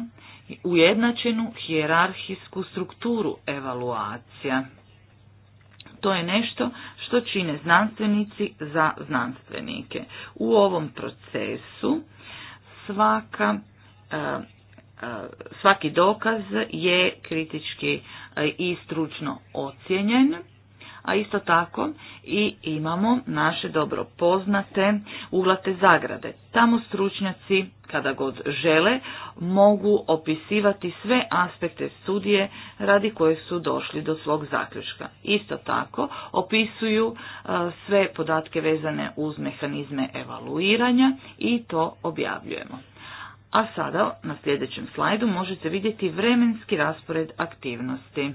ujednačenu hijerarhijsku strukturu evaluacija. To je nešto što čine znanstvenici za znanstvenike. U ovom procesu svaka e, e, svaki dokaz je kritički e, i stručno ocijenjen a isto tako i imamo naše dobro poznate uglate zagrade. Tamo stručnjaci, kada god žele, mogu opisivati sve aspekte studije radi koje su došli do svog zaključka. Isto tako opisuju e, sve podatke vezane uz mehanizme evaluiranja i to objavljujemo. A sada na sljedećem slajdu možete vidjeti vremenski raspored aktivnosti.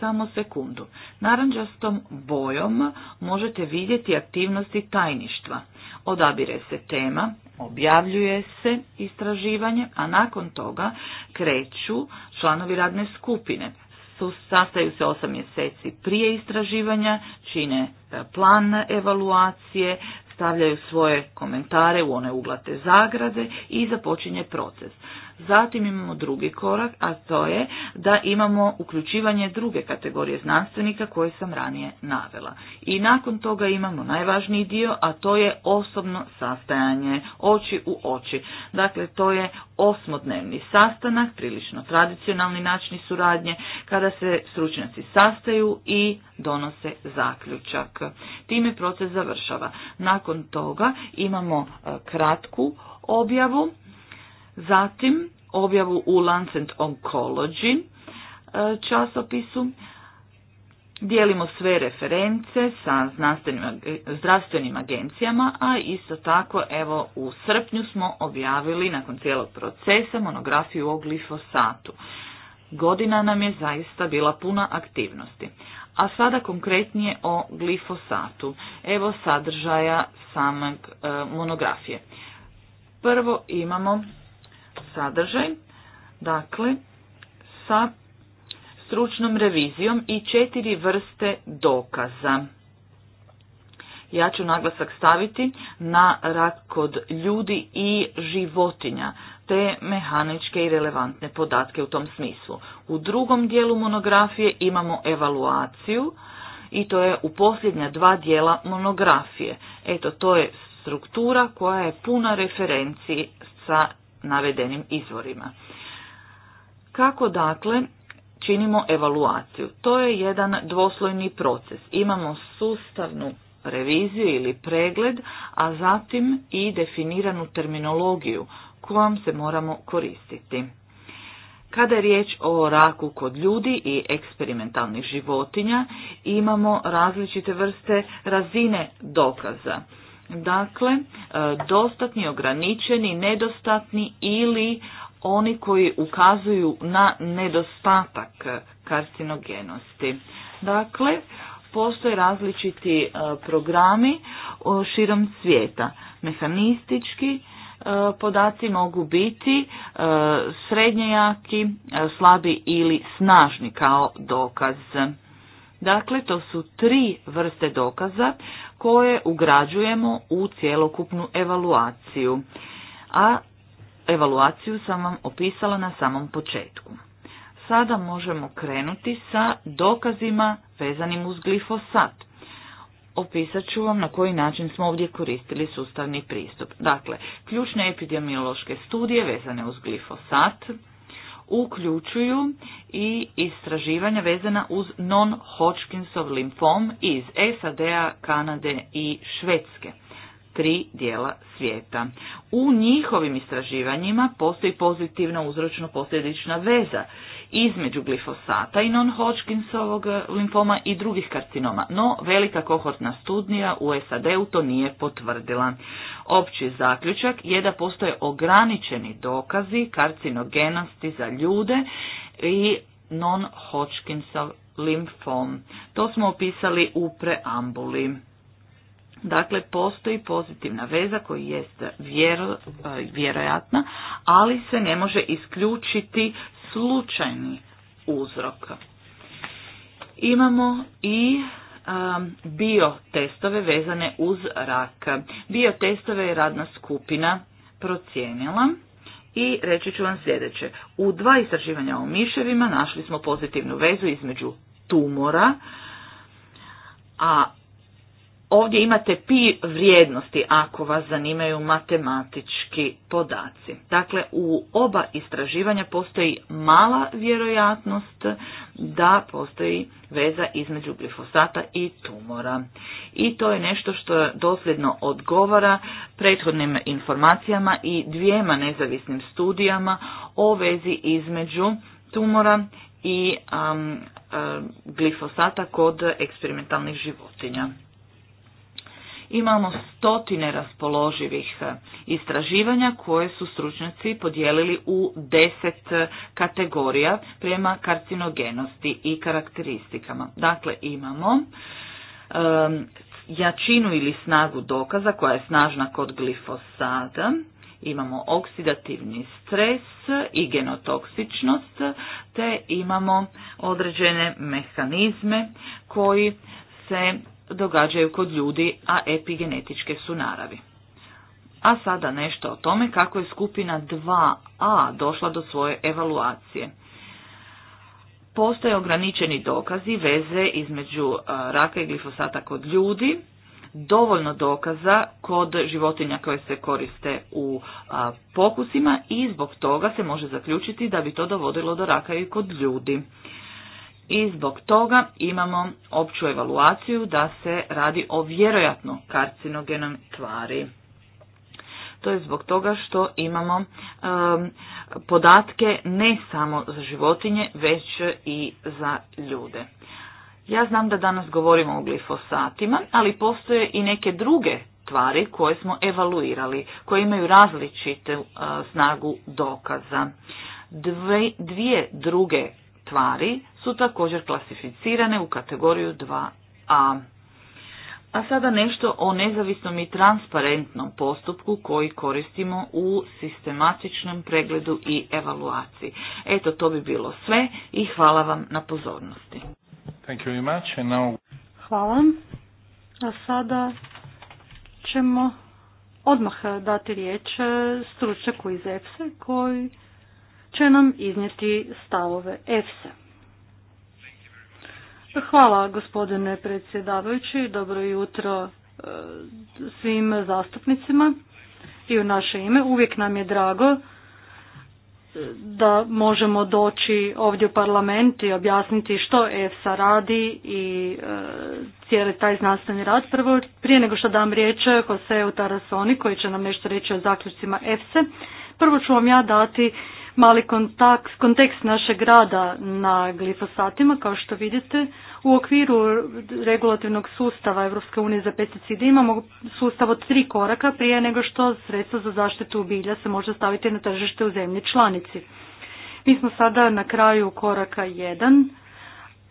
Samo sekundu. Naranđastom bojom možete vidjeti aktivnosti tajništva. Odabire se tema, objavljuje se istraživanje, a nakon toga kreću članovi radne skupine. Sastaju se osam mjeseci prije istraživanja, čine e, plan evaluacije, stavljaju svoje komentare u one uglate zagrade i započinje proces. Zatim imamo drugi korak, a to je da imamo uključivanje druge kategorije znanstvenika koje sam ranije navela. I nakon toga imamo najvažniji dio, a to je osobno sastajanje, oči u oči. Dakle, to je osmodnevni sastanak, prilično tradicionalni način suradnje, kada se stručnjaci sastaju i donose zaključak. Time proces završava. Nakon toga imamo e, kratku objavu Zatim objavu u Lancet Oncology e, časopisu. Dijelimo sve reference sa zdravstvenim agencijama, a isto tako evo u srpnju smo objavili nakon cijelog procesa monografiju o glifosatu. Godina nam je zaista bila puna aktivnosti. A sada konkretnije o glifosatu. Evo sadržaja samog e, monografije. Prvo imamo sadržaj, dakle, sa stručnom revizijom i četiri vrste dokaza. Ja ću naglasak staviti na rad kod ljudi i životinja, te mehaničke i relevantne podatke u tom smislu. U drugom dijelu monografije imamo evaluaciju i to je u posljednja dva dijela monografije. Eto, to je struktura koja je puna referenciji sa navedenim izvorima. Kako dakle činimo evaluaciju? To je jedan dvoslojni proces. Imamo sustavnu reviziju ili pregled, a zatim i definiranu terminologiju kojom se moramo koristiti. Kada je riječ o raku kod ljudi i eksperimentalnih životinja, imamo različite vrste razine dokaza. Dakle, e, dostatni, ograničeni, nedostatni ili oni koji ukazuju na nedostatak karcinogenosti. Dakle, postoje različiti e, programi e, širom svijeta. Mehanistički podaci mogu biti srednjejaki, slabi ili snažni kao dokaz. Dakle, to su tri vrste dokaza koje ugrađujemo u cjelokupnu evaluaciju, a evaluaciju sam vam opisala na samom početku. Sada možemo krenuti sa dokazima vezanim uz glifosat. Opisat ću vam na koji način smo ovdje koristili sustavni pristup. Dakle, ključne epidemiološke studije vezane uz glifosat, uključuju i istraživanja vezana uz non-Hodgkinsov limfom iz SAD-a, Kanade i Švedske tri dijela svijeta. U njihovim istraživanjima postoji pozitivna uzročno posljedična veza između glifosata i non-Hodgkinsovog e, limfoma i drugih karcinoma, no velika kohortna studija u SAD-u to nije potvrdila. Opći zaključak je da postoje ograničeni dokazi karcinogenosti za ljude i non-Hodgkinsov limfom. To smo opisali u preambuli. Dakle, postoji pozitivna veza koja jest e, vjerojatna, ali se ne može isključiti slučajni uzrok. Imamo i biotestove vezane uz rak. Biotestove je radna skupina procijenila i reći ću vam sljedeće. U dva istraživanja o miševima našli smo pozitivnu vezu između tumora, a Ovdje imate pi vrijednosti ako vas zanimaju matematički podaci. Dakle, u oba istraživanja postoji mala vjerojatnost da postoji veza između glifosata i tumora. I to je nešto što dosljedno odgovara prethodnim informacijama i dvijema nezavisnim studijama o vezi između tumora i e, glifosata kod eksperimentalnih životinja. Imamo stotine raspoloživih e, istraživanja koje su stručnjaci podijelili u deset e, kategorija prema karcinogenosti i karakteristikama. Dakle, imamo jačinu ili snagu dokaza koja je snažna kod glifosada, imamo oksidativni stres i genotoksičnost, te imamo određene mehanizme koji se događaju kod ljudi, a epigenetičke su naravi. A sada nešto o tome kako je skupina 2A došla do svoje evaluacije. Postoje ograničeni dokazi veze između e, raka i glifosata kod ljudi, dovoljno dokaza kod životinja koje se koriste u e, pokusima i zbog toga se može zaključiti da bi to dovodilo do raka i kod ljudi i zbog toga imamo opću evaluaciju da se radi o vjerojatno karcinogenom tvari. To je zbog toga što imamo podatke ne samo za životinje, već i za ljude. Ja znam da danas govorimo o glifosatima, ali postoje i neke druge tvari koje smo evaluirali, koje imaju različitu e, snagu dokaza. dvije druge tvari su također klasificirane u kategoriju 2a. A sada nešto o nezavisnom i transparentnom postupku koji koristimo u sistematičnom pregledu i evaluaciji. Eto, to bi bilo sve i hvala vam na pozornosti. Thank Hvala. A sada ćemo odmah dati riječ stručnjaku iz EFSE koji će nam iznijeti stavove EFSE. Hvala gospodine predsjedavajući, dobro jutro e, svim zastupnicima i u naše ime. Uvijek nam je drago e, da možemo doći ovdje u parlament i objasniti što EFSA radi i e, cijeli taj znanstveni rad. Prvo, prije nego što dam riječ Joseu Tarasoni koji će nam nešto reći o zaključcima EFSA, prvo ću vam ja dati mali kontakt, kontekst našeg rada na glifosatima, kao što vidite, u okviru regulativnog sustava Europske unije za pesticide imamo sustav od tri koraka prije nego što sredstvo za zaštitu bilja se može staviti na tržište u zemlji članici. Mi smo sada na kraju koraka jedan,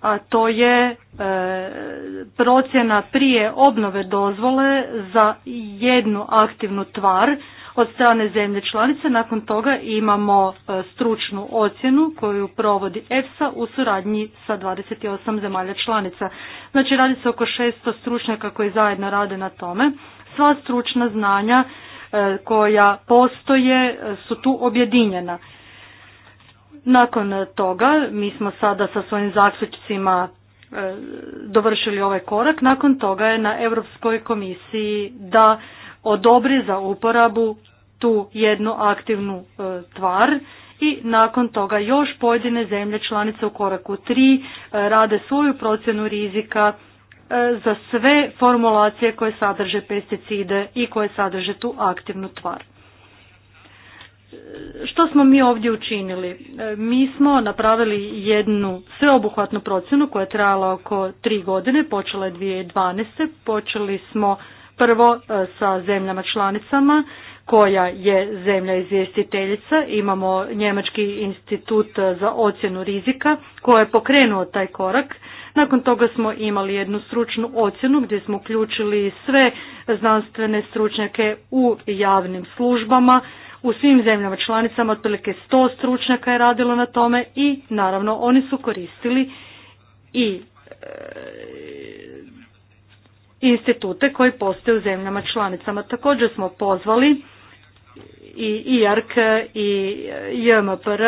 a to je e, procjena prije obnove dozvole za jednu aktivnu tvar od strane zemlje članice. Nakon toga imamo e, stručnu ocjenu koju provodi EFSA u suradnji sa 28 zemalja članica. Znači radi se oko 600 stručnjaka koji zajedno rade na tome. Sva stručna znanja e, koja postoje e, su tu objedinjena. Nakon toga mi smo sada sa svojim zaključcima dovršili ovaj korak. Nakon toga je na Europskoj komisiji da odobri za uporabu tu jednu aktivnu e, tvar i nakon toga još pojedine zemlje članice u koraku 3 e, rade svoju procjenu rizika e, za sve formulacije koje sadrže pesticide i koje sadrže tu aktivnu tvar. Što smo mi ovdje učinili? Mi smo napravili jednu sveobuhvatnu procjenu koja je trajala oko tri godine, počela je 2012. Počeli smo Prvo e, sa zemljama članicama koja je zemlja izvjestiteljica. Imamo Njemački institut za ocjenu rizika koji je pokrenuo taj korak. Nakon toga smo imali jednu stručnu ocjenu gdje smo uključili sve znanstvene stručnjake u javnim službama. U svim zemljama članicama otprilike 100 stručnjaka je radilo na tome i naravno oni su koristili i e, institute koji postoje u zemljama članicama. Također smo pozvali i IARC i JMPR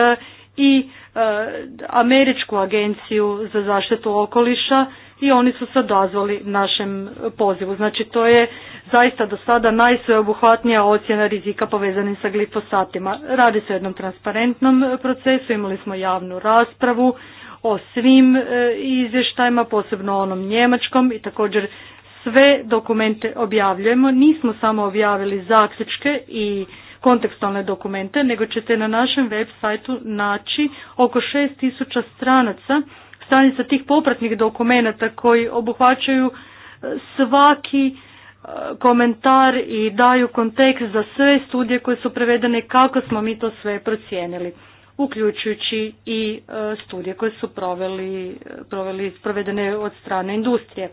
i e, e, Američku agenciju za zaštitu okoliša i oni su se odazvali našem pozivu. Znači to je zaista do sada najsveobuhvatnija ocjena rizika povezanim sa glifosatima. Radi se o jednom transparentnom procesu, imali smo javnu raspravu o svim e, izvještajima, posebno onom njemačkom i također sve dokumente objavljujemo. Nismo samo objavili zaključke i kontekstualne dokumente, nego ćete na našem web sajtu naći oko 6000 stranaca, stranica tih popratnih dokumenata koji obuhvaćaju e, svaki e, komentar i daju kontekst za sve studije koje su prevedene kako smo mi to sve procijenili uključujući i e, studije koje su proveli, proveli, provedene od strane industrije.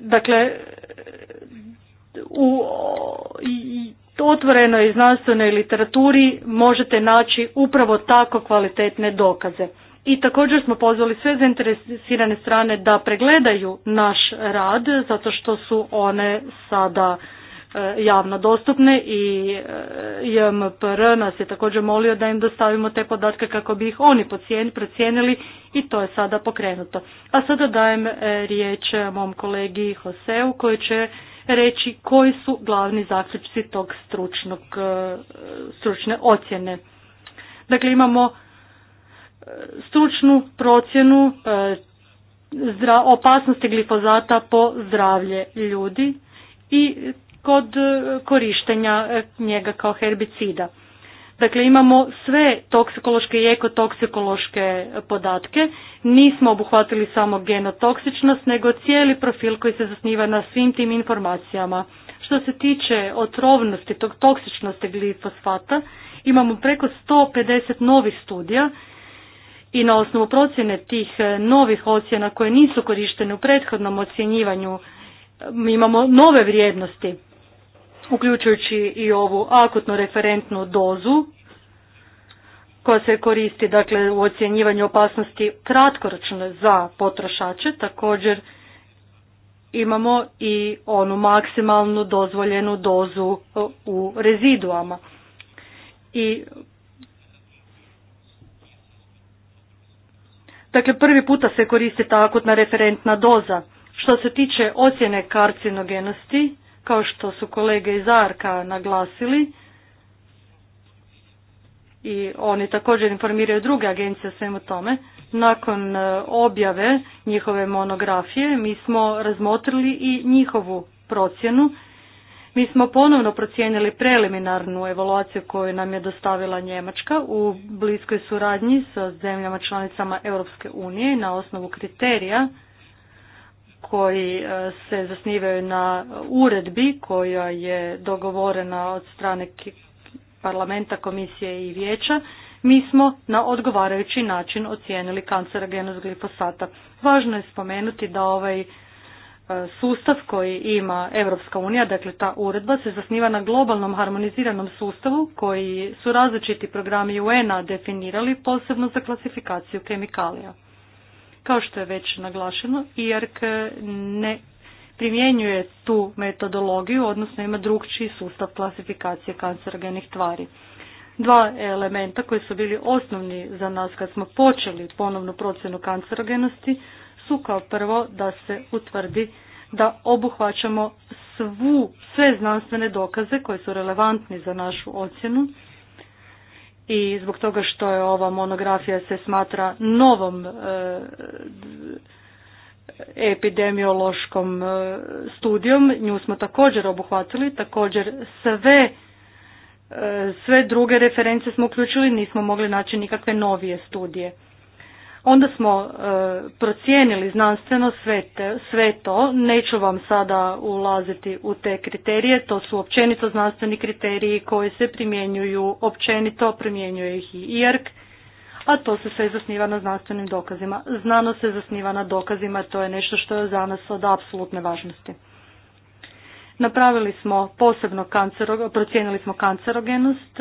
dakle, u otvorenoj znanstvenoj literaturi možete naći upravo tako kvalitetne dokaze. I također smo pozvali sve zainteresirane strane da pregledaju naš rad, zato što su one sada E, javno dostupne i e, JMPR nas je također molio da im dostavimo te podatke kako bi ih oni procijenili i to je sada pokrenuto. A sada dajem e, riječ mom kolegi Hoseu koji će reći koji su glavni zaključci tog stručnog, stručne ocjene. Dakle, imamo stručnu procjenu opasnosti glifozata po zdravlje ljudi i kod e, korištenja e, njega kao herbicida. Dakle, imamo sve toksikološke i ekotoksikološke podatke. Nismo obuhvatili samo genotoksičnost, nego cijeli profil koji se zasniva na svim tim informacijama. Što se tiče otrovnosti, tog toksičnosti glifosfata, imamo preko 150 novih studija i na osnovu procjene tih e, novih ocjena koje nisu korištene u prethodnom ocjenjivanju, imamo nove vrijednosti uključujući i ovu akutnu referentnu dozu koja se koristi dakle, u ocjenjivanju opasnosti kratkoročne za potrošače. Također imamo i onu maksimalnu dozvoljenu dozu e, u reziduama. I Dakle, prvi puta se koristi ta akutna referentna doza. Što se tiče ocjene karcinogenosti, kao što su kolege iz Arka naglasili, i oni također informiraju druge agencije o svemu tome. Nakon e, objave njihove monografije mi smo razmotrili i njihovu procjenu. Mi smo ponovno procijenili preliminarnu evaluaciju koju nam je dostavila Njemačka u bliskoj suradnji sa zemljama članicama Europske unije na osnovu kriterija koji e, se zasnivaju na uredbi koja je dogovorena od strane parlamenta, komisije i vijeća, mi smo na odgovarajući način ocijenili kancerogenost glifosata. Važno je spomenuti da ovaj e, sustav koji ima Europska unija, dakle ta uredba se zasniva na globalnom harmoniziranom sustavu koji su različiti programi UN-a definirali posebno za klasifikaciju kemikalija. Kao što je već naglašeno, IARC ne primjenjuje tu metodologiju, odnosno ima drugčiji sustav klasifikacije kancerogenih tvari. Dva elementa koji su bili osnovni za nas kad smo počeli ponovnu procjenu kancerogenosti su kao prvo da se utvrdi da obuhvaćamo svu, sve znanstvene dokaze koje su relevantni za našu ocjenu i zbog toga što je ova monografija se smatra novom e, epidemiološkom e, studijom, nju smo također obuhvatili, također sve e, sve druge reference smo uključili, nismo mogli naći nikakve novije studije. Onda smo e, procijenili znanstveno sve, sve to, neću vam sada ulaziti u te kriterije, to su općenito znanstveni kriteriji koji se primjenjuju općenito, primjenjuje ih i IRK, a to se sve zasniva na znanstvenim dokazima. Znano se zasniva na dokazima, to je nešto što je za nas od apsolutne važnosti. Napravili smo posebno kancerog, procijenili smo kancerogenost,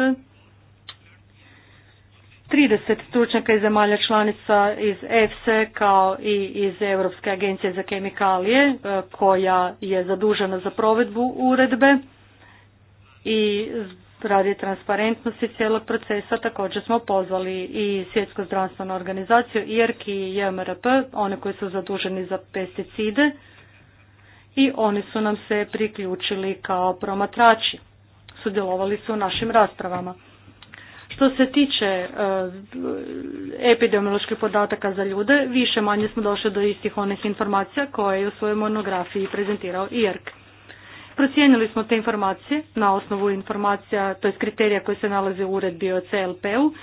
30 stručnjaka iz zemalja članica iz EFSE kao i iz Europske agencije za kemikalije e, koja je zadužena za provedbu uredbe i radi transparentnosti cijelog procesa također smo pozvali i Svjetsku zdravstvenu organizaciju, IRK i JMRP, one koji su zaduženi za pesticide i oni su nam se priključili kao promatrači. Sudjelovali su u našim raspravama. Što se tiče e, epidemioloških podataka za ljude, više manje smo došli do istih onih informacija koje je u svojoj monografiji prezentirao IRK. Procijenili smo te informacije na osnovu informacija, to je kriterija koje se nalaze u uredbi o CLP-u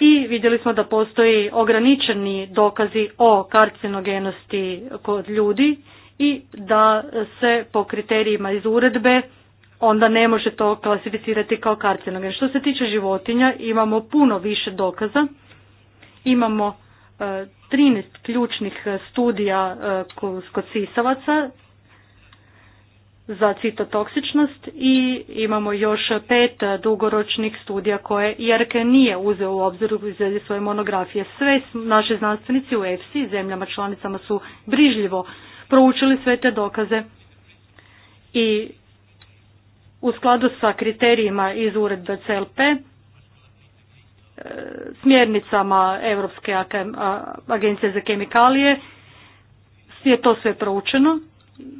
i vidjeli smo da postoji ograničeni dokazi o karcinogenosti kod ljudi i da se po kriterijima iz uredbe onda ne može to klasificirati kao karcinogen. Što se tiče životinja, imamo puno više dokaza. Imamo 13 e, ključnih studija e, kod sisavaca za citotoksičnost i imamo još pet dugoročnih studija koje Jerke nije uzeo u obzir u svoje monografije. Sve naše znanstvenici u EFSI, zemljama članicama, su brižljivo proučili sve te dokaze i u skladu sa kriterijima iz uredbe CLP, e, smjernicama Europske agencije za kemikalije je to sve proučeno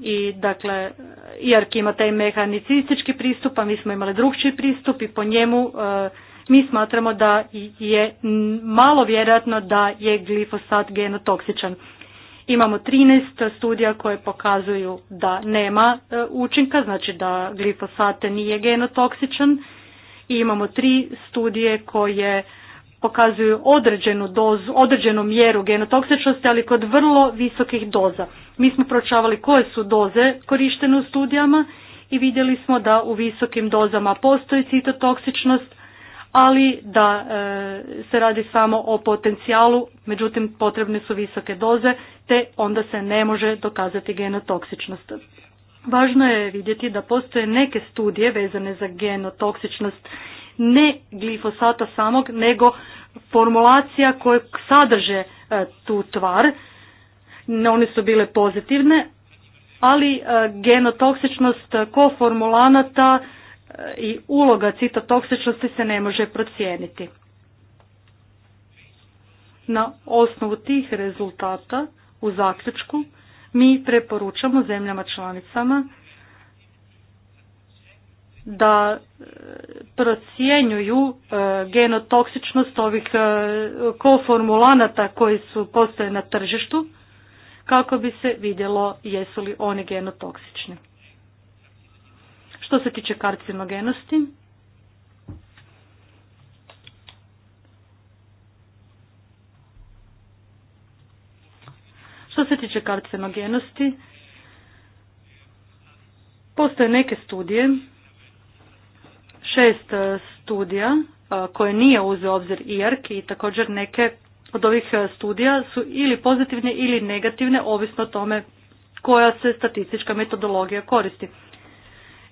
i dakle IARC ima taj mehanicistički pristup, a mi smo imali drugčiji pristup i po njemu e, mi smatramo da je malo vjerojatno da je glifosat genotoksičan. Imamo 13 studija koje pokazuju da nema e, učinka, znači da glifosat nije genotoksičan. I imamo tri studije koje pokazuju određenu dozu, određenu mjeru genotoksičnosti, ali kod vrlo visokih doza. Mi smo pročavali koje su doze korištene u studijama i vidjeli smo da u visokim dozama postoji citotoksičnost, ali da e, se radi samo o potencijalu, međutim potrebne su visoke doze, te onda se ne može dokazati genotoksičnost. Važno je vidjeti da postoje neke studije vezane za genotoksičnost ne glifosata samog, nego formulacija koje sadrže e, tu tvar. One su bile pozitivne, ali e, genotoksičnost koformulanata i uloga citotoksičnosti se ne može procijeniti. Na osnovu tih rezultata u zaključku mi preporučamo zemljama članicama da e, procjenjuju e, genotoksičnost ovih e, koformulanata koji su postoje na tržištu kako bi se vidjelo jesu li oni genotoksični. Što se tiče karcinogenosti, Što se tiče karcinogenosti, postoje neke studije, šest e, studija e, koje nije uze obzir IARC i također neke od ovih e, studija su ili pozitivne ili negativne, ovisno o tome koja se statistička metodologija koristi.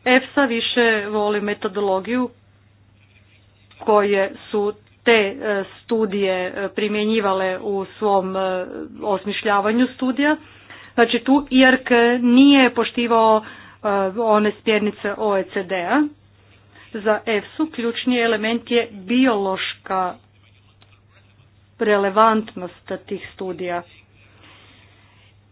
EFSA više voli metodologiju koje su te e, studije e, primjenjivale u svom e, osmišljavanju studija. Znači tu IRK nije poštivao one smjernice OECD-a. Za EFSU ključni element je biološka relevantnost tih studija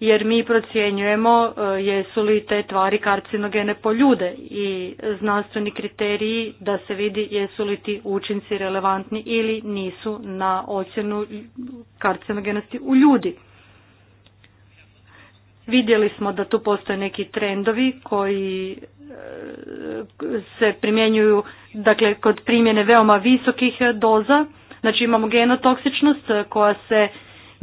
jer mi procjenjujemo e, jesu li te tvari karcinogene po ljude i znanstveni kriteriji da se vidi jesu li ti učinci relevantni ili nisu na ocjenu karcinogenosti u ljudi. Vidjeli smo da tu postoje neki trendovi koji e, se primjenjuju dakle, kod primjene veoma visokih doza. Znači imamo genotoksičnost koja se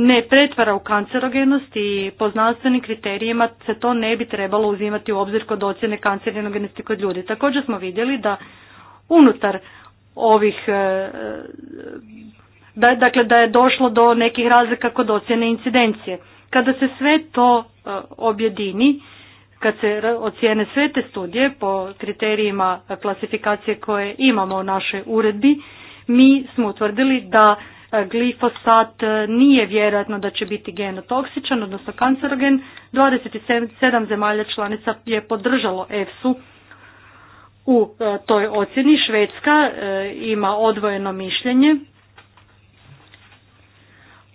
ne pretvara u kancerogenost i po znanstvenim kriterijima se to ne bi trebalo uzimati u obzir kod ocjene kancerogenosti kod ljudi. Također smo vidjeli da unutar ovih, e, da, dakle da je došlo do nekih razlika kod ocjene incidencije. Kada se sve to e, objedini, kad se ocjene sve te studije po kriterijima e, klasifikacije koje imamo u našoj uredbi, mi smo utvrdili da glifosat e, nije vjerojatno da će biti genotoksičan, odnosno kancerogen. 27 zemalja članica je podržalo EFSU u e, toj ocjeni. Švedska e, ima odvojeno mišljenje.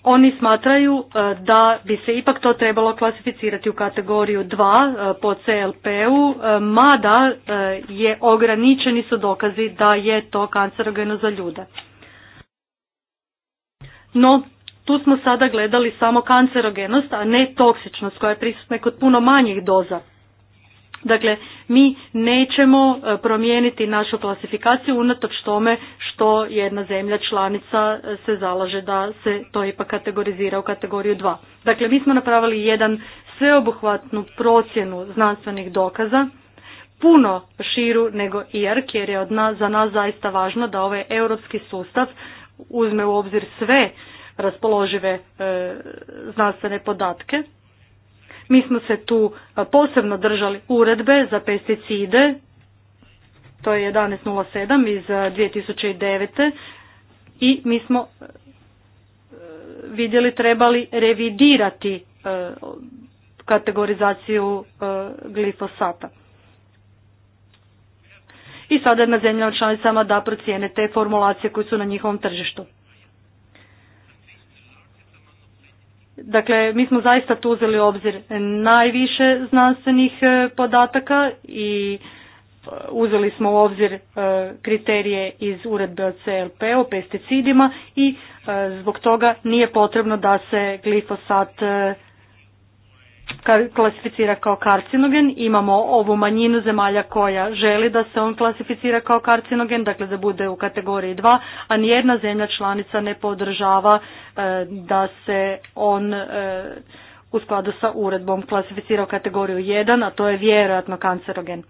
Oni smatraju da bi se ipak to trebalo klasificirati u kategoriju 2 po CLP-u, mada je ograničeni su dokazi da je to kancerogeno za ljude. No, tu smo sada gledali samo kancerogenost, a ne toksičnost koja je prisutna kod puno manjih doza. Dakle, mi nećemo e, promijeniti našu klasifikaciju unatoč tome što jedna zemlja članica e, se zalaže da se to ipak kategorizira u kategoriju 2. Dakle, mi smo napravili jedan sveobuhvatnu procjenu znanstvenih dokaza, puno širu nego IRK jer je od nas, za nas zaista važno da ovaj europski sustav uzme u obzir sve raspoložive e, znanstvene podatke. Mi smo se tu e, posebno držali uredbe za pesticide, to je 1107 iz 2009. E, i mi smo vidjeli trebali revidirati kategorizaciju glifosata i sada je na zemljama članicama da procijene te formulacije koje su na njihovom tržištu. Dakle, mi smo zaista tu uzeli obzir najviše znanstvenih e, podataka i e, uzeli smo u obzir e, kriterije iz uredbe o CLP o pesticidima i zbog toga nije potrebno da se glifosat klasificira kao karcinogen. Imamo ovu manjinu zemalja koja želi da se on klasificira kao karcinogen, dakle da bude u kategoriji 2, a nijedna zemlja članica ne podržava e, da se on e, u skladu sa uredbom klasificira u kategoriju 1, a to je vjerojatno kancerogen.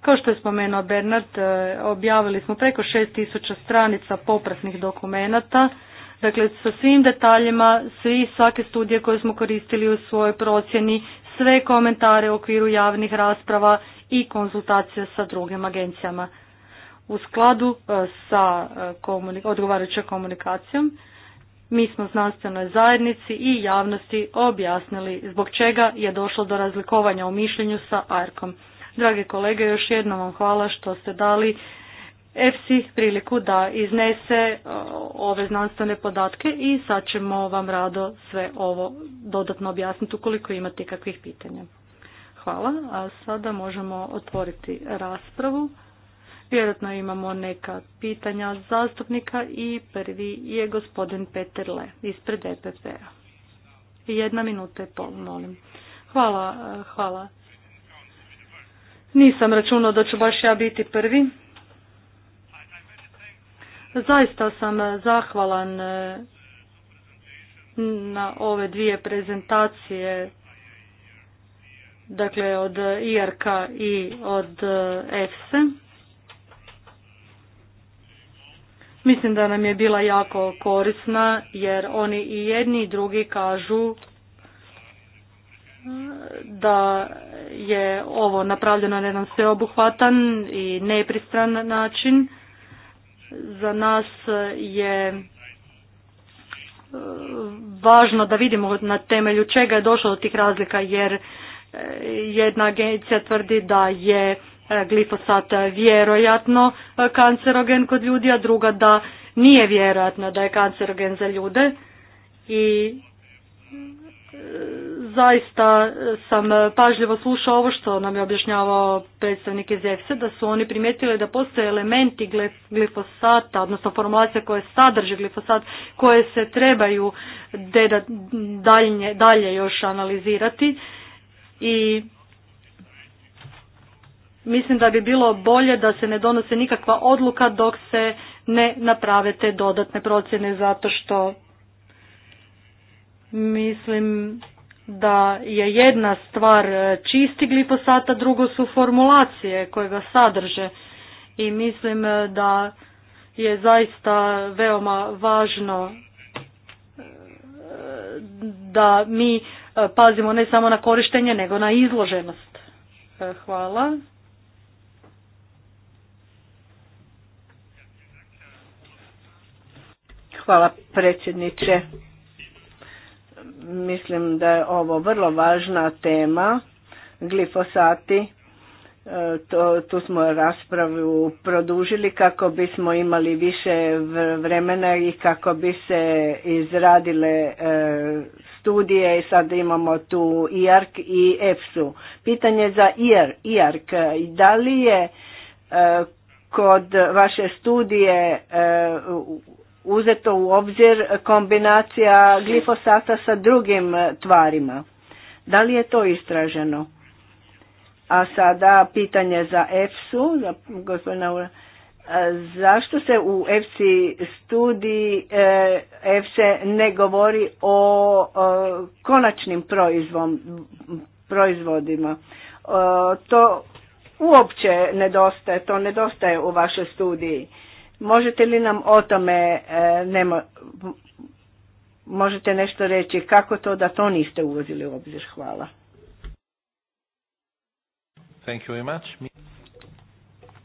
Kao što je spomenuo Bernard, e, objavili smo preko 6000 stranica popratnih dokumenata Dakle, sa svim detaljima, svi svake studije koje smo koristili u svojoj procjeni, sve komentare u okviru javnih rasprava i konzultacija sa drugim agencijama. U skladu e, sa e, odgovarajućom komunikacijom, mi smo znanstvenoj zajednici i javnosti objasnili zbog čega je došlo do razlikovanja u mišljenju sa ARKOM. Drage kolege, još jednom vam hvala što ste dali EFSI priliku da iznese e, ove znanstvene podatke i sad ćemo vam rado sve ovo dodatno objasniti ukoliko imate kakvih pitanja. Hvala, a sada možemo otvoriti raspravu. Vjerojatno imamo neka pitanja zastupnika i prvi je gospodin Peter Le ispred EPP-a. Jedna minuta je pol, molim. Hvala, e, hvala. Nisam računao da ću baš ja biti prvi. Zaista sam e, zahvalan e, na ove dvije prezentacije, dakle od IRK i od EFSE. E. Mislim da nam je bila jako korisna jer oni i jedni i drugi kažu da je ovo napravljeno na jedan sveobuhvatan i nepristran način za nas je e, važno da vidimo na temelju čega je došlo do tih razlika jer e, jedna agencija tvrdi da je e, glifosat vjerojatno kancerogen kod ljudi, a druga da nije vjerojatno da je kancerogen za ljude i zaista e, sam e, pažljivo slušao ovo što nam je objašnjavao predstavnik iz EFSA, da su oni primijetili da postoje elementi glifosata, odnosno formulacija koje sadrže glifosat, koje se trebaju dalje, dalje još analizirati i mislim da bi bilo bolje da se ne donose nikakva odluka dok se ne naprave te dodatne procjene zato što mislim da je jedna stvar e, čisti glifosat, a drugo su formulacije koje ga sadrže. I mislim e, da je zaista veoma važno e, da mi pazimo ne samo na korištenje, nego na izloženost. Hvala. Hvala predsjedniče. Mislim da je ovo vrlo važna tema. Glifosati, e, to, tu smo raspravu produžili kako bismo imali više vremena i kako bi se izradile e, studije i sad imamo tu IARC i EFSU. Pitanje za IAR, IARC, da li je e, kod vaše studije uzeto u obzir kombinacija glifosata sa drugim e, tvarima. Da li je to istraženo? A sada pitanje za EFSU, za gospodina e, Zašto se u EFSI studiji e, EFSE ne govori o konačnim proizvom, proizvodima? To uopće nedostaje, to nedostaje u vašoj studiji. Možete li nam o tome e, nemo, možete nešto reći kako to da to niste uvozili u obzir? Hvala. Thank you very much.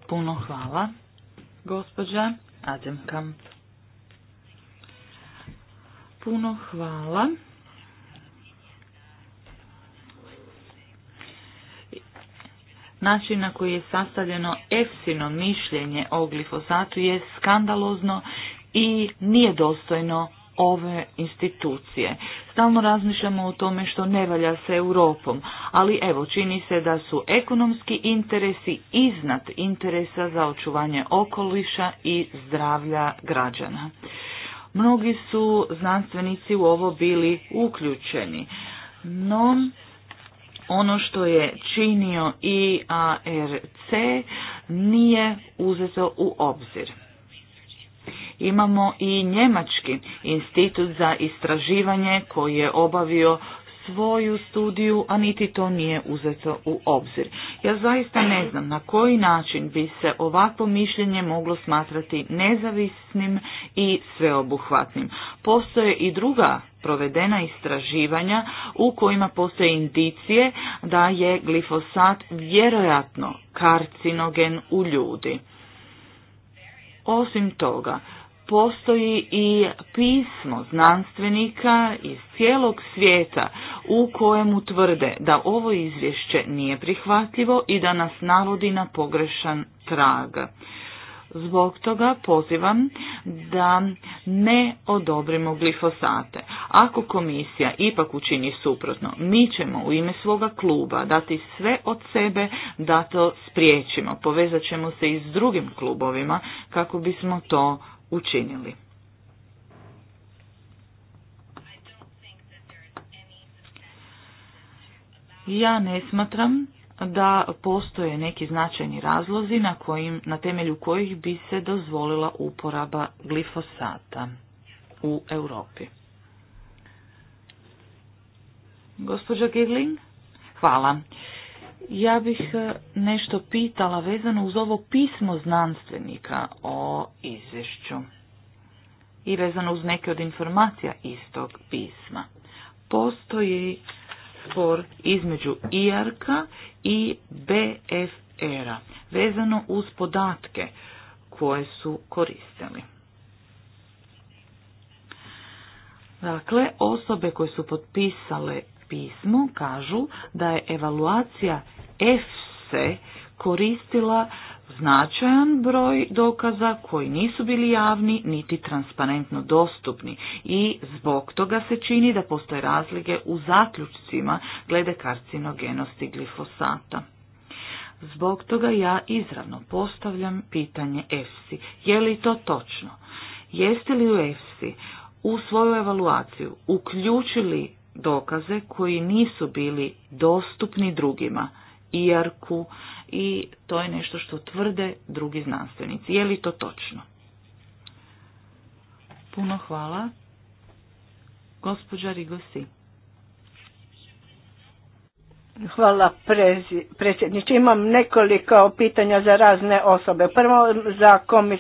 Puno hvala, gospođa Ademkamp. Puno hvala. Način na koji je sastavljeno EFSINO mišljenje o glifosatu je skandalozno i nije dostojno ove institucije. Stalno razmišljamo o tome što ne valja sa Europom, ali evo čini se da su ekonomski interesi iznad interesa za očuvanje okoliša i zdravlja građana. Mnogi su znanstvenici u ovo bili uključeni, no ono što je činio IARC nije uzeto u obzir. Imamo i Njemački institut za istraživanje koji je obavio svoju studiju, a niti to nije uzeto u obzir. Ja zaista ne znam na koji način bi se ovako mišljenje moglo smatrati nezavisnim i sveobuhvatnim. Postoje i druga provedena istraživanja u kojima postoje indicije da je glifosat vjerojatno karcinogen u ljudi. Osim toga, postoji i pismo znanstvenika iz cijelog svijeta u kojemu tvrde da ovo izvješće nije prihvatljivo i da nas navodi na pogrešan trag. Zbog toga pozivam da ne odobrimo glifosate. Ako komisija ipak učini suprotno, mi ćemo u ime svoga kluba dati sve od sebe da to spriječimo. Povezat ćemo se i s drugim klubovima kako bismo to učinili. Ja ne smatram da postoje neki značajni razlozi na, kojim, na temelju kojih bi se dozvolila uporaba glifosata u Europi. Gospođo Girling, hvala. Ja bih e, nešto pitala vezano uz ovo pismo znanstvenika o izvješću i vezano uz neke od informacija iz tog pisma. Postoji spor između IRK i BFR-a vezano uz podatke koje su koristili. Dakle, osobe koje su potpisale pismu kažu da je evaluacija EFSE koristila značajan broj dokaza koji nisu bili javni niti transparentno dostupni i zbog toga se čini da postoje razlike u zaključcima glede karcinogenosti glifosata. Zbog toga ja izravno postavljam pitanje EFSI. Je li to točno? Jeste li u EFSI u svoju evaluaciju uključili dokaze koji nisu bili dostupni drugima, iarku i to je nešto što tvrde drugi znanstvenici. Je li to točno? Puno hvala. Gospođa Rigosi. Hvala predsjedniče. Imam nekoliko pitanja za razne osobe. Prvo za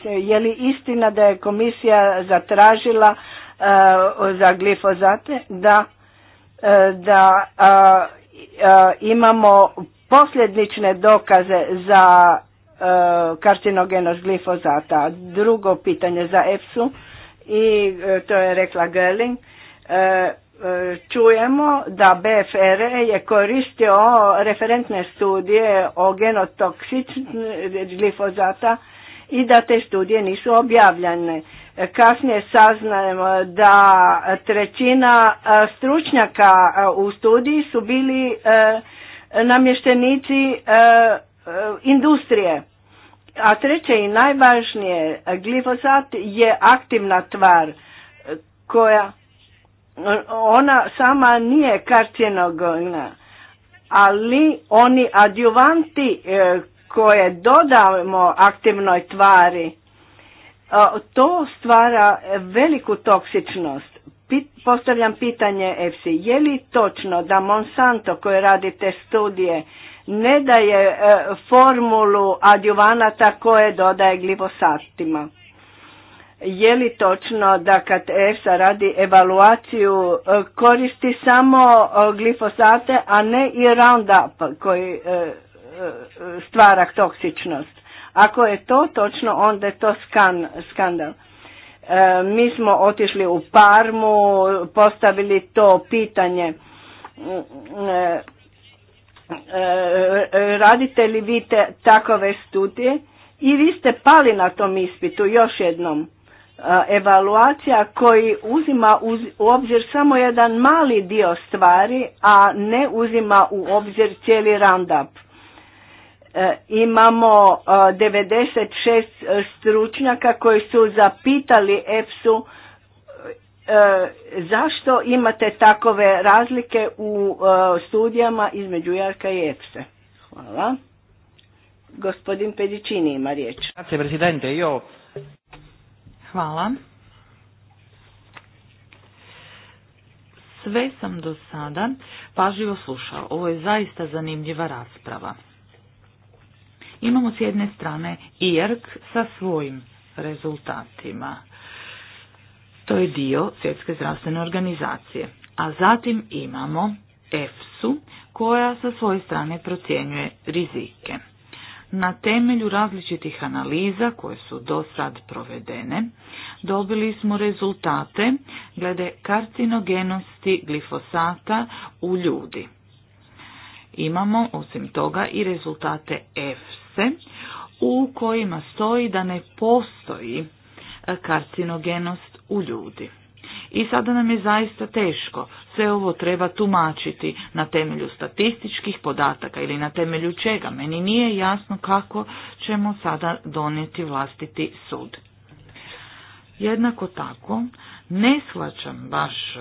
Je li istina da je komisija zatražila uh, za glifozate da E, da e, e, imamo posljednične dokaze za karcinogenost glifozata. Drugo pitanje za EPSU i to je rekla Gerling. Čujemo da BFR je koristio referentne studije o genotoksičnosti glifozata i da te studije nisu objavljene. Kasnije saznajemo da trećina e, stručnjaka e, u studiji su bili e, namještenici industrije. A treće i najvažnije, glifosat je aktivna tvar koja ona sama nije karcinogena, ali oni adjuvanti koje dodamo aktivnoj tvari to stvara veliku toksičnost. Postavljam pitanje EFSI, je li točno da Monsanto koji radi te studije ne daje e, formulu adjuvanata koje dodaje glifosatima? Je li točno da kad EFSA radi evaluaciju e, koristi samo e, glifosate, a ne i Roundup koji stvara toksičnost? Ako je to točno, onda je to skan, skandal. E, mi smo otišli u Parmu, postavili to pitanje. Mm, e, e, radite li vi te, takove studije? I vi ste pali na tom ispitu još jednom. E, evaluacija koji uzima u obzir samo jedan mali dio stvari, a ne uzima u obzir cijeli roundup E, imamo 96 e, stručnjaka koji su zapitali EPSU e, zašto imate takove razlike u studijama između Jarka i EPS-e. Hvala. Gospodin Pedicini ima riječ. Hvala. Sve sam do sada pažljivo slušao. Ovo je zaista zanimljiva rasprava. Imamo s jedne strane IRG sa svojim rezultatima. To je dio svjetske zdravstvene organizacije. A zatim imamo EFSU koja sa svoje strane procjenjuje rizike. Na temelju različitih analiza koje su do sad provedene, dobili smo rezultate glede karcinogenosti glifosata u ljudi. Imamo osim toga i rezultate EFSU u kojima stoji da ne postoji e, karcinogenost u ljudi. I sada nam je zaista teško. Sve ovo treba tumačiti na temelju statističkih podataka ili na temelju čega. Meni nije jasno kako ćemo sada donijeti vlastiti sud. Jednako tako, ne shvaćam baš e,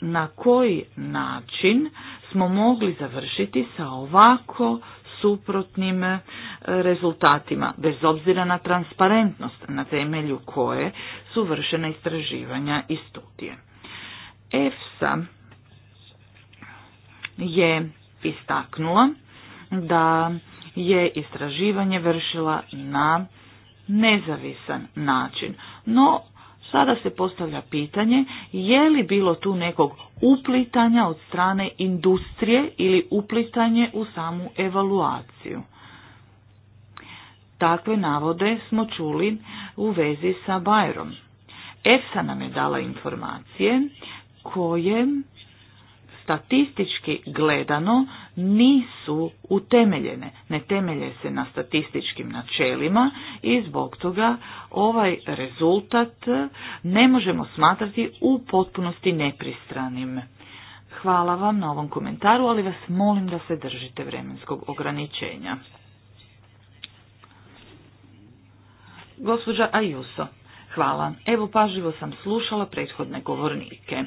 na koji način smo mogli završiti sa ovako suprotnim e, rezultatima, bez obzira na transparentnost na temelju koje su vršena istraživanja i studije. EFSA je istaknula da je istraživanje vršila na nezavisan način, no Sada se postavlja pitanje je li bilo tu nekog uplitanja od strane industrije ili uplitanje u samu evaluaciju. Takve navode smo čuli u vezi sa Bajrom. EFSA nam je dala informacije koje statistički gledano nisu utemeljene, ne temelje se na statističkim načelima i zbog toga ovaj rezultat ne možemo smatrati u potpunosti nepristranim. Hvala vam na ovom komentaru, ali vas molim da se držite vremenskog ograničenja. Gospođa Ajuso, hvala. Evo pažljivo sam slušala prethodne govornike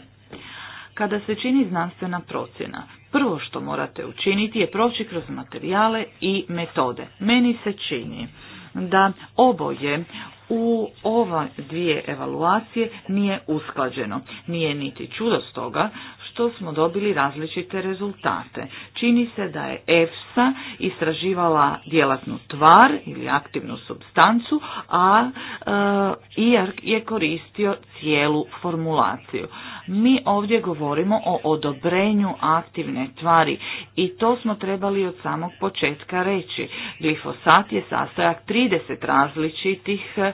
kada se čini znanstvena procjena. Prvo što morate učiniti je proći kroz materijale i metode. Meni se čini da oboje u ova dvije evaluacije nije usklađeno. Nije niti čudo stoga što smo dobili različite rezultate. Čini se da je EFSA istraživala djelatnu tvar ili aktivnu substancu, a e, IRG je koristio cijelu formulaciju. Mi ovdje govorimo o odobrenju aktivne tvari i to smo trebali od samog početka reći. Glifosat je sastojak 30 različitih e,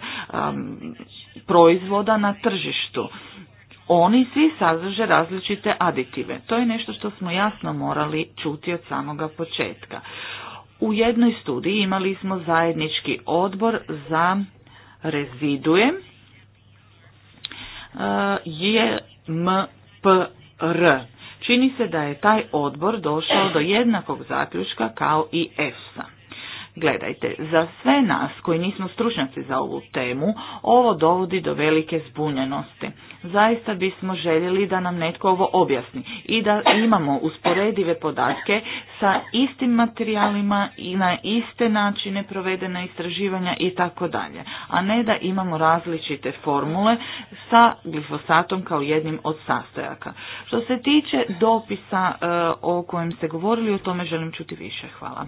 proizvoda na tržištu oni svi sadrže različite aditive. To je nešto što smo jasno morali čuti od samoga početka. U jednoj studiji imali smo zajednički odbor za reziduje JMPR. Čini se da je taj odbor došao do jednakog zaključka kao i EFSA. Gledajte, za sve nas koji nismo stručnjaci za ovu temu, ovo dovodi do velike zbunjenosti. Zaista bismo željeli da nam netko ovo objasni i da imamo usporedive podatke sa istim materijalima i na iste načine provedena istraživanja i tako dalje, a ne da imamo različite formule sa glifosatom kao jednim od sastojaka. Što se tiče dopisa e, o kojem ste govorili, o tome želim čuti više. Hvala.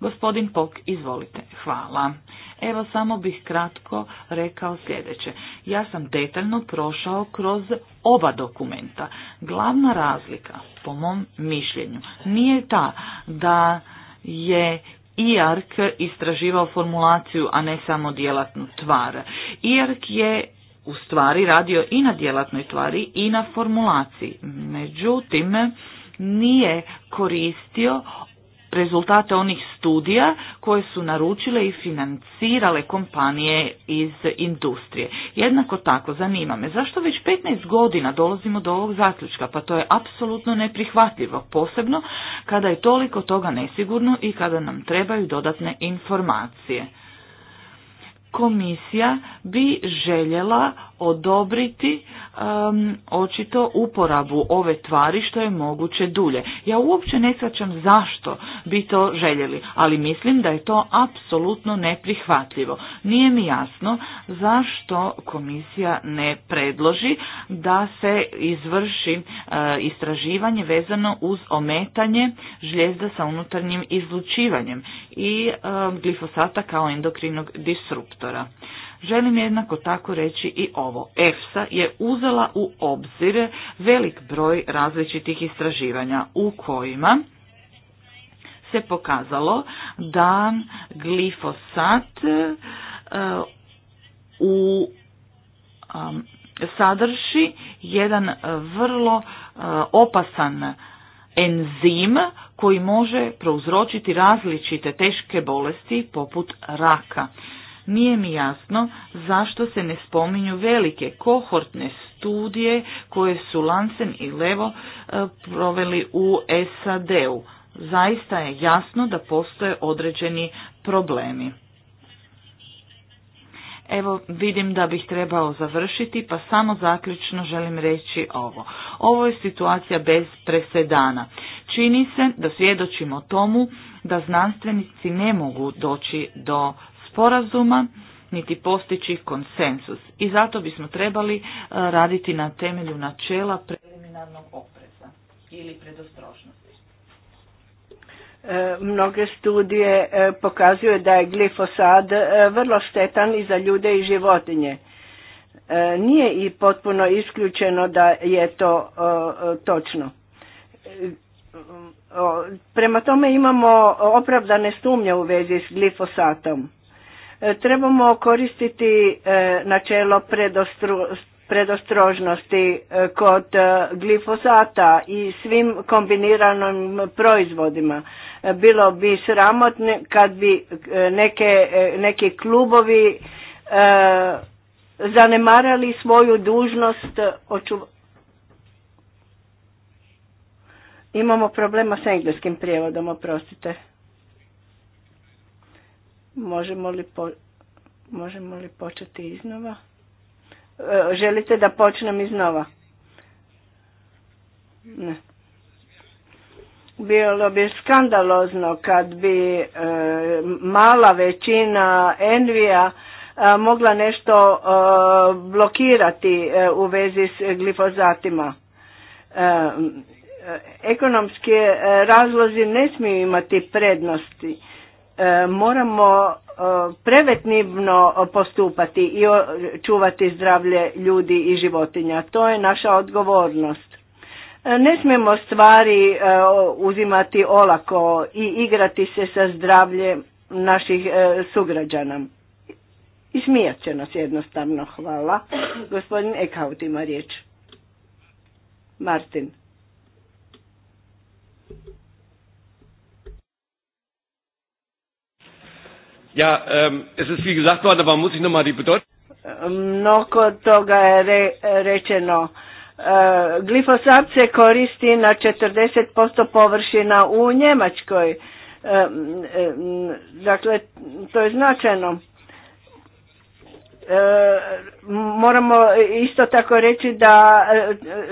Gospodin Pok, izvolite. Hvala. Evo samo bih kratko rekao sljedeće. Ja sam detaljno prošao kroz oba dokumenta. Glavna razlika, po mom mišljenju, nije ta da je IARC istraživao formulaciju, a ne samo djelatnu tvar. IARC je u stvari radio i na djelatnoj tvari i na formulaciji. Međutim, nije koristio rezultate onih studija koje su naručile i financirale kompanije iz industrije. Jednako tako zanima me zašto već 15 godina dolazimo do ovog zaključka, pa to je apsolutno neprihvatljivo, posebno kada je toliko toga nesigurno i kada nam trebaju dodatne informacije. Komisija bi željela odobriti očito uporabu ove tvari što je moguće dulje. Ja uopće ne svačam zašto bi to željeli, ali mislim da je to apsolutno neprihvatljivo. Nije mi jasno zašto komisija ne predloži da se izvrši e, istraživanje vezano uz ometanje žljezda sa unutarnjim izlučivanjem i e, glifosata kao endokrinog disruptora. Želim jednako tako reći i ovo. EFSA je uzela u obzir velik broj različitih istraživanja u kojima se pokazalo da glifosat e, u sadrži jedan vrlo e, opasan enzim koji može prouzročiti različite teške bolesti poput raka. Nije mi jasno zašto se ne spominju velike kohortne studije koje su Lansen i Levo e, proveli u SAD-u. Zaista je jasno da postoje određeni problemi. Evo vidim da bih trebao završiti pa samo zaključno želim reći ovo. Ovo je situacija bez presedana. Čini se da svjedočimo tomu da znanstvenici ne mogu doći do sporazuma, niti postići konsensus. I zato bismo trebali e, raditi na temelju načela preliminarnog opreza ili predostrožnosti. E, mnoge studije e, pokazuju da je glifosad vrlo štetan i za ljude i životinje. Nije i potpuno isključeno da je to točno. Prema tome imamo opravdane sumnje u vezi s glifosatom E, trebamo koristiti e, načelo predostrožnosti e, kod glifosata i svim kombiniranim proizvodima. Bilo bi sramotno kad bi neke, neki klubovi zanemarali svoju dužnost očuvati... Imamo problema s engleskim prijevodom, oprostite. Možemo li, po, možemo li početi iznova? E, želite da počnem iznova? Ne. Bilo bi skandalozno kad bi e, mala većina Envija e, mogla nešto e, blokirati u vezi s glifozatima. Ekonomski razlozi ne smiju imati prednosti E, moramo e, preventivno postupati i čuvati zdravlje ljudi i životinja. To je naša odgovornost. E, ne smijemo stvari uzimati olako i igrati se sa zdravljem naših sugrađana. I će nas jednostavno. Hvala. Gospodin Ekaut ima riječ. Martin. Ja, ähm, es ist wie gesagt worden, aber muss ich nochmal die Bedeutung... Ehm, mnogo toga je re, rečeno. E, glifosat se koristi na 40% površina u Njemačkoj. E, e, dakle, to je značajno. Moramo isto tako reći da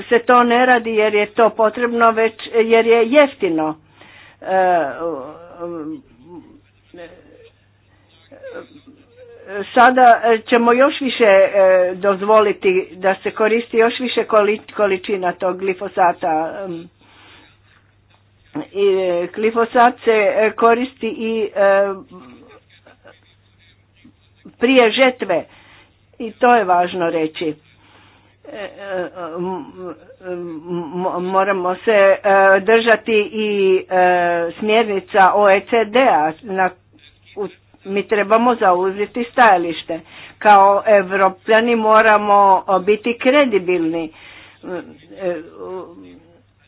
se to ne radi jer je to potrebno, već jer je jeftino sada e, ćemo još više e, dozvoliti da se koristi još više količina tog glifosata. Mm. E, glifosat se koristi i prije žetve i to je važno reći. Moramo se držati i smjernica OECD-a na u mi trebamo zauzeti stajalište. Kao evropljani moramo biti kredibilni.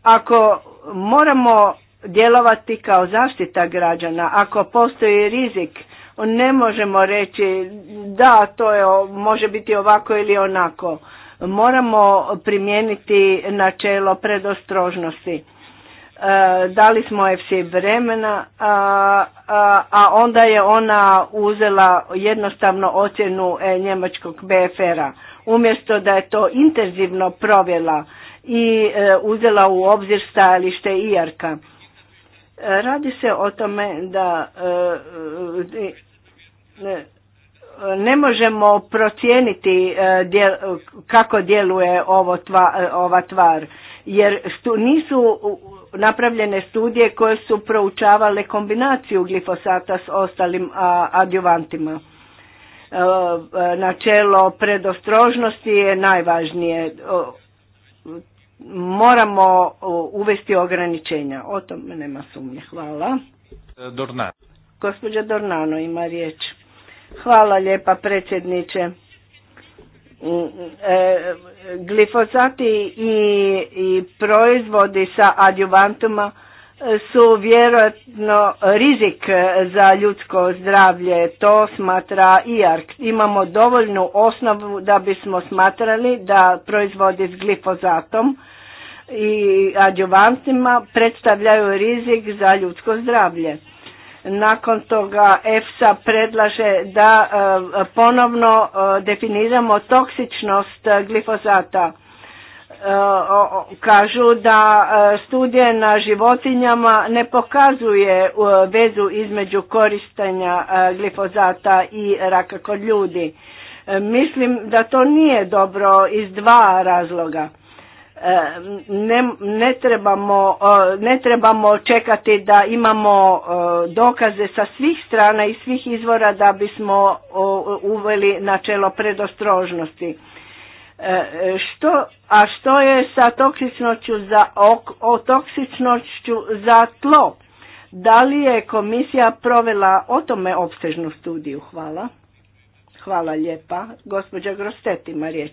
Ako moramo djelovati kao zaštita građana, ako postoji rizik, ne možemo reći da to je, može biti ovako ili onako. Moramo primijeniti načelo predostrožnosti Eh, dali smo FC vremena, a, a, a onda je ona uzela jednostavno ocjenu e, njemačkog BFR-a. Umjesto da je to intenzivno provjela i e, uzela u obzir stajalište IARKA. Eh, radi se o tome da eh, e, ne možemo procijeniti kako djeluje ovo tva, ova tvar jer stu, nisu napravljene studije koje su proučavale kombinaciju glifosata s ostalim adjuvantima. E, načelo predostrožnosti je najvažnije. Moramo uvesti ograničenja. O tom nema sumnje. Hvala. E, Dornano. Dornano ima riječ. Hvala lijepa predsjedniče. E, glifosati i, i proizvodi sa adjuvantuma su vjerojatno rizik za ljudsko zdravlje, to smatra IARC. Imamo dovoljnu osnovu da bismo smatrali da proizvodi s glifozatom i adjuvantima predstavljaju rizik za ljudsko zdravlje. Nakon toga EFSA predlaže da e, ponovno e, definiramo toksičnost e, glifosata. Kažu da studije na životinjama ne pokazuje vezu između koristanja glifozata i raka kod ljudi. Mislim da to nije dobro iz dva razloga. Ne, ne, trebamo, e, ne trebamo čekati da imamo e, dokaze sa svih strana i svih izvora da bismo uveli načelo predostrožnosti. E, što, a što je sa toksičnošću za, za tlo? Da li je komisija provela o tome opsežnu studiju? Hvala. Hvala lijepa. Gospođa Grostet ima riječ.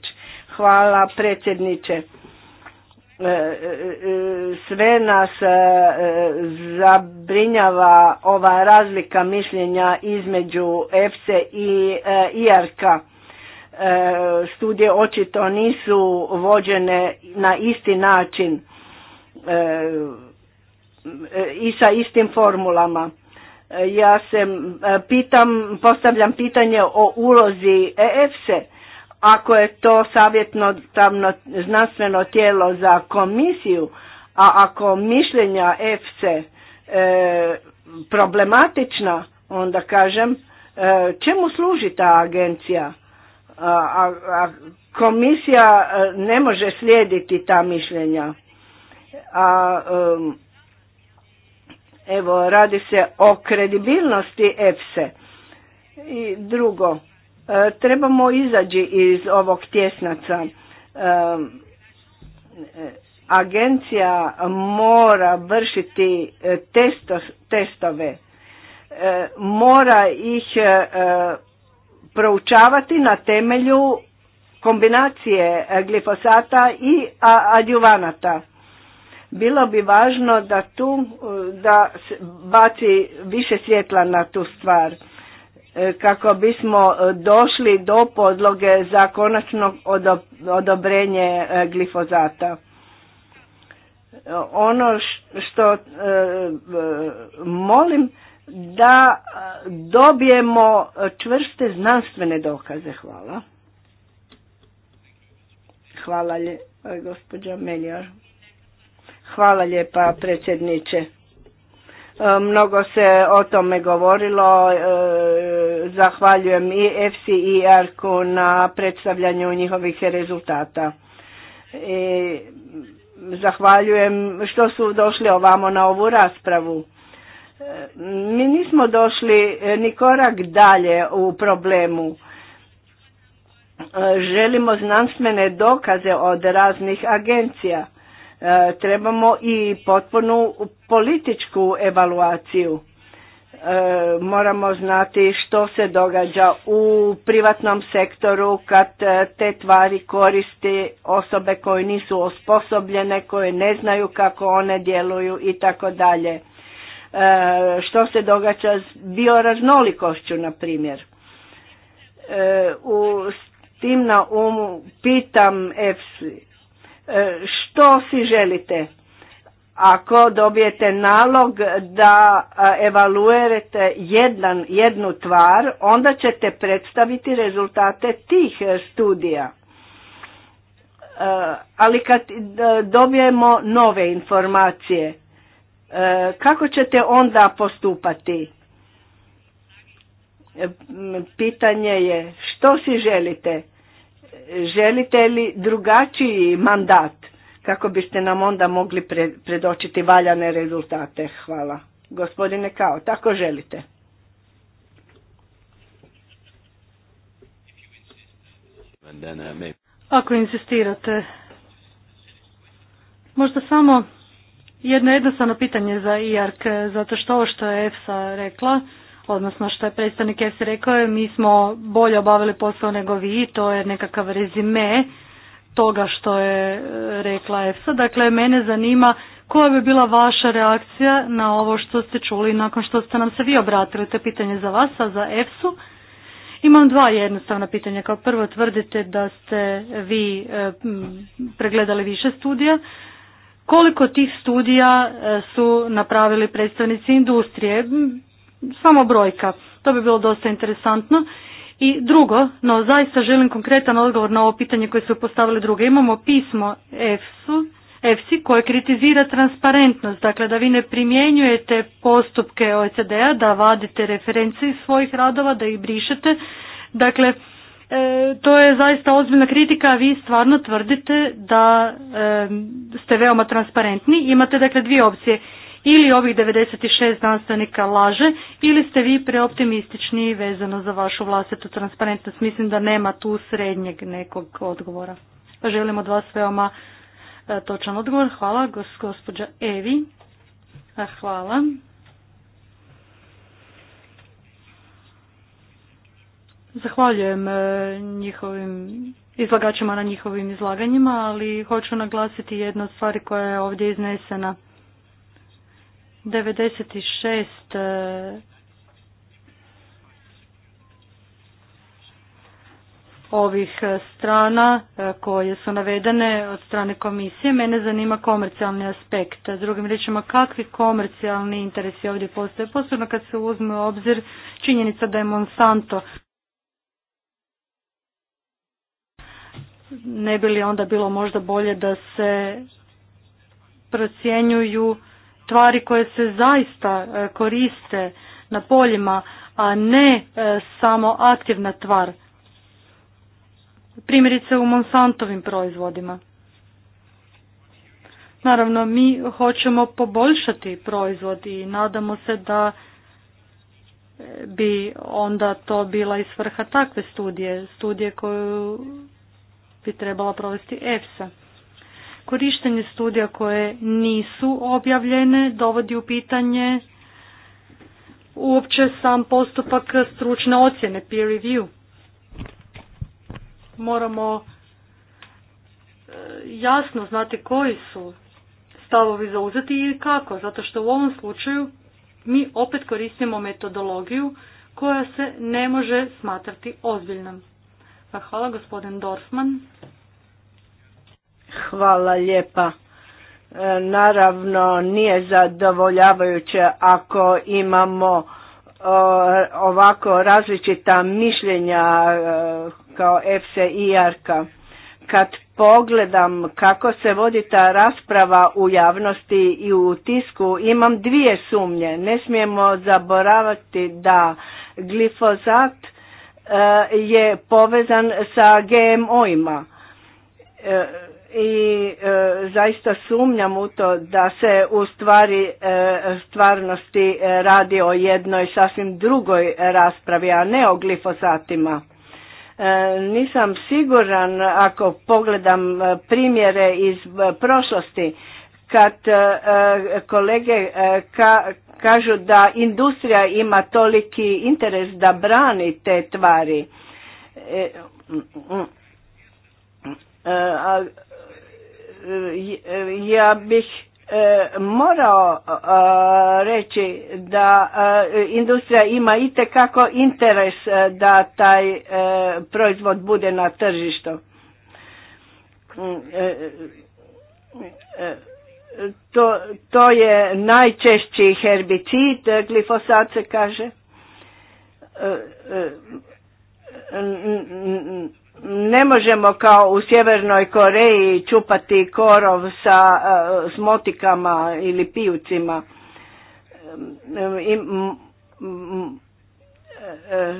Hvala predsjedniče. E, e, e, sve nas zabrinjava ova razlika mišljenja između EFSE i IRK. Studije očito nisu vođene na isti način i sa istim formulama. Ja se pitam, postavljam pitanje o ulozi EFSE ako je to savjetno znanstveno tijelo za komisiju, a ako mišljenja EFSE e, problematična, onda kažem, e, čemu služi ta agencija? A, a, komisija e, ne može slijediti ta mišljenja. A, evo, radi se o kredibilnosti EFSE. I drugo, E, trebamo izađi iz ovog tjesnaca. E, agencija mora vršiti e, testove, mora ih proučavati na temelju kombinacije glifosata i adjuvanata. Bilo bi važno da tu da baci više svjetla na tu stvar. E, kako bismo e, došli do podloge za konačno odobrenje e, glifozata. Ono što molim da dobijemo čvrste znanstvene dokaze. Hvala. Hvala, gospođa Melior. Hvala lijepa, predsjedniče. E, mnogo se o tome govorilo, e, zahvaljujem i FC i Arku na predstavljanju njihovih rezultata. I zahvaljujem što su došli ovamo na ovu raspravu. E, mi nismo došli ni korak dalje u problemu. Želimo znanstvene dokaze od raznih agencija E, trebamo i potpunu političku evaluaciju. E, moramo znati što se događa u privatnom sektoru kad e, te tvari koristi osobe koje nisu osposobljene, koje ne znaju kako one djeluju i tako dalje. Što se događa s bioraznolikošću, na primjer. U, tim na umu pitam EFSI, E, što si želite. Ako dobijete nalog da evaluirate jedan, jednu tvar, onda ćete predstaviti rezultate tih e, studija. E, ali kad dobijemo nove informacije, kako ćete onda postupati? Pitanje je što si želite? Želite li drugačiji mandat kako biste nam onda mogli predočiti valjane rezultate? Hvala. Gospodine Kao, tako želite. Ako insistirate, možda samo jedno jednostavno pitanje za IARC, zato što ovo što je EFSA rekla, odnosno što je predstavnik S rekao, mi smo bolje obavili posao nego vi, to je nekakav rezime toga što je e, rekla EFSA. Dakle, mene zanima koja bi bila vaša reakcija na ovo što ste čuli nakon što ste nam se vi obratili, to je pitanje za vas, a za EFSU. Imam dva jednostavna pitanja. Kao prvo tvrdite da ste vi e, pregledali više studija. Koliko tih studija e, su napravili predstavnici industrije? samo brojka. To bi bilo dosta interesantno. I drugo, no zaista želim konkretan odgovor na ovo pitanje koje su postavili druge. Imamo pismo EFSI koje kritizira transparentnost, dakle da vi ne primjenjujete postupke OECD-a, da vadite referencije iz svojih radova, da ih brišete. Dakle, e, to je zaista ozbiljna kritika, a vi stvarno tvrdite da e, ste veoma transparentni. Imate dakle dvije opcije ili ovih 96 znanstvenika laže ili ste vi preoptimistični vezano za vašu vlastitu transparentnost. Mislim da nema tu srednjeg nekog odgovora. Pa želim od vas veoma e, točan odgovor. Hvala, gospođa Evi. E, hvala. Zahvaljujem e, njihovim izlagačima na njihovim izlaganjima, ali hoću naglasiti jednu od stvari koja je ovdje iznesena. 96 uh, ovih uh, strana uh, koje su navedene od strane komisije. Mene zanima komercijalni aspekt. S drugim riječima, kakvi komercijalni interesi ovdje postoje, posebno kad se uzme u obzir činjenica da je Monsanto ne bi li onda bilo možda bolje da se procjenjuju tvari koje se zaista e, koriste na poljima, a ne e, samo aktivna tvar. Primjerice u Monsantovim proizvodima. Naravno, mi hoćemo poboljšati proizvod i nadamo se da e, bi onda to bila i svrha takve studije, studije koju bi trebala provesti EFSA. Korištenje studija koje nisu objavljene dovodi u pitanje uopće sam postupak stručne ocjene, peer review. Moramo e, jasno znati koji su stavovi zauzeti i kako, zato što u ovom slučaju mi opet koristimo metodologiju koja se ne može smatrati ozbiljnom. Pa hvala gospodin Dorfman. Hvala lijepa. E, naravno nije zadovoljavajuće ako imamo ovako različita mišljenja e, kao EFSE i Kad pogledam kako se vodi ta rasprava u javnosti i u tisku, imam dvije sumnje. Ne smijemo zaboravati da glifozat e, je povezan sa GMO-ima i e, zaista sumnjam u to da se u stvari e, stvarnosti e, radi o jednoj sasvim drugoj raspravi, a ne o glifosatima. Nisam siguran ako pogledam primjere iz prošlosti kad kolege kažu da industrija ima toliki interes da brani te tvari. Mm, mm, mm. A ja bih e, morao e, reći da e, industrija ima itekako interes da taj proizvod bude na tržištu. Mm, to, to je najčešći herbicid, glifosat se kaže ne možemo kao u Sjevernoj Koreji čupati korov sa e, smotikama ili pijucima. E, e,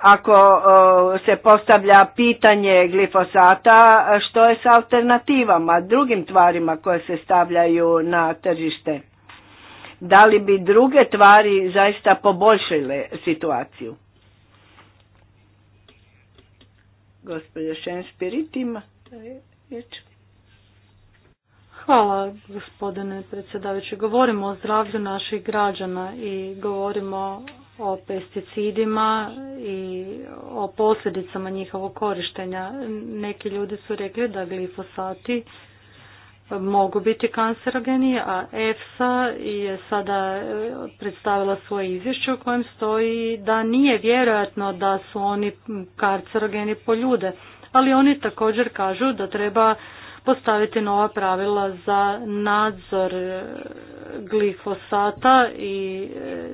ako se postavlja pitanje glifosata, što je sa alternativama, drugim tvarima koje se stavljaju na tržište? Da li bi druge tvari zaista poboljšile situaciju? Šen Hvala gospodine predsjedavajući. Govorimo o zdravlju naših građana i govorimo o pesticidima i o posljedicama njihovog korištenja. Neki ljudi su rekli da glifosati mogu biti kancerogeni, a EFSA je sada eh, predstavila svoje izvješće u kojem stoji da nije vjerojatno da su oni kancerogeni po ljude, ali oni također kažu da treba postaviti nova pravila za nadzor eh, glifosata i eh,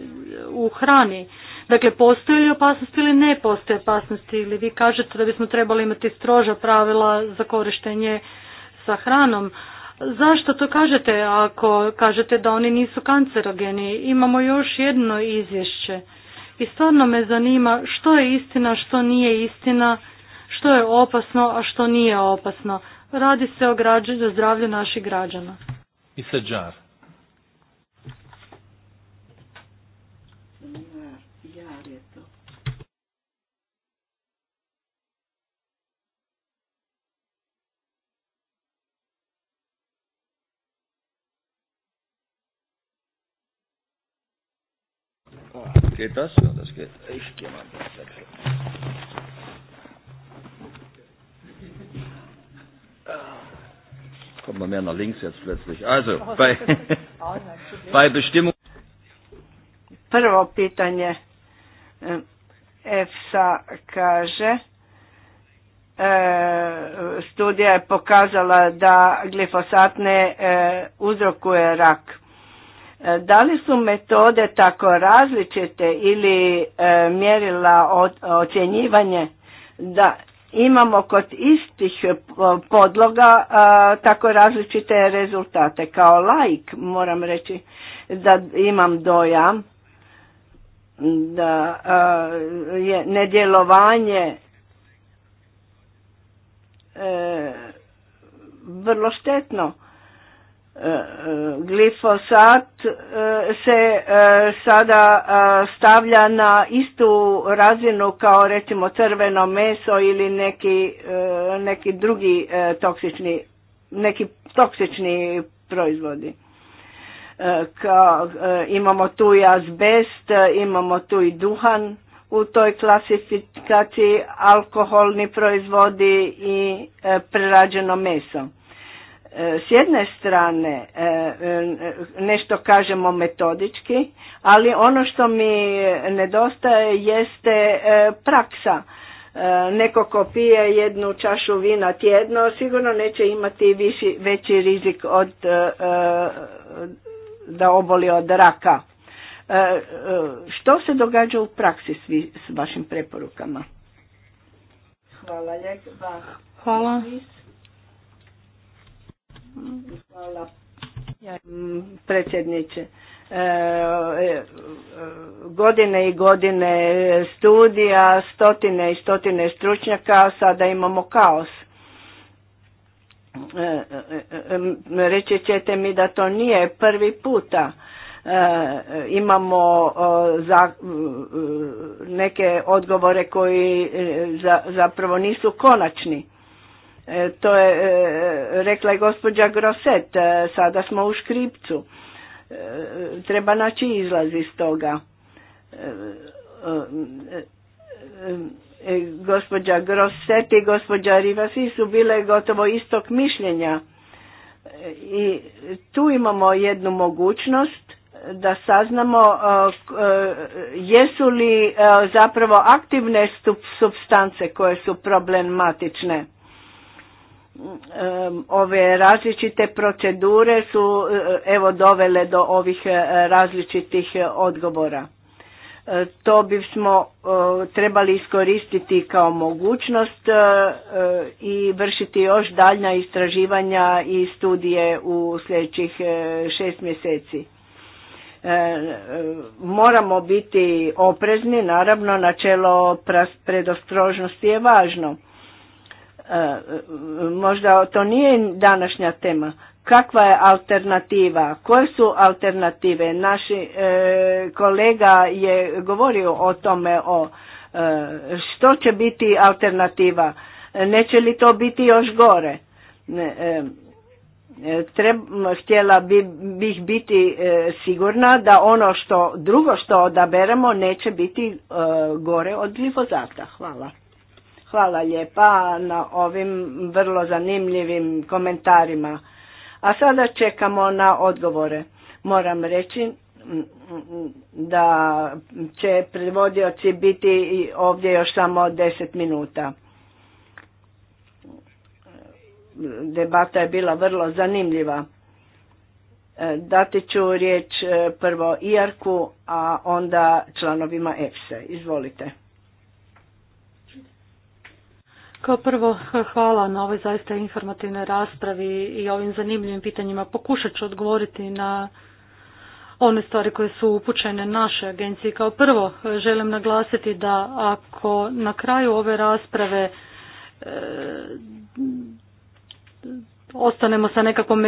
u hrani. Dakle, postoji li opasnost ili ne postoji opasnost ili vi kažete da bismo trebali imati stroža pravila za korištenje sa hranom, Zašto to kažete ako kažete da oni nisu kancerogeni? Imamo još jedno izvješće i stvarno me zanima što je istina, što nije istina, što je opasno, a što nije opasno. Radi se o zdravlju naših građana. sad Geht das? Ja, das geht. Ich gehe mal ein bisschen wechseln. Kommt man mehr nach links jetzt plötzlich. Also, oh, bei, bei Bestimmung. Prvo pitanje eh, EFSA kaže eh, studija je pokazala da glifosat ne eh, uzrokuje rak E, da li su metode tako različite ili e, mjerila ocjenjivanje da imamo kod istih podloga tako različite rezultate? Kao laik moram reći da imam dojam da je nedjelovanje e, vrlo štetno glifosat e, se e, sada e, stavlja na istu razinu kao recimo crveno meso ili neki, neki drugi toksični, neki toksični proizvodi. Kao, imamo tu i azbest, imamo tu i duhan u toj klasifikaciji alkoholni proizvodi i prerađeno meso s jedne strane e, e, nešto kažemo metodički, ali ono što mi nedostaje jeste e, praksa. Neko ko pije jednu čašu vina tjedno sigurno neće imati viši, veći rizik od, da oboli od raka. Što se događa u praksi s vašim preporukama? Hvala Hvala. Hvala mm, predsjedniče. E, e, godine i godine studija, stotine i stotine stručnjaka, sada imamo kaos. E, reći ćete mi da to nije prvi puta. Imamo neke odgovore koji zapravo nisu konačni E, to je e, rekla je gospođa Groset, e, sada smo u škripcu. Treba naći izlaz iz toga. Gospođa Groset i gospođa Rivasi su bile gotovo istog mišljenja. I tu imamo jednu mogućnost da saznamo jesu li zapravo aktivne substance koje su problematične ove različite procedure su e, evo dovele do ovih e, različitih e, odgovora. To bismo trebali iskoristiti kao mogućnost i vršiti još daljna istraživanja i studije u sljedećih šest mjeseci. Moramo biti oprezni, naravno načelo predostrožnosti je važno Eh, možda to nije današnja tema, kakva je alternativa, koje su alternative. Naši eh, kolega je govorio o tome o eh, što će biti alternativa, neće li to biti još gore. Treb, htjela bi, bih biti sigurna da ono što drugo što odaberemo neće biti gore od glifozata. Hvala. Hvala lijepa na ovim vrlo zanimljivim komentarima. A sada čekamo na odgovore. Moram reći mm, mm, da će predvodioci biti ovdje još samo 10 minuta. Debata je bila vrlo zanimljiva. E, dati ću riječ e, prvo Iarku, a onda članovima EFSE. Izvolite. Kao prvo, hvala na ovoj zaista informativnoj raspravi i ovim zanimljivim pitanjima. Pokušat ću odgovoriti na one stvari koje su upućene našoj agenciji. Kao prvo, želim naglasiti da ako na kraju ove rasprave e, ostanemo sa nekakvom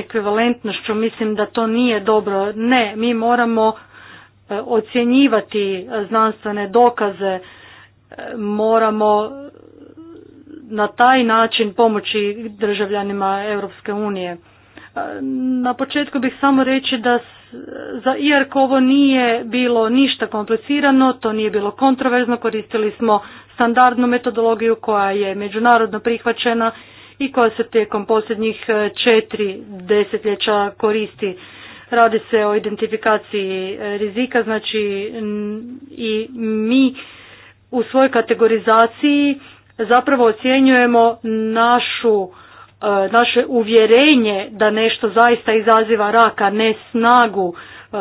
ekvivalentnošću, mislim da to nije dobro. Ne, mi moramo e, ocjenjivati znanstvene dokaze, e, moramo na taj način pomoći državljanima Europske unije. E, na početku bih samo reći da za IARC ovo nije bilo ništa komplicirano, to nije bilo kontroverzno, koristili smo standardnu metodologiju koja je međunarodno prihvaćena i koja se tijekom posljednjih e, četiri desetljeća koristi. Radi se o identifikaciji e, rizika, znači i mi u svojoj kategorizaciji zapravo ocjenjujemo našu e, naše uvjerenje da nešto zaista izaziva raka, ne snagu e,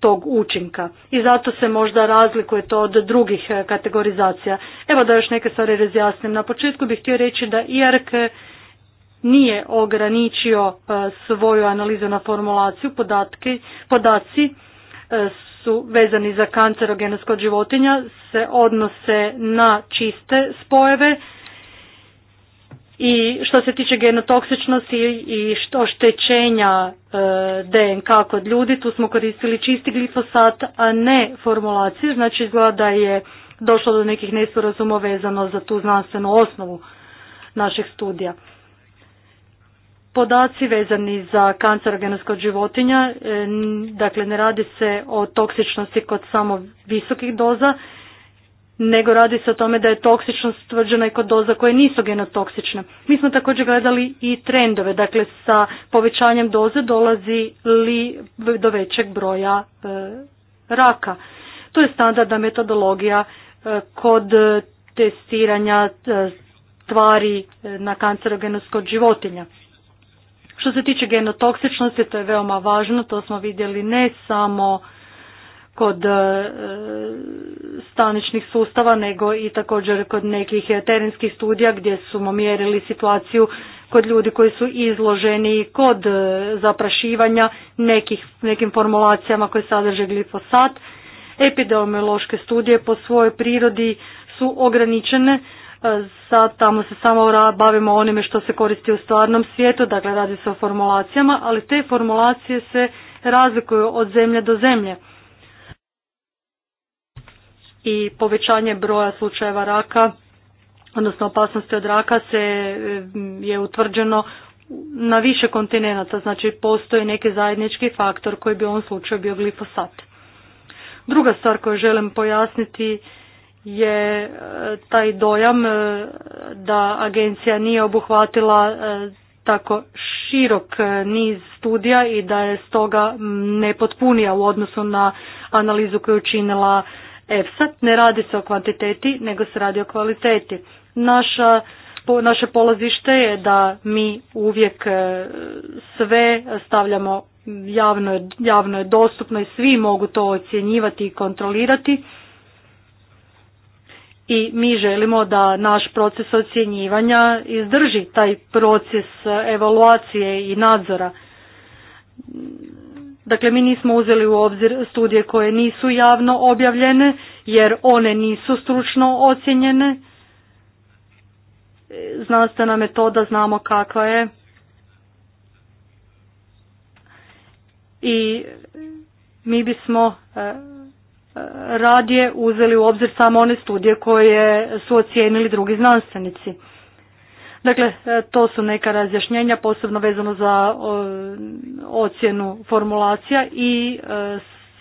tog učinka. I zato se možda razlikuje to od drugih e, kategorizacija. Evo da još neke stvari razjasnim. Na početku bih htio reći da IARC nije ograničio svoju analizu na formulaciju. Podatke, podaci su vezani za kancerogenost kod životinja se odnose na čiste spojeve i što se tiče genotoksičnosti i oštećenja e, DNK kod ljudi, tu smo koristili čisti glifosat, a ne formulaciju, znači izgleda da je došlo do nekih nesporazuma vezano za tu znanstvenu osnovu našeg studija. Podaci vezani za kancerogenost kod životinja, e, dakle ne radi se o toksičnosti kod samo visokih doza, nego radi se o tome da je toksičnost tvrđena i kod doza koje nisu genotoksične. Mi smo također gledali i trendove, dakle sa povećanjem doze dolazi li do većeg broja e, raka. To je standardna metodologija e, kod testiranja tvari na kancerogenost životinja. Što se tiče genotoksičnosti, to je veoma važno, to smo vidjeli ne samo kod e, staničnih sustava, nego i također kod nekih terenskih studija gdje smo mjerili situaciju kod ljudi koji su izloženi kod e, zaprašivanja nekih, nekim formulacijama koje sadrže glifosat. Epidemiološke studije po svojoj prirodi su ograničene, sad tamo se samo bavimo onime što se koristi u stvarnom svijetu, dakle radi se o formulacijama, ali te formulacije se razlikuju od zemlje do zemlje. I povećanje broja slučajeva raka, odnosno opasnosti od raka se e, je utvrđeno na više kontinenata, znači postoji neki zajednički faktor koji bi u ovom slučaju bio glifosat. Druga stvar koju želim pojasniti je e, taj dojam e, da agencija nije obuhvatila e, tako širok niz studija i da je stoga nepotpunija u odnosu na analizu koju je učinila EFSA. Ne radi se o kvantiteti, nego se radi o kvaliteti. Naša, naše polazište je da mi uvijek sve stavljamo javno, javno je dostupno i svi mogu to ocjenjivati i kontrolirati i mi želimo da naš proces ocjenjivanja izdrži taj proces e, evaluacije i nadzora. Dakle, mi nismo uzeli u obzir studije koje nisu javno objavljene, jer one nisu stručno ocjenjene. E, znanstvena metoda znamo kakva je. I mi bismo e, radije uzeli u obzir samo one studije koje su ocijenili drugi znanstvenici. Dakle, e, to su neka razjašnjenja posebno vezano za ocjenu formulacija i e,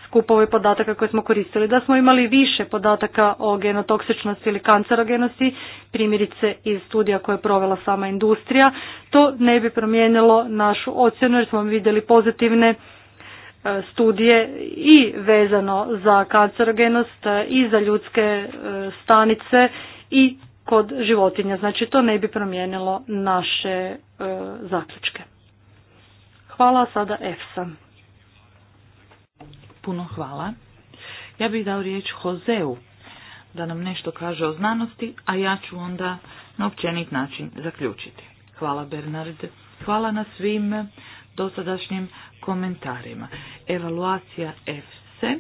skupove podataka koje smo koristili. Da smo imali više podataka o genotoksičnosti ili kancerogenosti, primjerice iz studija koje je provela sama industrija, to ne bi promijenilo našu ocjenu jer smo vidjeli pozitivne E, studije i vezano za kancerogenost e, i za ljudske e, stanice i kod životinja. Znači to ne bi promijenilo naše zaključke. Hvala sada EFSA. Puno hvala. Ja bih dao riječ Hozeu da nam nešto kaže o znanosti, a ja ću onda na općenit način zaključiti. Hvala Bernard, hvala na svim dosadašnjim komentarima. Evaluacija EFSE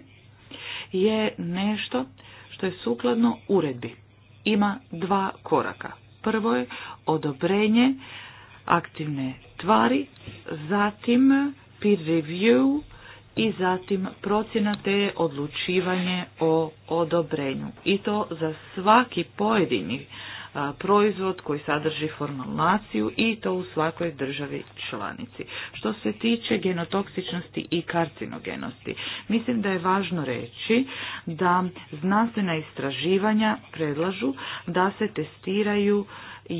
je nešto što je sukladno uredbi. Ima dva koraka. Prvo je odobrenje aktivne tvari, zatim peer review i zatim procjena te odlučivanje o odobrenju. I to za svaki pojedini proizvod koji sadrži formulaciju i to u svakoj državi članici. Što se tiče genotoksičnosti i karcinogenosti, mislim da je važno reći da znanstvena istraživanja predlažu da se testiraju e,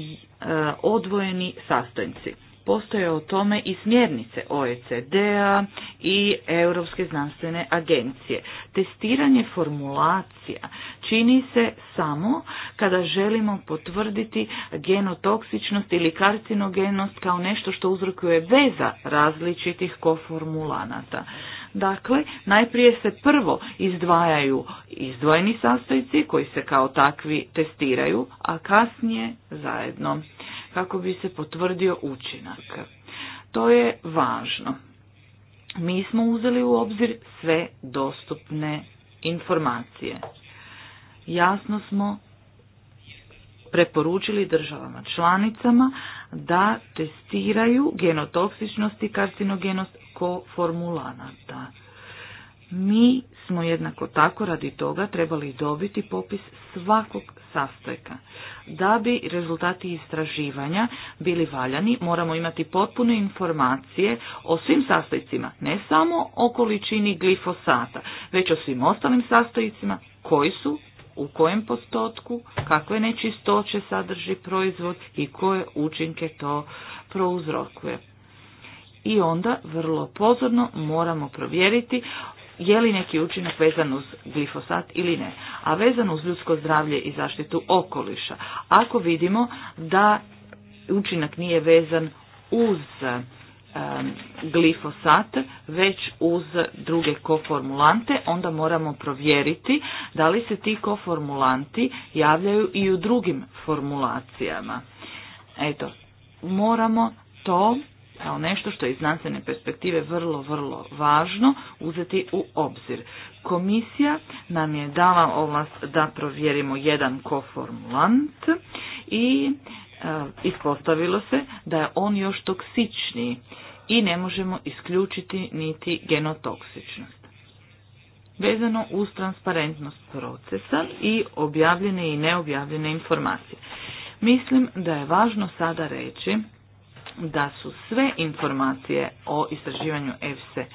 odvojeni sastojci postoje o tome i smjernice OECD-a i Europske znanstvene agencije. Testiranje formulacija čini se samo kada želimo potvrditi genotoksičnost ili karcinogenost kao nešto što uzrokuje veza različitih koformulanata. Dakle, najprije se prvo izdvajaju izdvojeni sastojci koji se kao takvi testiraju, a kasnije zajedno kako bi se potvrdio učinak. To je važno. Mi smo uzeli u obzir sve dostupne informacije. Jasno smo preporučili državama članicama da testiraju genotoksičnost i karcinogenost formulanata. Mi smo jednako tako radi toga trebali dobiti popis svakog sastojka. Da bi rezultati istraživanja bili valjani, moramo imati potpune informacije o svim sastojcima, ne samo o količini glifosata, već o svim ostalim sastojcima koji su u kojem postotku, kakve nečistoće sadrži proizvod i koje učinke to prouzrokuje. I onda vrlo pozorno moramo provjeriti je li neki učinak vezan uz glifosat ili ne, a vezan uz ljudsko zdravlje i zaštitu okoliša. Ako vidimo da učinak nije vezan uz glifosat već uz druge koformulante, onda moramo provjeriti da li se ti koformulanti javljaju i u drugim formulacijama. Eto, moramo to kao nešto što je iz znanstvene perspektive vrlo, vrlo važno uzeti u obzir. Komisija nam je dala ovlast da provjerimo jedan koformulant i e, ispostavilo se da je on još toksičniji i ne možemo isključiti niti genotoksičnost. Vezano uz transparentnost procesa i objavljene i neobjavljene informacije. Mislim da je važno sada reći da su sve informacije o istraživanju EFSE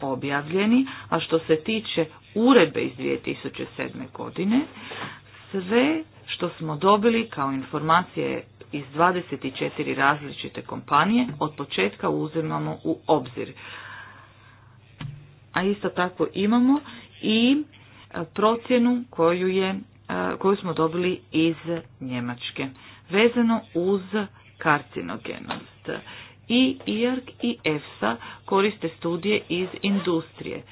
objavljeni, a što se tiče uredbe iz 2007. godine, sve što smo dobili kao informacije iz 24 različite kompanije od početka uzimamo u obzir. A isto tako imamo i e, procjenu koju, je, e, koju smo dobili iz Njemačke. Vezano uz karcinogenost. I IARC i EFSA koriste studije iz industrije.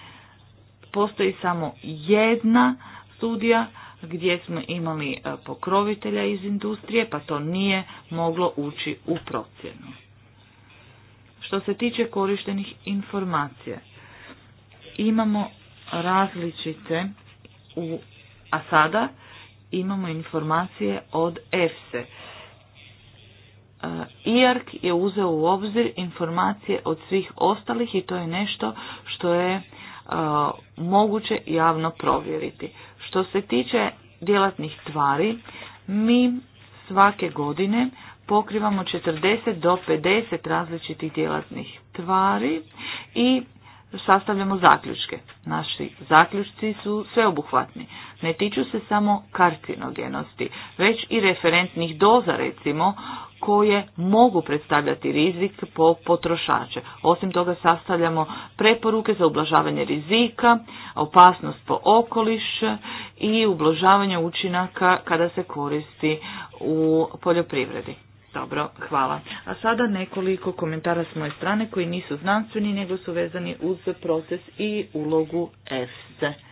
Postoji samo jedna studija gdje smo imali e, pokrovitelja iz industrije, pa to nije moglo ući u procjenu. Što se tiče korištenih informacija, imamo različite u, a sada imamo informacije od EFSA. IARC je uzeo u obzir informacije od svih ostalih i to je nešto što je moguće javno provjeriti. Što se tiče djelatnih tvari, mi svake godine pokrivamo 40 do 50 različitih djelatnih tvari i sastavljamo zaključke. Naši zaključci su sveobuhvatni. Ne tiču se samo karcinogenosti, već i referentnih doza recimo koje mogu predstavljati rizik po potrošače. Osim toga sastavljamo preporuke za ublažavanje rizika, opasnost po okoliš i ublažavanje učinaka kada se koristi u poljoprivredi. Dobro, hvala. A sada nekoliko komentara s moje strane koji nisu znanstveni nego su vezani uz proces i ulogu EFSE.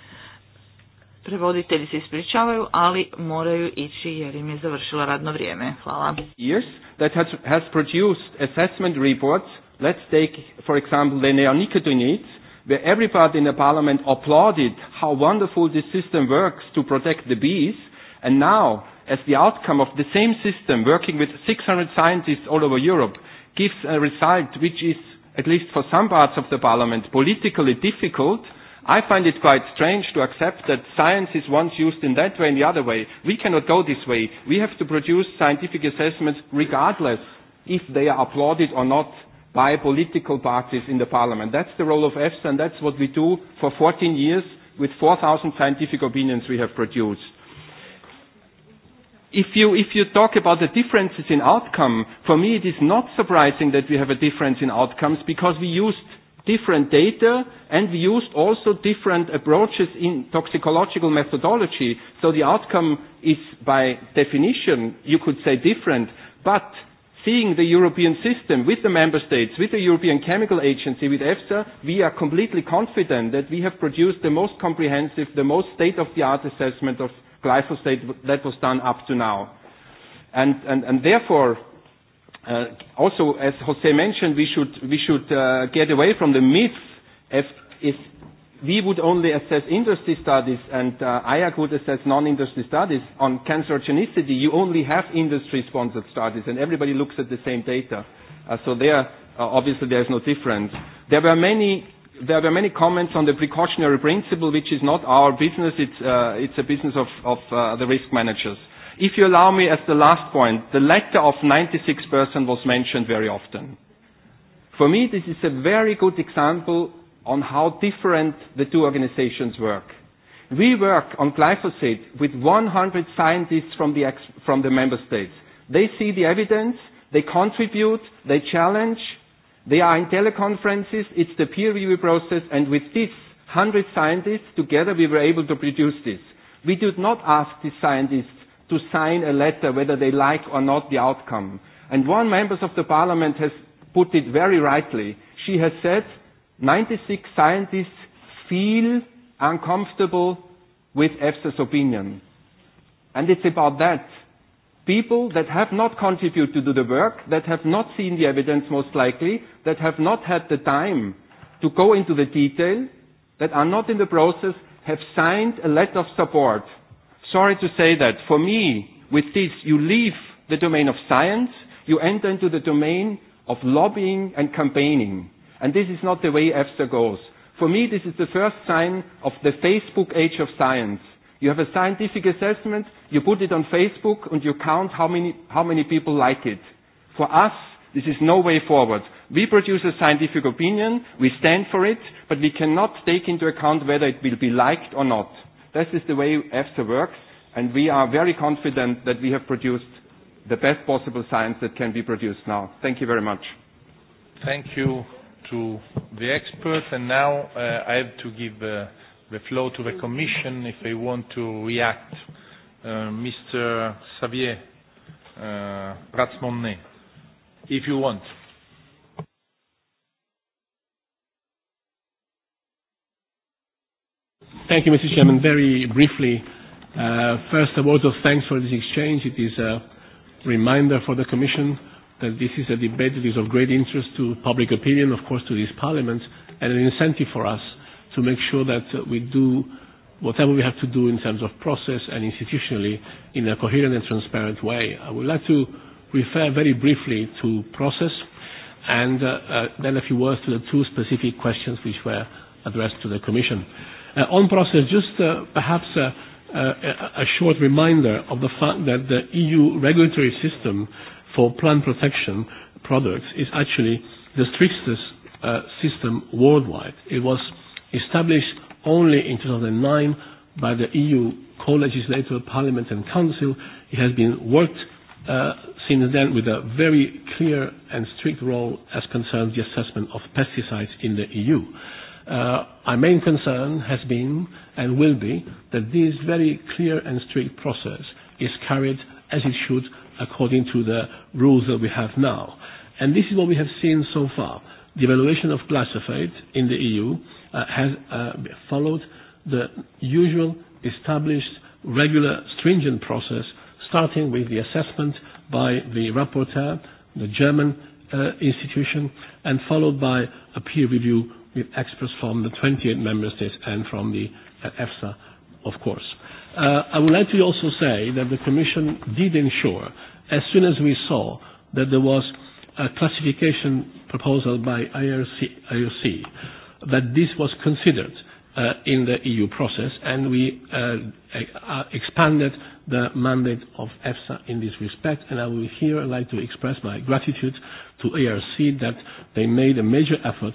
Prevoditelji se ispričavaju, ali moraju ići jer im je završilo radno vrijeme. Hvala. Years that has produced assessment reports, let's take for example the neonicotinoids, where everybody in the parliament applauded how wonderful this system works to protect the bees, and now as the outcome of the same system working with 600 scientists all over Europe gives a result which is, at least for some parts of the parliament, politically difficult, i find it quite strange to accept that science is once used in that way and the other way. We cannot go this way. We have to produce scientific assessments regardless if they are applauded or not by political parties in the parliament. That's the role of EFSA and that's what we do for 14 years with 4,000 scientific opinions we have produced. If you, if you talk about the differences in outcome, for me it is not surprising that we have a difference in outcomes because we used different data and we used also different approaches in toxicological methodology. So the outcome is by definition, you could say different, but seeing the European system with the member states, with the European Chemical Agency, with EFSA, we are completely confident that we have produced the most comprehensive, the most state-of-the-art assessment of glyphosate that was done up to now. And, and, and therefore, Uh, also, as Jose mentioned, we should, we should uh, get away from the myth if, if we would only assess industry studies and uh, IAC would assess non-industry studies on cancerogenicity. You only have industry-sponsored studies and everybody looks at the same data. Uh, so there, uh, obviously, there's no difference. There were many there were many comments on the precautionary principle, which is not our business. It's, uh, it's a business of, of uh, the risk managers. If you allow me as the last point, the letter of 96% was mentioned very often. For me, this is a very good example on how different the two organizations work. We work on glyphosate with 100 scientists from the, from the member states. They see the evidence, they contribute, they challenge, they are in teleconferences, it's the peer review process, and with these 100 scientists together we were able to produce this. We did not ask the scientists to sign a letter whether they like or not the outcome. And one member of the parliament has put it very rightly. She has said 96 scientists feel uncomfortable with EFSA's opinion. And it's about that. People that have not contributed to do the work, that have not seen the evidence most likely, that have not had the time to go into the detail, that are not in the process, have signed a letter of support sorry to say that for me, with this, you leave the domain of science, you enter into the domain of lobbying and campaigning. And this is not the way EFSA goes. For me, this is the first sign of the Facebook age of science. You have a scientific assessment, you put it on Facebook, and you count how many, how many people like it. For us, this is no way forward. We produce a scientific opinion, we stand for it, but we cannot take into account whether it will be liked or not. This is the way EFSA works, and we are very confident that we have produced the best possible science that can be produced now. Thank you very much. Thank you to the experts, and now uh, I have to give uh, the floor to the Commission if they want to react. Uh, Mr. Xavier uh, if you want. Thank you, Mr. Chairman. Very briefly, Uh, first, a word of thanks for this exchange. It is a reminder for the Commission that this is a debate that is of great interest to public opinion, of course, to this Parliament, and an incentive for us to make sure that we do whatever we have to do in terms of process and institutionally in a coherent and transparent way. I would like to refer very briefly to process and uh, uh then a few words to the two specific questions which were addressed to the Commission. Uh, on process, just uh, perhaps uh, uh, a short reminder of the fact that the EU regulatory system for plant protection products is actually the strictest uh, system worldwide. It was established only in 2009 by the EU co-legislator, Parliament and Council. It has been worked uh, since then with a very clear and strict role as concerns the assessment of pesticides in the EU. Uh, our main concern has been and will be that this very clear and strict process is carried as it should according to the rules that we have now. And this is what we have seen so far. The evaluation of glyphosate in the EU uh, has uh, followed the usual established regular stringent process starting with the assessment by the rapporteur, the German uh, institution, and followed by a peer review with experts from the 28 member states and from the uh, EFSA, of course. Uh, I would like to also say that the Commission did ensure, as soon as we saw that there was a classification proposal by IRC, IOC, that this was considered uh, in the EU process, and we uh, e, uh, expanded the mandate of EFSA in this respect, and I would here like to express my gratitude to ARC that they made a major effort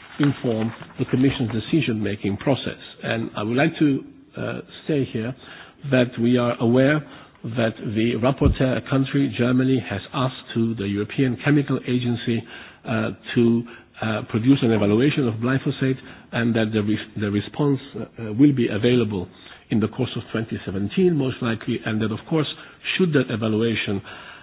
inform the Commission's decision-making process. And I would like to uh, say here that we are aware that the rapporteur country, Germany, has asked to the European Chemical Agency uh, to uh, produce an evaluation of glyphosate and that the, re the response uh, will be available in the course of 2017, most likely, and that, of course, should that evaluation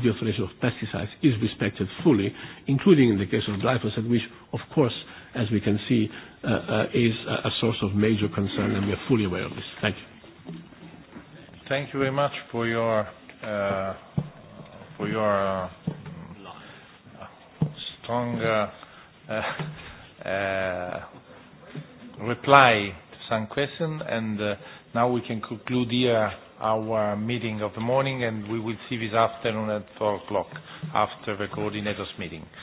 for the of pesticides is respected fully, including in the case of glyphosate, which, of course, as we can see, uh, uh, is a, source of major concern, and we are fully aware of this. Thank you. Thank you very much for your uh, for your uh, strong uh, reply to some question, and now we can conclude here our meeting of the morning, and we will see this afternoon at 4 o'clock after the coordinators' meeting.